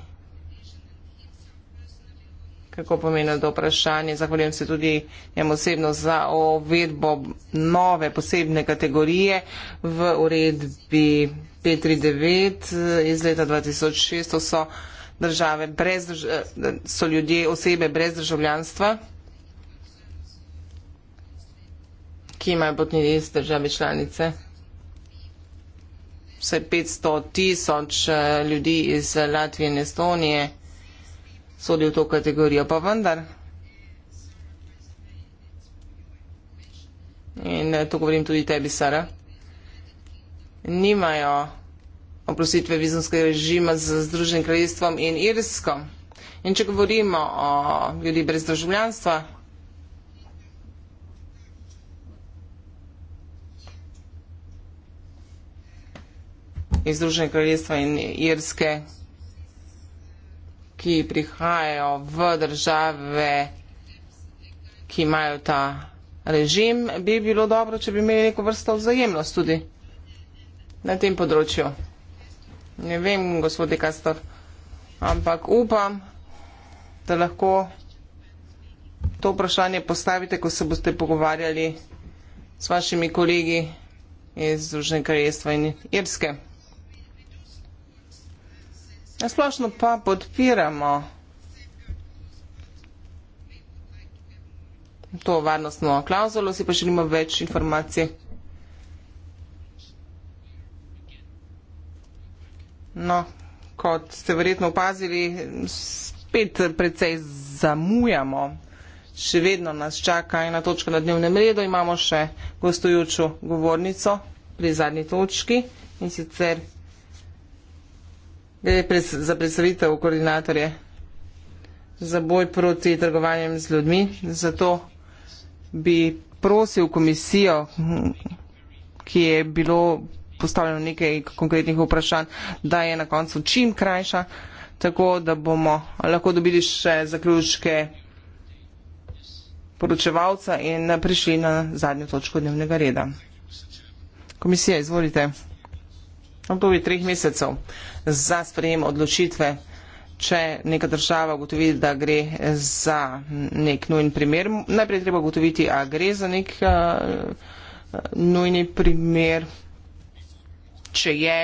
S3: kako pomenilo to vprašanje. Zahvaljujem se tudi njemu osebno za uvedbo nove posebne kategorije v uredbi 539 iz leta 2006. So, države, brez, so ljudje osebe brez državljanstva, ki imajo potnili iz države članice. Vse 500 tisoč eh, ljudi iz Latvije in Estonije sodijo v to kategorijo, pa vendar. In eh, to govorim tudi tebi, Sara. Nimajo oprostitve vizumskega režima z Združenim kraljestvom in Irsko. In če govorimo o ljudi brez državljanstva, iz Združenega kraljestva in Irske, ki prihajajo v države, ki imajo ta režim, bi bilo dobro, če bi imeli neko vrsto vzajemnost tudi na tem področju. Ne vem, gospod Dekastor, ampak upam, da lahko to vprašanje postavite, ko se boste pogovarjali s vašimi kolegi iz Združenega kraljestva in Irske. Na splošno pa podpiramo to varnostno klauzulo, si pa želimo več informacij. No, kot ste verjetno opazili, spet precej zamujamo. Še vedno nas čaka ena točka na dnevnem redu, imamo še gostujočo govornico pri zadnji točki in sicer Gre za predstavitev koordinatorje za boj proti trgovanjem z ljudmi. Zato bi prosil komisijo, ki je bilo postavljeno nekaj konkretnih vprašanj, da je na koncu čim krajša, tako da bomo lahko dobili še zaključke poročevalca in prišli na zadnjo točko dnevnega reda. Komisija, izvolite obdobje treh mesecev za sprejem odločitve, če neka država ugotovi, da gre za nek nujen primer. Najprej treba ugotoviti, a gre za nek uh, nujni primer, če je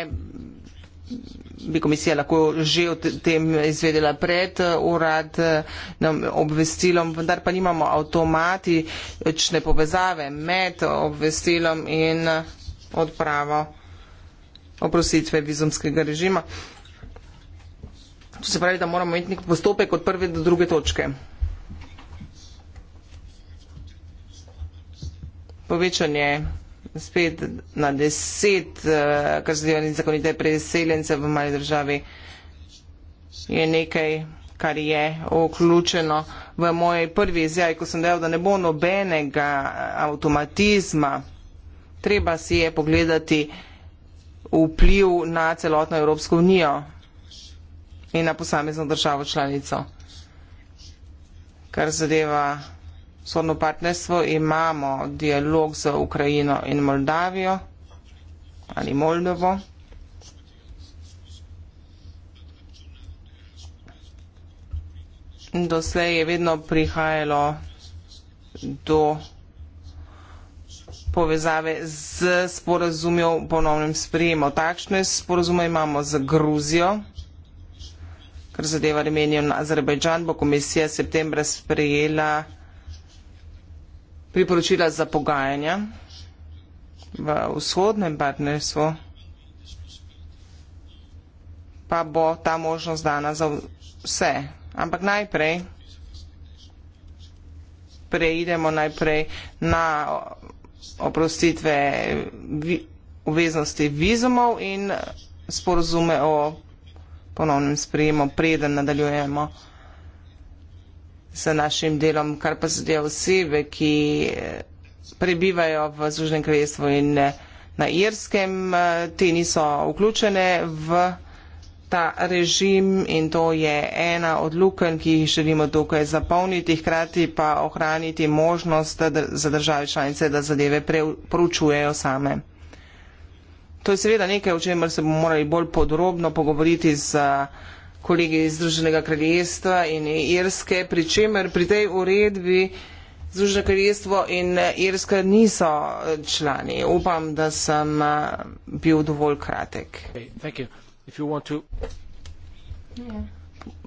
S3: bi komisija lahko že o tem izvedela pred eh, urad eh, nam obvestilom, vendar pa nimamo avtomatične povezave med obvestilom in odpravo oprositve vizumskega režima. To se pravi, da moramo imeti nek postopek od prve do druge točke. Povečanje spet na deset, eh, kar zadeva nezakonite preseljence v mali državi, je nekaj, kar je vključeno v mojej prvi izjavi, ko sem dejal, da ne bo nobenega avtomatizma. Treba si je pogledati, vpliv na celotno Evropsko unijo in na posamezno državo članico. Kar zadeva vzhodno partnerstvo, imamo dialog z Ukrajino in Moldavijo ali Moldovo. Doslej je vedno prihajalo do povezave z sporazumjem o ponovnem sprejemu. Takšne sporazume imamo z Gruzijo, kar zadeva Armenijo in Azerbajdžan, bo komisija septembra sprejela priporočila za pogajanja v vzhodnem partnerstvu, pa bo ta možnost dana za vse. Ampak najprej, prejdemo najprej na oprostitve vi, obveznosti vizumov in sporozume o ponovnem sprejemu, preden nadaljujemo s našim delom, kar pa se deja osebe, ki eh, prebivajo v Združenem kraljestvu in eh, na Irskem, eh, te niso vključene v ta režim in to je ena od lukenj, ki jih želimo tukaj zapolniti, hkrati pa ohraniti možnost za države članice, da zadeve preučujejo same. To je seveda nekaj, o čemer se bomo morali bolj podrobno pogovoriti z kolegi iz Združenega kraljestva in Irske, pri čemer pri tej uredbi Združeno kraljestvo in Irska niso člani. Upam, da sem bil dovolj kratek. Okay,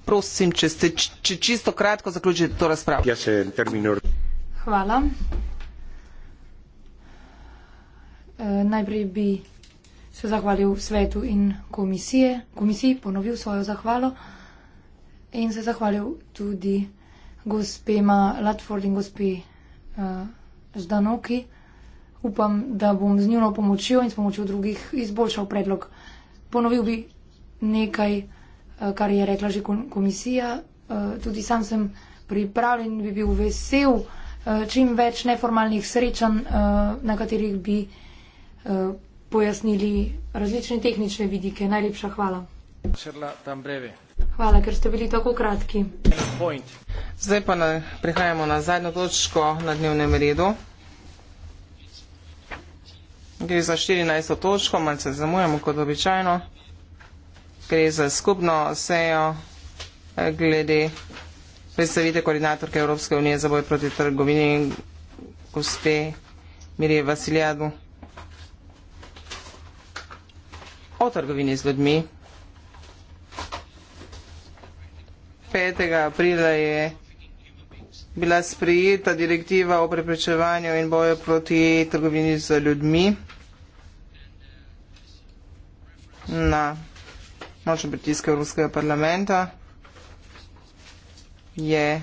S3: Prosim, če ste če čisto kratko zaključili to razpravo. Ja se terminor.
S2: Hvala. E, najprej bi se zahvalil svetu in komisije, komisiji, ponovil svojo zahvalo in se zahvalil tudi gospema Latford in gospe uh, Zdanoki. Upam, da bom z njuno pomočjo in s pomočjo drugih izboljšal predlog. Ponovil bi nekaj, eh, kar je rekla že komisija. Eh, tudi sam sem pripravljen, bi bil vesel eh, čim več neformalnih srečanj, na katerih bi pojasnili različne tehnične vidike. Najlepša hvala. Hvala, ker ste bili tako kratki.
S3: Zdaj pa na, prihajamo na zadnjo točko na dnevnem redu. Gre za 14. točko, malce zamujamo kot običajno gre za skupno sejo eh, glede predstavite koordinatorke Evropske unije za boj proti trgovini gospe Mirje Vasiljadu o trgovini z ljudmi. 5. aprila je bila sprejeta direktiva o preprečevanju in boju proti trgovini z ljudmi na močen pritisk Evropskega parlamenta, je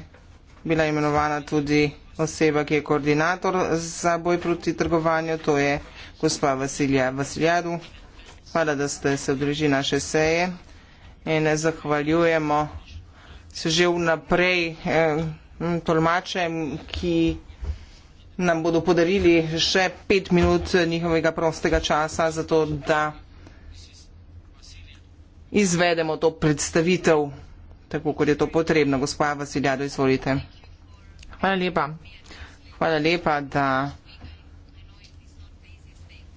S3: bila imenovana tudi oseba, ki je koordinator za boj proti trgovanju, to je gospa Vasilija Vasiljadu. Hvala, da ste se odreži naše seje in zahvaljujemo se že vnaprej eh, tolmačem, ki nam bodo podarili še pet minut njihovega prostega časa, zato da izvedemo to predstavitev, tako kot je to potrebno. Gospa Vasiljado, izvolite. Hvala lepa. Hvala lepa, da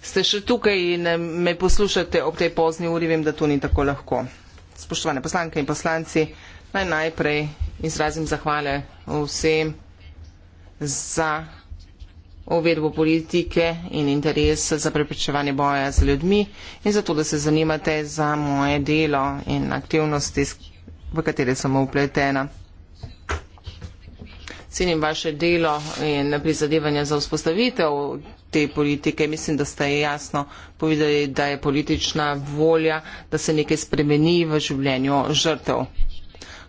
S3: ste še tukaj in me poslušate ob tej pozni uri. Vem, da to ni tako lahko. Spoštovane poslanke in poslanci, naj najprej izrazim zahvale vsem za uvedbo politike in interes za preprečevanje boja z ljudmi in zato, da se zanimate za moje delo in aktivnosti, v katere sem upletena. Cenim vaše delo in prizadevanje za vzpostavitev te politike. Mislim, da ste jasno povedali, da je politična volja, da se nekaj spremeni v življenju žrtev.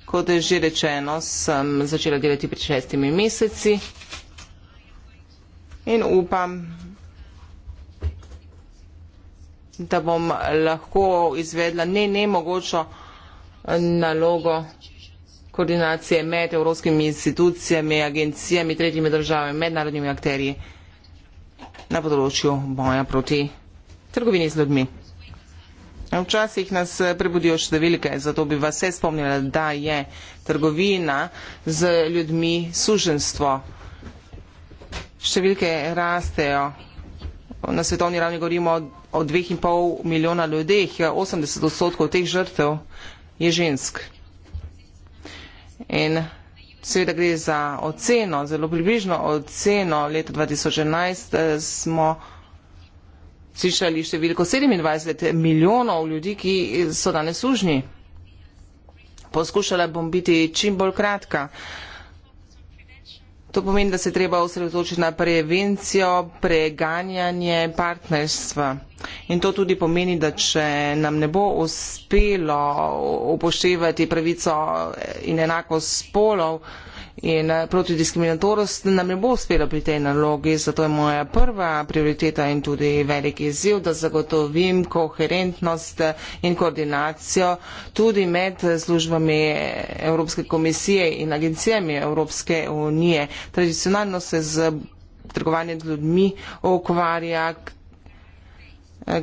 S3: Kot je že rečeno, sem začela delati pred šestimi meseci in upam, da bom lahko izvedla ne nemogočo nalogo koordinacije med evropskimi institucijami, agencijami, tretjimi državami, mednarodnimi akterji na področju boja proti trgovini z ljudmi. Včasih nas prebudijo številke, zato bi vas vse spomnila, da je trgovina z ljudmi suženstvo številke rastejo. Na svetovni ravni govorimo o 2,5 milijona ljudeh, 80 odstotkov teh žrtev je žensk. In seveda gre za oceno, zelo približno oceno leta 2011 eh, smo slišali številko 27 milijonov ljudi, ki so danes sužnji. Poskušala bom biti čim bolj kratka. To pomeni, da se treba osredotočiti na prevencijo, preganjanje partnerstva. In to tudi pomeni, da če nam ne bo uspelo upoštevati pravico in enakost spolov, In eh, protidiskriminatorost nam ne bo uspela pri tej nalogi, zato je moja prva prioriteta in tudi velik izziv, da zagotovim koherentnost eh, in koordinacijo tudi med eh, službami Evropske komisije in agencijami Evropske unije. Tradicionalno se z trgovanjem ljudmi ukvarja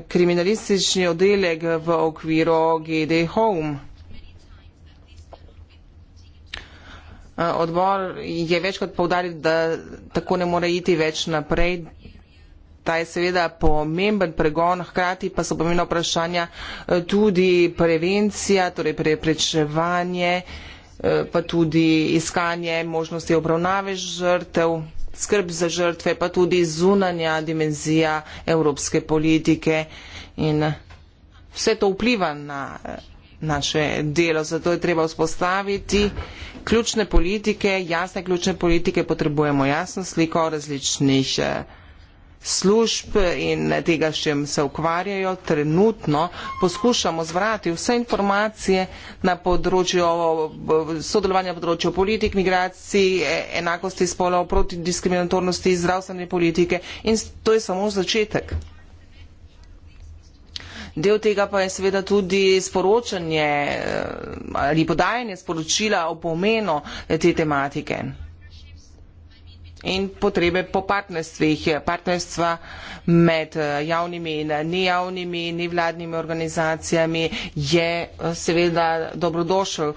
S3: kriminalistični oddelek v okviru GD Home. Eh, odbor je večkrat povdaril, da tako ne more iti več naprej. Ta je seveda pomemben pregon, hkrati pa so pomembna vprašanja eh, tudi prevencija, torej preprečevanje, eh, pa tudi iskanje možnosti obravnave žrtev, skrb za žrtve, pa tudi zunanja dimenzija evropske politike. In vse to vpliva na naše delo. Zato je treba vzpostaviti ključne politike, jasne ključne politike, potrebujemo jasno sliko različnih eh, služb in tega, s čem se ukvarjajo. Trenutno poskušamo zvrati vse informacije na področju sodelovanja na področju politik, migracij, e, enakosti spolov, protidiskriminatornosti, zdravstvene politike in to je samo začetek. Del tega pa je seveda tudi sporočanje eh, ali podajanje sporočila o pomenu eh, te tematike in potrebe po partnerstvih, partnerstva med eh, javnimi in nejavnimi, nevladnimi organizacijami je seveda dobrodošel.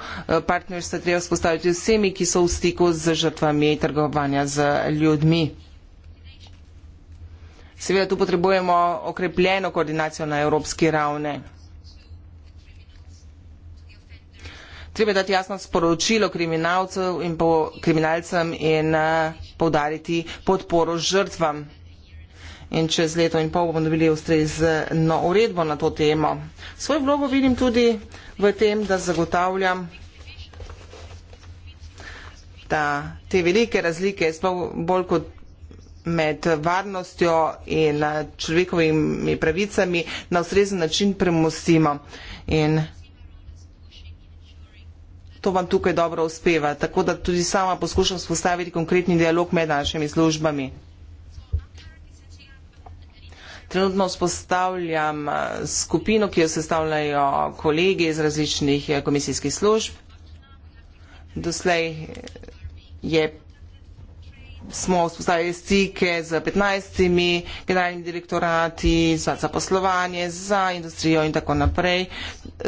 S3: Partnerstvo treba spostaviti vsemi, ki so v stiku z žrtvami trgovanja z ljudmi. Seveda tu potrebujemo okrepljeno koordinacijo na evropski ravne. Treba dati jasno sporočilo kriminalcev in po, kriminalcem in uh, eh, povdariti podporo žrtvam. In čez leto in pol bomo dobili ustrezno uredbo na to temo. Svoj vlogo vidim tudi v tem, da zagotavljam, da te velike razlike, sploh bolj kot med varnostjo in človekovimi pravicami na ustrezen način premostimo. In to vam tukaj dobro uspeva, tako da tudi sama poskušam spostaviti konkretni dialog med našimi službami. Trenutno vzpostavljam eh, skupino, ki jo sestavljajo kolegi iz različnih eh, komisijskih služb. Doslej eh, je smo vzpostavili stike z 15 generalnimi direktorati za zaposlovanje, za industrijo in tako naprej.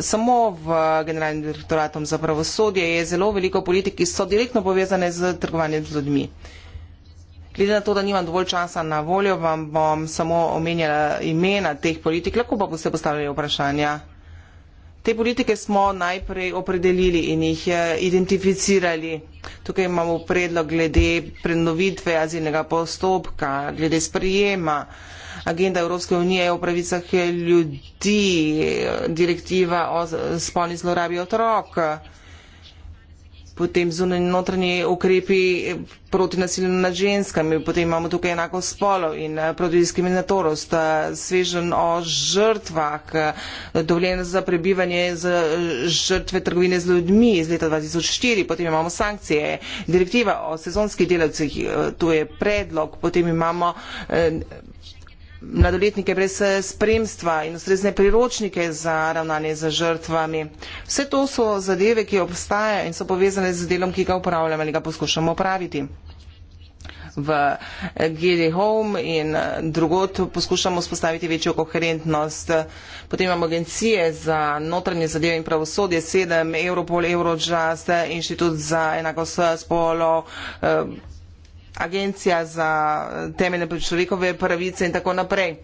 S3: Samo v generalnim direktoratom za pravosodje je zelo veliko politik, ki so direktno povezane z trgovanjem z ljudmi. Glede na to, da nimam dovolj časa na voljo, vam bom samo omenjala imena teh politik, lahko pa boste postavili vprašanja. Te politike smo najprej opredelili in jih eh, identificirali. Tukaj imamo predlog glede prenovitve azilnega postopka, glede sprejema. Agenda Evropske unije o pravicah ljudi, direktiva o spolni zlorabi otroka potem zunanji notranji ukrepi eh, proti nasilju nad ženskami, potem imamo tukaj enako spolov in eh, proti diskriminatorost, eh, svežen o žrtvah, dovoljenje za prebivanje za žrtve trgovine z ljudmi iz leta 2004, potem imamo sankcije, direktiva o sezonskih delavcih, to je predlog, potem imamo. Eh, mladoletnike brez eh, spremstva in ustrezne priročnike za ravnanje z žrtvami. Vse to so zadeve, ki obstajajo in so povezane z delom, ki ga upravljamo ali ga poskušamo upraviti. V eh, GD Home in eh, drugot poskušamo spostaviti večjo koherentnost. Potem imamo agencije za notranje zadeve in pravosodje, sedem, Europol, Eurojust, inštitut za enakost spolo, eh, agencija za temeljne človekove pravice in tako naprej.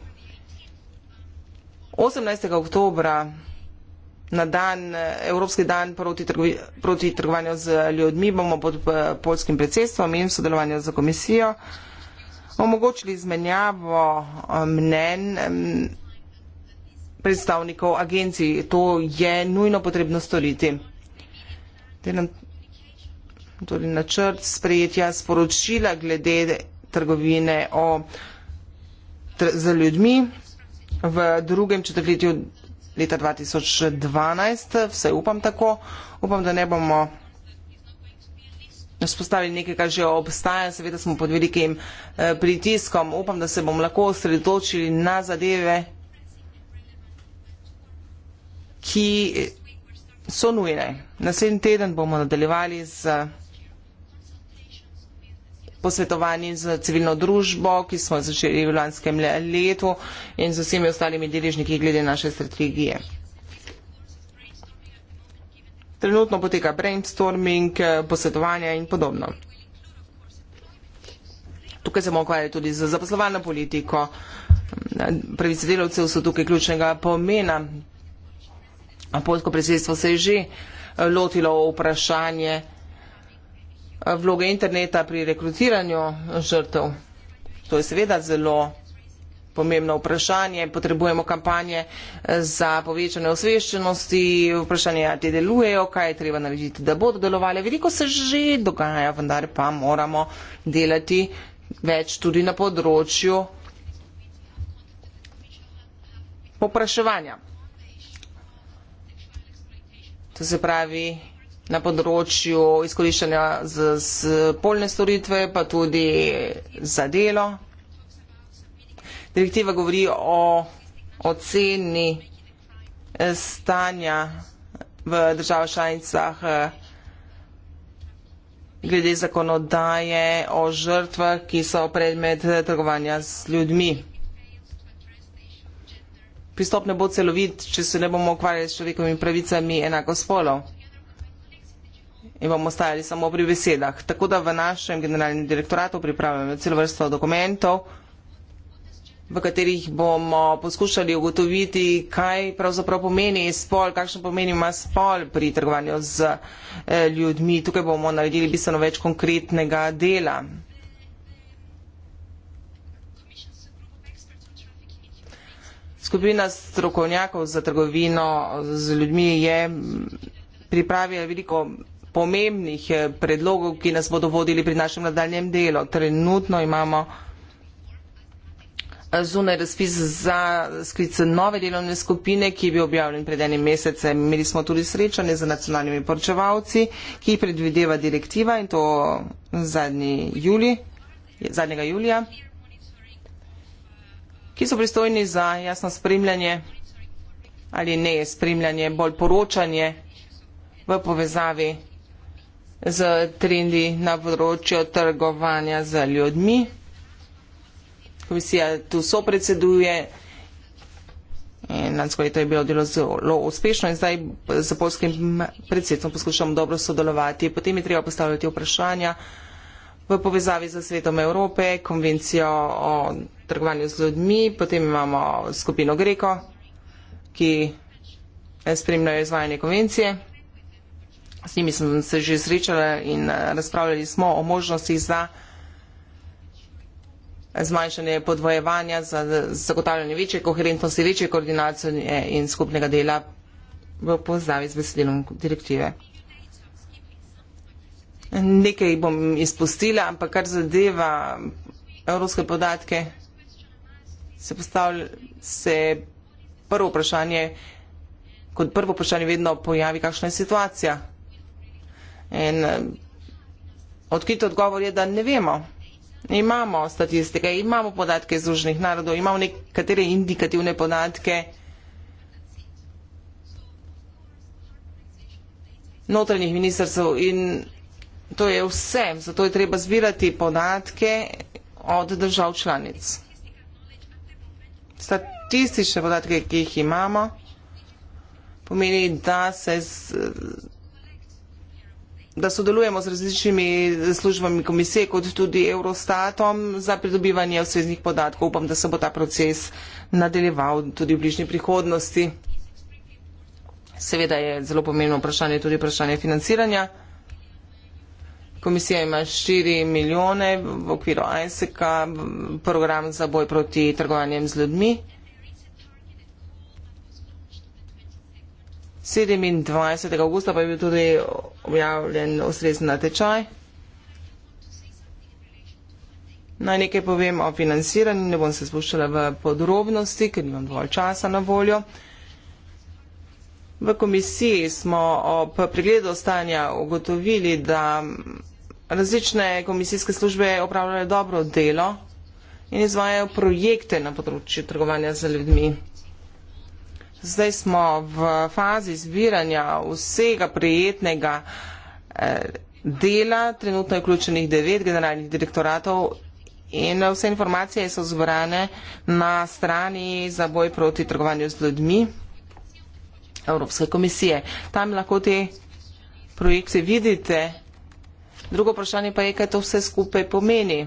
S3: 18. oktobra na dan, Evropski dan proti, trgovi, proti trgovanju z ljudmi bomo pod eh, polskim predsedstvom in sodelovanju z komisijo omogočili izmenjavo eh, mnen predstavnikov agencij. To je nujno potrebno storiti torej načrt sprejetja sporočila glede trgovine o, tr, z ljudmi v drugem četrtletju leta 2012, vse upam tako, upam, da ne bomo spostavili nekaj, kar že obstaja, seveda smo pod velikim eh, pritiskom, upam, da se bomo lahko osredotočili na zadeve, ki eh, so nujne. Naslednji teden bomo nadaljevali z. Eh, posvetovanji z civilno družbo, ki smo začeli v lanskem letu in z vsemi ostalimi deležniki glede naše strategije. Trenutno poteka brainstorming, posvetovanja in podobno. Tukaj se bomo ukvarjali tudi z zaposlovalno politiko. Pravice delavcev so tukaj ključnega pomena. Polsko predsedstvo se je že lotilo vprašanje vloge interneta pri rekrutiranju žrtev? To je seveda zelo pomembno vprašanje. Potrebujemo kampanje eh, za povečanje osveščenosti, vprašanje, ali te delujejo, kaj je treba narediti, da bodo delovali. Veliko se že dogaja, vendar pa moramo delati več tudi na področju popraševanja. To se pravi, na področju izkoriščanja z, z polne storitve, pa tudi za delo. Direktiva govori o oceni eh, stanja v državah članicah eh, glede zakonodaje o žrtvah, ki so predmet eh, trgovanja z ljudmi. Pristop ne bo celovit, če se ne bomo ukvarjali s človekovimi pravicami enako spolov in bomo stajali samo pri besedah. Tako da v našem generalnem direktoratu pripravljamo celo vrsto dokumentov, v katerih bomo poskušali ugotoviti, kaj pravzaprav pomeni spol, kakšen pomeni ima spol pri trgovanju z eh, ljudmi. Tukaj bomo naredili bistveno več konkretnega dela. Skupina strokovnjakov za trgovino z ljudmi je pripravila veliko pomembnih eh, predlogov, ki nas bodo vodili pri našem nadaljem delu. Trenutno imamo eh, zunaj razpis za sklic nove delovne skupine, ki je bil objavljen pred enim mesecem. Imeli smo tudi srečanje z nacionalnimi poročevalci, ki predvideva direktiva in to zadnji juli, zadnjega julija, ki so pristojni za jasno spremljanje ali ne spremljanje, bolj poročanje v povezavi z trendi na področju trgovanja z ljudmi. Komisija tu so predseduje in nadskoli to je bilo delo zelo uspešno in zdaj z polskim predsednikom poskušamo dobro sodelovati. Potem je treba postavljati vprašanja v povezavi z svetom Evrope, konvencijo o trgovanju z ljudmi, potem imamo skupino Greko, ki spremljajo izvajanje konvencije. S njimi sem se že srečala in eh, razpravljali smo o možnosti za zmanjšanje podvojevanja, za zagotavljanje večje koherentnosti, večje koordinacije eh, in skupnega dela v povezavi z besedilom direktive. Nekaj bom izpustila, ampak kar zadeva evropske podatke, se postavlja se prvo vprašanje, kot prvo vprašanje vedno pojavi, kakšna je situacija. In eh, odkrit odgovor je, da ne vemo. Imamo statistike, imamo podatke iz Združenih narodov, imamo nekatere indikativne podatke, notranjih ministrstv in to je vse, zato je treba zbirati podatke od držav članic. Statistične podatke, ki jih imamo, pomeni, da se z, da sodelujemo z različnimi službami komisije, kot tudi Eurostatom za pridobivanje osveznih podatkov. Upam, da se bo ta proces nadaljeval tudi v bližnji prihodnosti. Seveda je zelo pomembno vprašanje tudi vprašanje financiranja. Komisija ima 4 milijone v okviru ISEC-a, program za boj proti trgovanjem z ljudmi. 27. augusta pa je bil tudi objavljen ustrezen natečaj. Naj nekaj povem o financiranju, ne bom se spuščala v podrobnosti, ker nimam dovolj časa na voljo. V komisiji smo ob pregledu stanja ugotovili, da različne komisijske službe opravljajo dobro delo in izvajajo projekte na področju trgovanja z ljudmi zdaj smo v fazi zbiranja vsega prijetnega eh, dela, trenutno je vključenih devet generalnih direktoratov in vse informacije so zbrane na strani za boj proti trgovanju z ljudmi Evropske komisije. Tam lahko te projekte vidite. Drugo vprašanje pa je, kaj to vse skupaj pomeni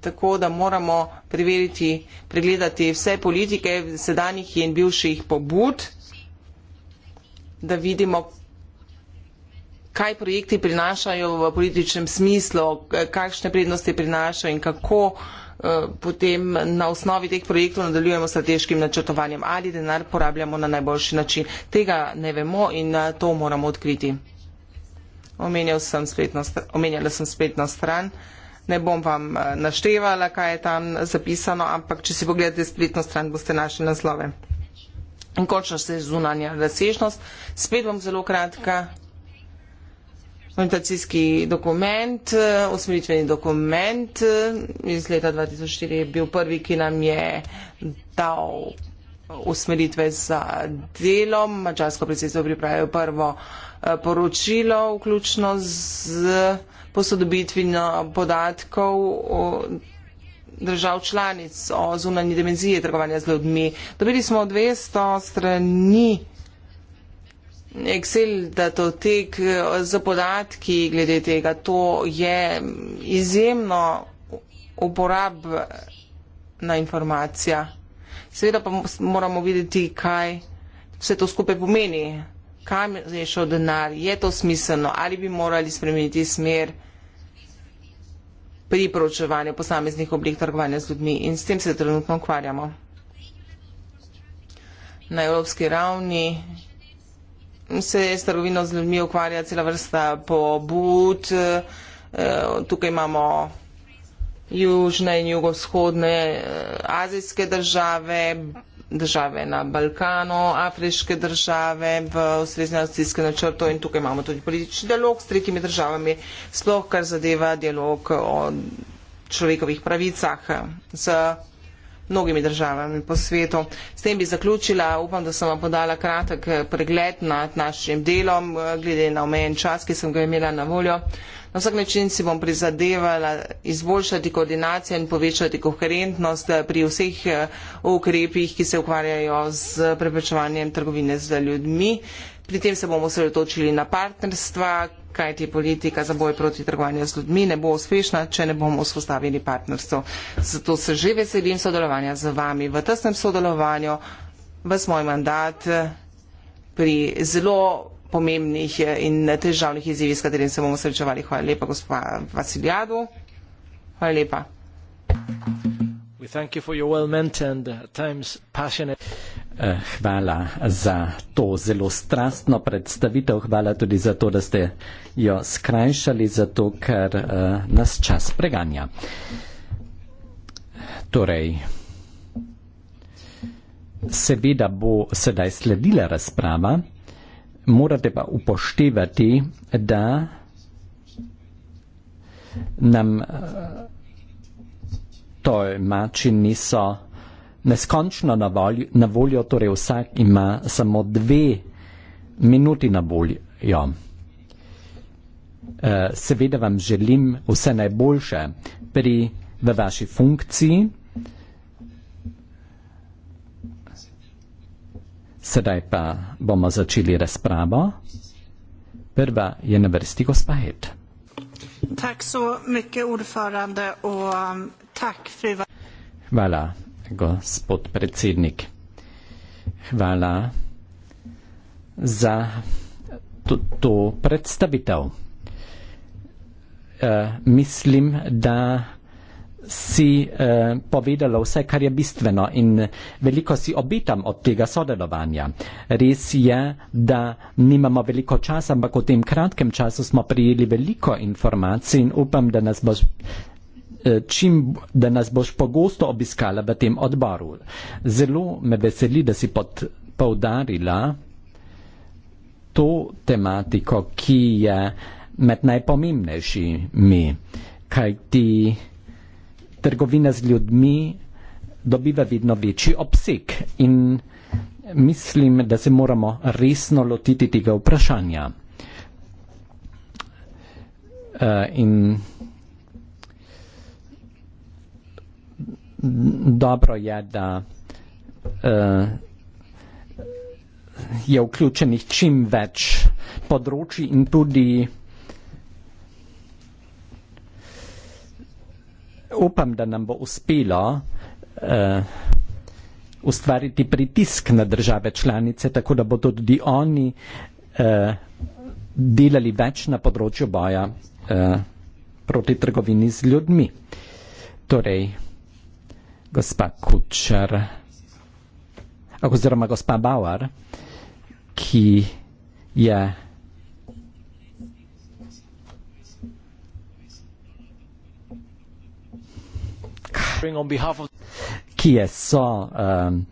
S3: tako da moramo preveriti, pregledati vse politike sedanjih in bivših pobud, da vidimo, kaj projekti prinašajo v političnem smislu, kakšne prednosti prinašajo in kako eh, potem na osnovi teh projektov nadaljujemo s strateškim načrtovanjem ali denar porabljamo na najboljši način. Tega ne vemo in eh, to moramo odkriti. Omenjala sem spletno stran. Omenjal sem spletno stran. Ne bom vam eh, naštevala, kaj je tam zapisano, ampak če si pogledate spletno stran, boste našli naslove. In končno se je zunanja razsežnost. Spet bom zelo kratka. Orientacijski dokument, usmeritveni eh, dokument eh, iz leta 2004 je bil prvi, ki nam je dal usmeritve za delo. Mačarsko predsedstvo pripravijo prvo poročilo, vključno z uh, posodobitvi podatkov držav članic o zunanji dimenziji trgovanja z ljudmi. Dobili smo 200 strani Excel datotek z podatki glede tega. To je izjemno uporabna informacija. Seveda pa moramo videti, kaj vse to skupaj pomeni kam je šel denar, je to smiselno ali bi morali spremeniti smer pri proučevanju posameznih oblik trgovanja z ljudmi in s tem se trenutno ukvarjamo. Na evropski ravni se s trgovino z ljudmi ukvarja cela vrsta pobud, e, tukaj imamo južne in jugovzhodne e, azijske države, države na Balkanu, afriške države v ustrezni nacijske načrto in tukaj imamo tudi politični dialog s tretjimi državami, sploh kar zadeva dialog o človekovih pravicah z mnogimi državami po svetu. S tem bi zaključila, upam, da sem vam podala kratek pregled nad našim delom, glede na omejen čas, ki sem ga imela na voljo. Na vsak način si bom prizadevala izboljšati koordinacijo in povečati koherentnost eh, pri vseh eh, ukrepih, ki se ukvarjajo z preprečevanjem trgovine z ljudmi. Pri tem se bomo osredotočili na partnerstva, kajti politika za boj proti trgovanju z ljudmi ne bo uspešna, če ne bomo vzpostavili partnerstvo. Zato se že veselim sodelovanja z vami v tesnem sodelovanju, v svoj mandat eh, pri zelo pomembnih eh, in eh, težavnih izzivih, s katerim se bomo srečevali. Hvala lepa, gospod Vasiljadu. Hvala lepa. Uh,
S1: eh, hvala za to zelo strastno predstavitev, hvala tudi za to, da ste jo skrajšali, zato ker uh, nas čas preganja. Torej, seveda bo sedaj sledila razprava morate pa upoštevati, da nam eh, toj mači niso neskončno na voljo, na voljo, torej vsak ima samo dve minuti na voljo. Eh, seveda vam želim vse najboljše pri v vaši funkciji. Sedaj pa bomo začeli razpravo. Prva je na vrsti gospa Het.
S3: Um,
S1: Hvala, gospod predsednik. Hvala za to, to predstavitev. Uh, mislim, da si eh, povedala vse, kar je bistveno in veliko si obetam od tega sodelovanja. Res je, da nimamo veliko časa, ampak v tem kratkem času smo prijeli veliko informacij in upam, da nas boš, eh, čim, da nas boš pogosto obiskala v tem odboru. Zelo me veseli, da si pod, povdarila to tematiko, ki je med najpomembnejšimi, kaj ti trgovine z ljudmi dobiva vedno večji obseg in mislim, da se moramo resno lotiti tega vprašanja. Uh, in dobro je, da uh, je vključenih čim več področji in tudi upam, da nam bo uspelo uh, ustvariti pritisk na države članice, tako da bodo tudi oni uh, delali več na področju boja uh, proti trgovini z ljudmi. Torej, gospa Kučar, oziroma gospa Bauer, ki je ki je so um,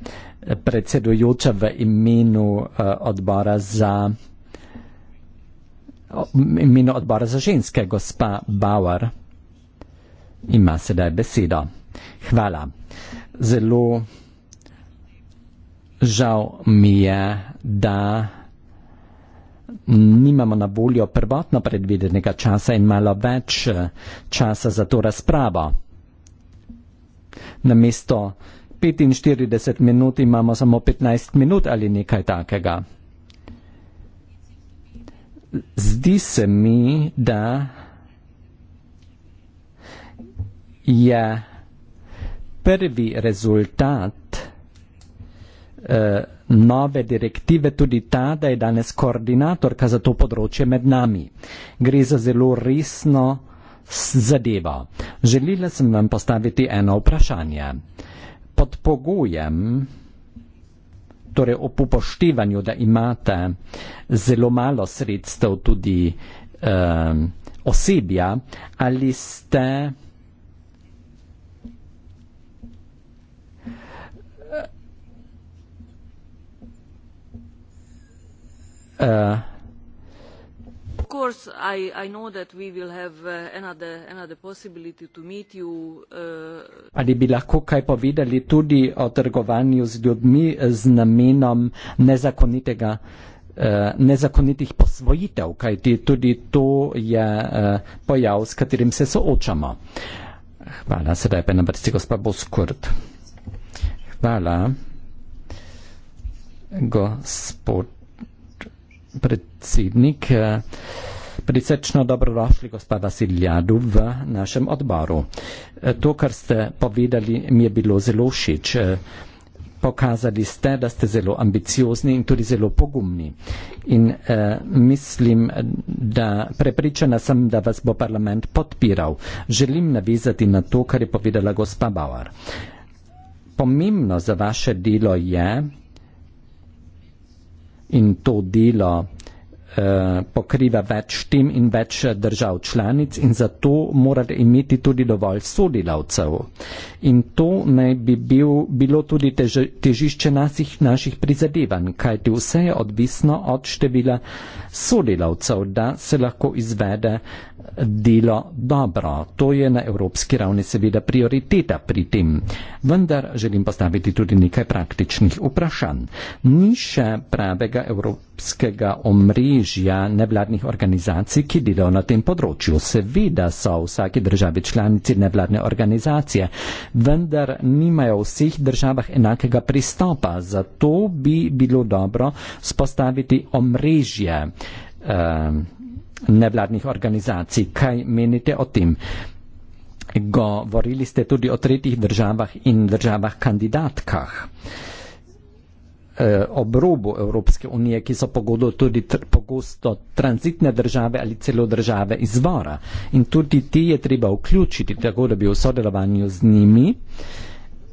S1: predsedujoča v imenu uh, odbora za imenu odbora za ženske, gospa Bauer ima sedaj besedo. Hvala. Zelo žal mi je, da nimamo na voljo prvotno predvidenega časa in malo več uh, časa za to razpravo. Na mesto 45 minut imamo samo 15 minut ali nekaj takega. Zdi se mi, da je prvi rezultat eh, nove direktive tudi ta, da je danes koordinatorka za to področje med nami. Gre za zelo resno zadevo. Želila sem vam postaviti eno vprašanje. Pod pogojem, torej ob upoštevanju, da imate zelo malo sredstev tudi eh, osebja, ali ste eh,
S3: course I, I know that we will have uh, another, another possibility to meet you. Uh... Ali bi
S1: lahko kaj povedali tudi o trgovanju z ljudmi z namenom nezakonitega eh, nezakonitih posvojitev, kajti tudi to je eh, pojav, s katerim se soočamo. Hvala, sedaj pa je na vrsti gospa Boskurt. Hvala, gospod predsednik. Eh, prisrčno dobrodošli, gospa Vasiljadu, v našem odboru. Eh, to, kar ste povedali, mi je bilo zelo všeč. Eh, pokazali ste, da ste zelo ambiciozni in tudi zelo pogumni. In eh, mislim, da prepričana sem, da vas bo parlament podpiral. Želim navezati na to, kar je povedala gospa Bauer. Pomembno za vaše delo je, in to delo eh, pokriva več tem in več eh, držav članic in zato morate imeti tudi dovolj sodelavcev. In to naj bi bil, bilo tudi težišče nasih, naših prizadevanj, kajti vse je odvisno od števila sodelavcev, da se lahko izvede delo dobro. To je na evropski ravni seveda prioriteta pri tem. Vendar želim postaviti tudi nekaj praktičnih vprašanj. Ni še pravega evropskega omrežja nevladnih organizacij, ki delajo na tem področju. Seveda so v vsaki državi članici nevladne organizacije, vendar nimajo v vseh državah enakega pristopa. Zato bi bilo dobro spostaviti omrežje. Uh, nevladnih organizacij. Kaj menite o tem? Govorili ste tudi o tretjih državah in državah kandidatkah e, ob robu Evropske unije, ki so pogodo tudi tr pogosto tranzitne države ali celo države izvora. In tudi ti je treba vključiti, tako da bi v sodelovanju z njimi eh,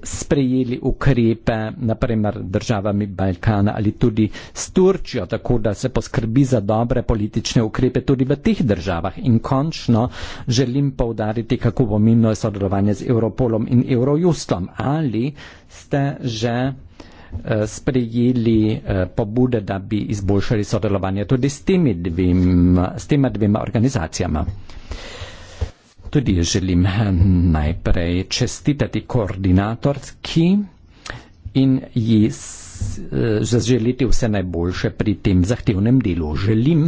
S1: sprejeli ukrepe, naprimer državami Balkana ali tudi s Turčjo, tako da se poskrbi za dobre politične ukrepe tudi v teh državah. In končno želim povdariti, kako pomembno je sodelovanje z Europolom in Eurojustom. Ali ste že eh, sprejeli eh, pobude, da bi izboljšali sodelovanje tudi s temi dvema dvem organizacijama tudi želim eh, najprej čestitati koordinatorski in ji eh, zaželiti vse najboljše pri tem zahtevnem delu. Želim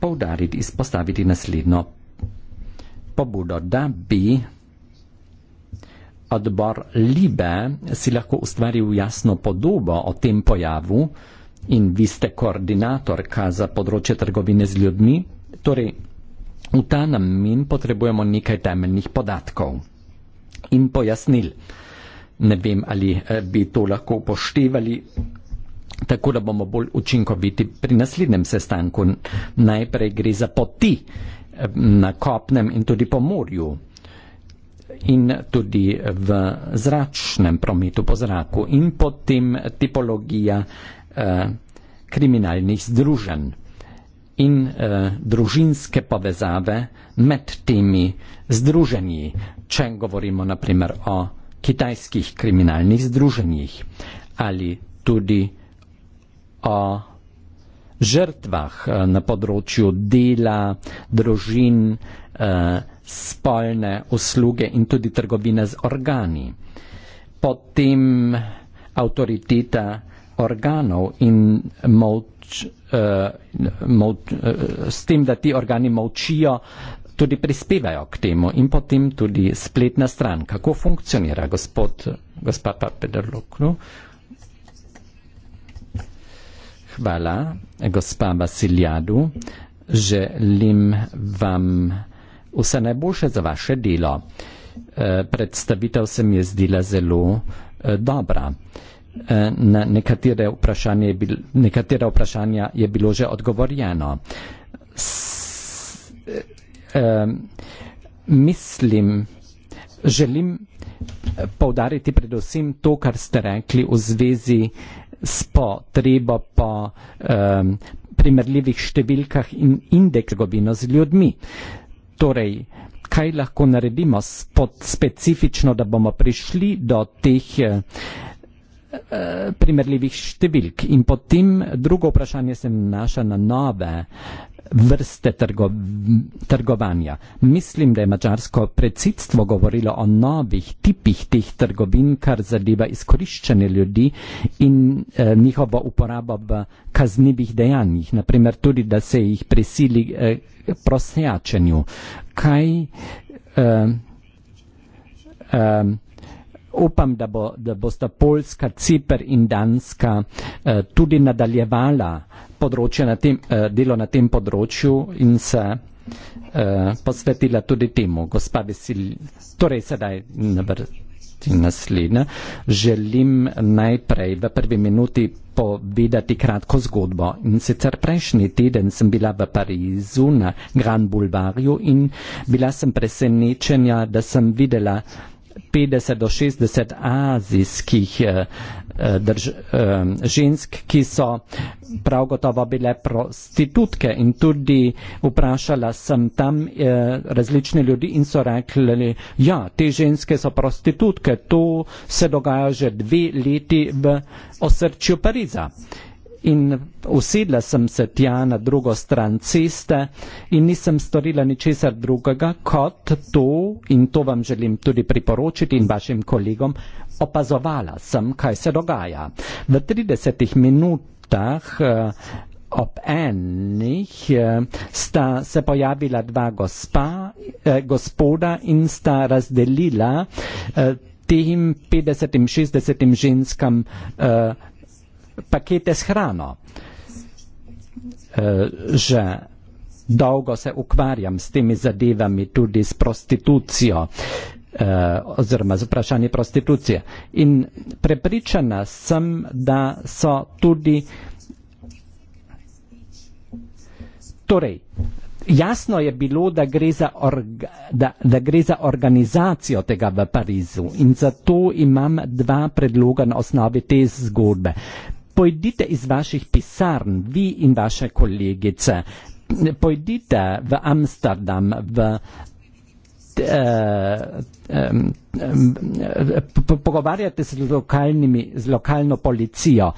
S1: poudariti, izpostaviti naslednjo pobudo, da bi odbor Libe si lahko ustvaril jasno podobo o tem pojavu in vi ste koordinatorka za področje trgovine z ljudmi, torej V ta namen potrebujemo nekaj temeljnih podatkov in pojasnil. Ne vem, ali eh, bi to lahko upoštevali, tako da bomo bolj učinkoviti pri naslednjem sestanku. Najprej gre za poti eh, na kopnem in tudi po morju in tudi v zračnem prometu po zraku in potem tipologija eh, kriminalnih združenj in uh, družinske povezave med temi združenji, če govorimo naprimer o kitajskih kriminalnih združenjih ali tudi o žrtvah uh, na področju dela, družin, uh, spolne usluge in tudi trgovine z organi. Potem avtoriteta organov in motivacij uh, molč, uh, s tem, da ti organi molčijo, tudi prispevajo k temu in potem tudi spletna stran. Kako funkcionira gospod, gospa Papedrlok? No? Hvala, gospa Vasiljadu. Želim vam vse najboljše za vaše delo. Eh, predstavitev se mi je zdela zelo dobra. Eh, na nekatere vprašanja je, bil, nekatere vprašanja je bilo že odgovorjeno. Uh, mislim, želim eh, povdariti predvsem to, kar ste rekli v zvezi s potrebo po um, primerljivih številkah in indeksovino z ljudmi. Torej, kaj lahko naredimo spod specifično, da bomo prišli do teh uh, primerljivih številk. In potem drugo vprašanje se nanaša na nove vrste trgo, trgovanja. Mislim, da je mačarsko predsedstvo govorilo o novih tipih teh trgovin, kar zadeva izkoriščanje ljudi in eh, njihovo uporabo v kaznivih dejanjih. Naprimer tudi, da se jih prisili eh, prosejačenju. Kaj eh, eh, upam, da, bo, da bosta Poljska, Cipr in Danska eh, tudi nadaljevala področje na tem, eh, delo na tem področju in se eh, posvetila tudi temu. Gospa Vesil, torej sedaj na vrsti naslednja, želim najprej v prvi minuti povedati kratko zgodbo. In sicer prejšnji teden sem bila v Parizu na Grand Boulevardju in bila sem presenečenja, da sem videla 50 do 60 azijskih eh, eh, drž, eh, žensk, ki so prav gotovo bile prostitutke in tudi vprašala sem tam eh, različne ljudi in so rekli, ja, te ženske so prostitutke, to se dogaja že dve leti v osrčju Pariza. Eh, In usedla sem se tja na drugo stran ceste in nisem storila ničesar drugega kot to, in to vam želim tudi priporočiti in vašim kolegom, opazovala sem, kaj se dogaja. V 30 minutah eh, ob enih eh, sta se pojavila dva gospa, eh, gospoda in sta razdelila eh, tem 50-60 ženskam. Eh, pakete s hrano. Eh, že dolgo se ukvarjam s temi zadevami, tudi s prostitucijo eh, oziroma z vprašanjem prostitucije. In prepričana sem, da so tudi. Torej, jasno je bilo, da gre, za orga, da, da gre za organizacijo tega v Parizu in zato imam dva predloga na osnovi te zgodbe pojdite iz vaših pisarn, vi in vaše kolegice, pojdite v Amsterdam, v eh, Pogovarjate se z, lokalnimi, z lokalno policijo,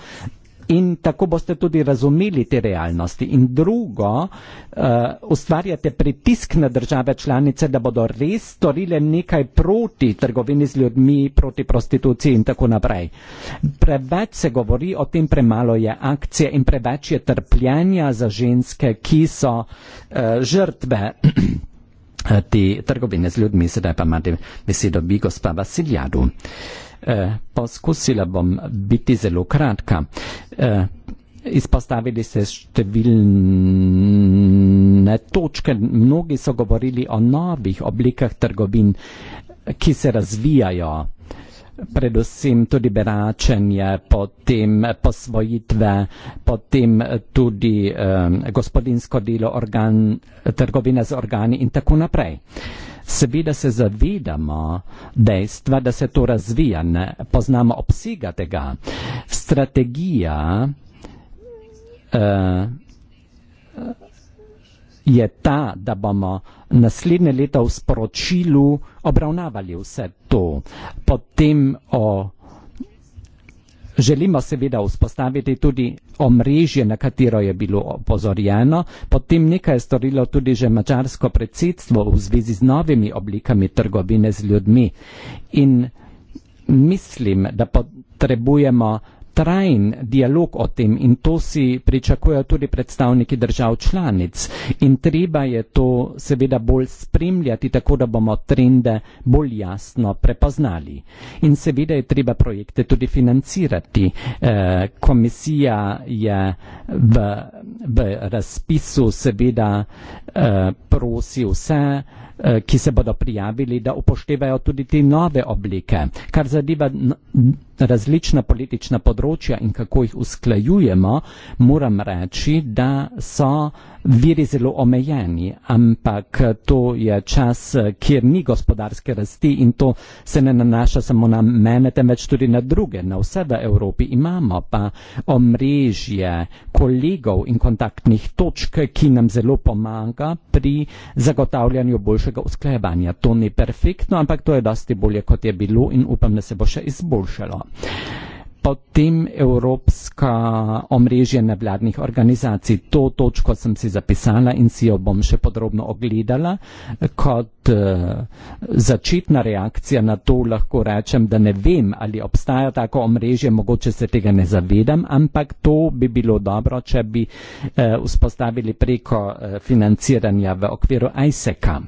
S1: in tako boste tudi razumeli te realnosti. In drugo, eh, ustvarjate pritisk na države članice, da bodo res storile nekaj proti trgovini z ljudmi, proti prostituciji in tako naprej. Preveč se govori o tem, premalo je akcije in preveč je trpljenja za ženske, ki so eh, žrtve <clears throat> te trgovine z ljudmi. Sedaj pa imate besedo vi, gospa Vasiljadu. Eh, poskusila bom biti zelo kratka. Eh, izpostavili se številne točke, mnogi so govorili o novih oblikah trgovin, ki se razvijajo, predvsem tudi beračenje, potem posvojitve, potem tudi eh, gospodinsko delo, organ, trgovina z organi in tako naprej. Eh, Seveda se zavedamo dejstva, da se to razvija, ne? poznamo obsega tega. Strategija uh, je ta, da bomo naslednje leto v sporočilu obravnavali vse to, potem o. Uh, Želimo seveda vzpostaviti tudi omrežje, na katero je bilo opozorjeno. Potem nekaj je storilo tudi že mačarsko predsedstvo v zvezi z novimi oblikami trgovine z ljudmi. In mislim, da potrebujemo trajen dialog o tem in to si pričakujejo tudi predstavniki držav članic. In treba je to seveda bolj spremljati, tako da bomo trende bolj jasno prepoznali. In seveda je treba projekte tudi financirati. E, komisija je v, v razpisu seveda e, prosi vse, Eh, ki se bodo prijavili, da upoštevajo tudi te nove oblike, kar zadeva različna politična področja in kako jih usklajujemo, moram reči, da so Viri zelo omejeni, ampak eh, to je čas, eh, kjer ni gospodarske rasti in to se ne nanaša samo na mene, temveč tudi na druge, na vse v Evropi. Imamo pa omrežje kolegov in kontaktnih točk, ki nam zelo pomaga pri zagotavljanju boljšega usklejevanja. To ni perfektno, ampak to je dosti bolje, kot je bilo in upam, da se bo še izboljšalo potem Evropska omrežje nevladnih organizacij. To točko sem si zapisala in si jo bom še podrobno ogledala. Kot eh, začetna reakcija na to lahko rečem, da ne vem, ali obstaja tako omrežje, mogoče se tega ne zavedam, ampak to bi bilo dobro, če bi eh, vzpostavili preko eh, financiranja v okviru ISEK-a.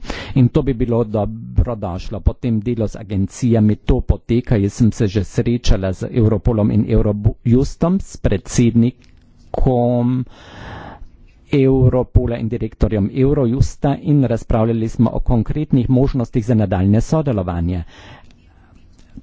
S1: In to bi bilo dobro dobrodošlo. Po tem delu z agencijami to poteka. Jaz sem se že srečala z Europolom in Eurojustom, s predsednikom Europola in direktorjem Eurojusta in razpravljali smo o konkretnih možnostih za nadaljne sodelovanje.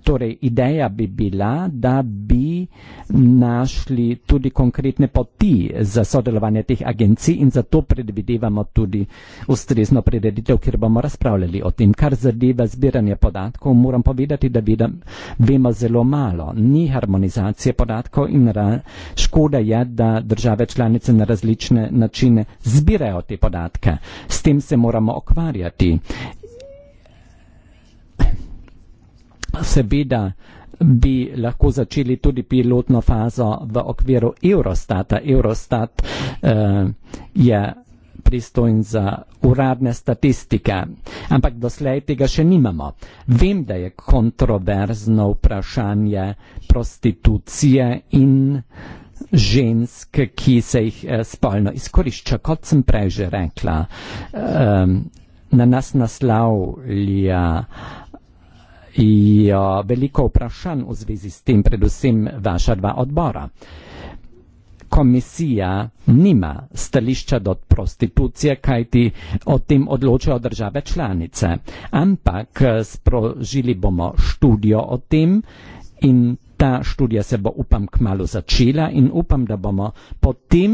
S1: Torej, ideja bi bila, da bi našli tudi konkretne poti za sodelovanje teh agencij in zato predvidevamo tudi ustrezno prededitev, kjer bomo razpravljali o tem. Kar zadeva zbiranje podatkov, moram povedati, da vedem, vemo zelo malo. Ni harmonizacije podatkov in ra, škoda je, da države članice na različne načine zbirajo te podatke. S tem se moramo okvarjati. Seveda bi lahko začeli tudi pilotno fazo v okviru Eurostata. Eurostat eh, je pristojn za uradne statistike, ampak doslej tega še nimamo. Vem, da je kontroverzno vprašanje prostitucije in žensk, ki se jih eh, spolno izkorišča, kot sem prej že rekla, eh, na nas naslavlja. Eh, je ja, veliko vprašanj v zvezi s tem, predvsem vaša dva odbora. Komisija nima stališča do prostitucije, kajti o tem odločajo države članice. Ampak eh, sprožili bomo študijo o tem in ta študija se bo, upam, kmalo začela in upam, da bomo potem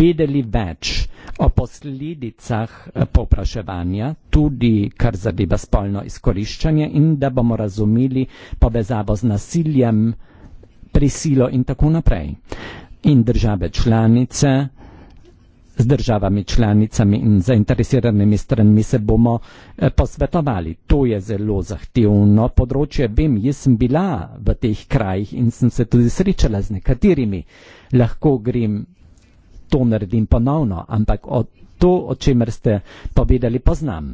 S1: vedeli več o posledicah eh, popraševanja, tudi kar zadeva spolno izkoriščanje in da bomo razumeli povezavo z nasiljem, prisilo in tako naprej. In države članice z državami članicami in zainteresiranimi stranmi se bomo eh, posvetovali. To je zelo zahtevno področje. Vem, jaz sem bila v teh krajih in sem se tudi srečala z nekaterimi. Lahko grem, to naredim ponovno, ampak o to, o čemer ste povedali, poznam.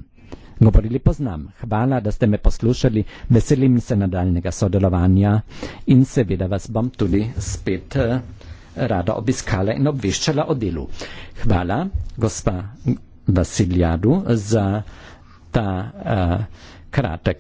S1: Govorili poznam. Hvala, da ste me poslušali. Veselim se nadaljnega sodelovanja in seveda vas bom tudi spet. Uh, rada obiskala in obveščala o delu. Hvala, gospa Vasiljadu, za ta uh, kratek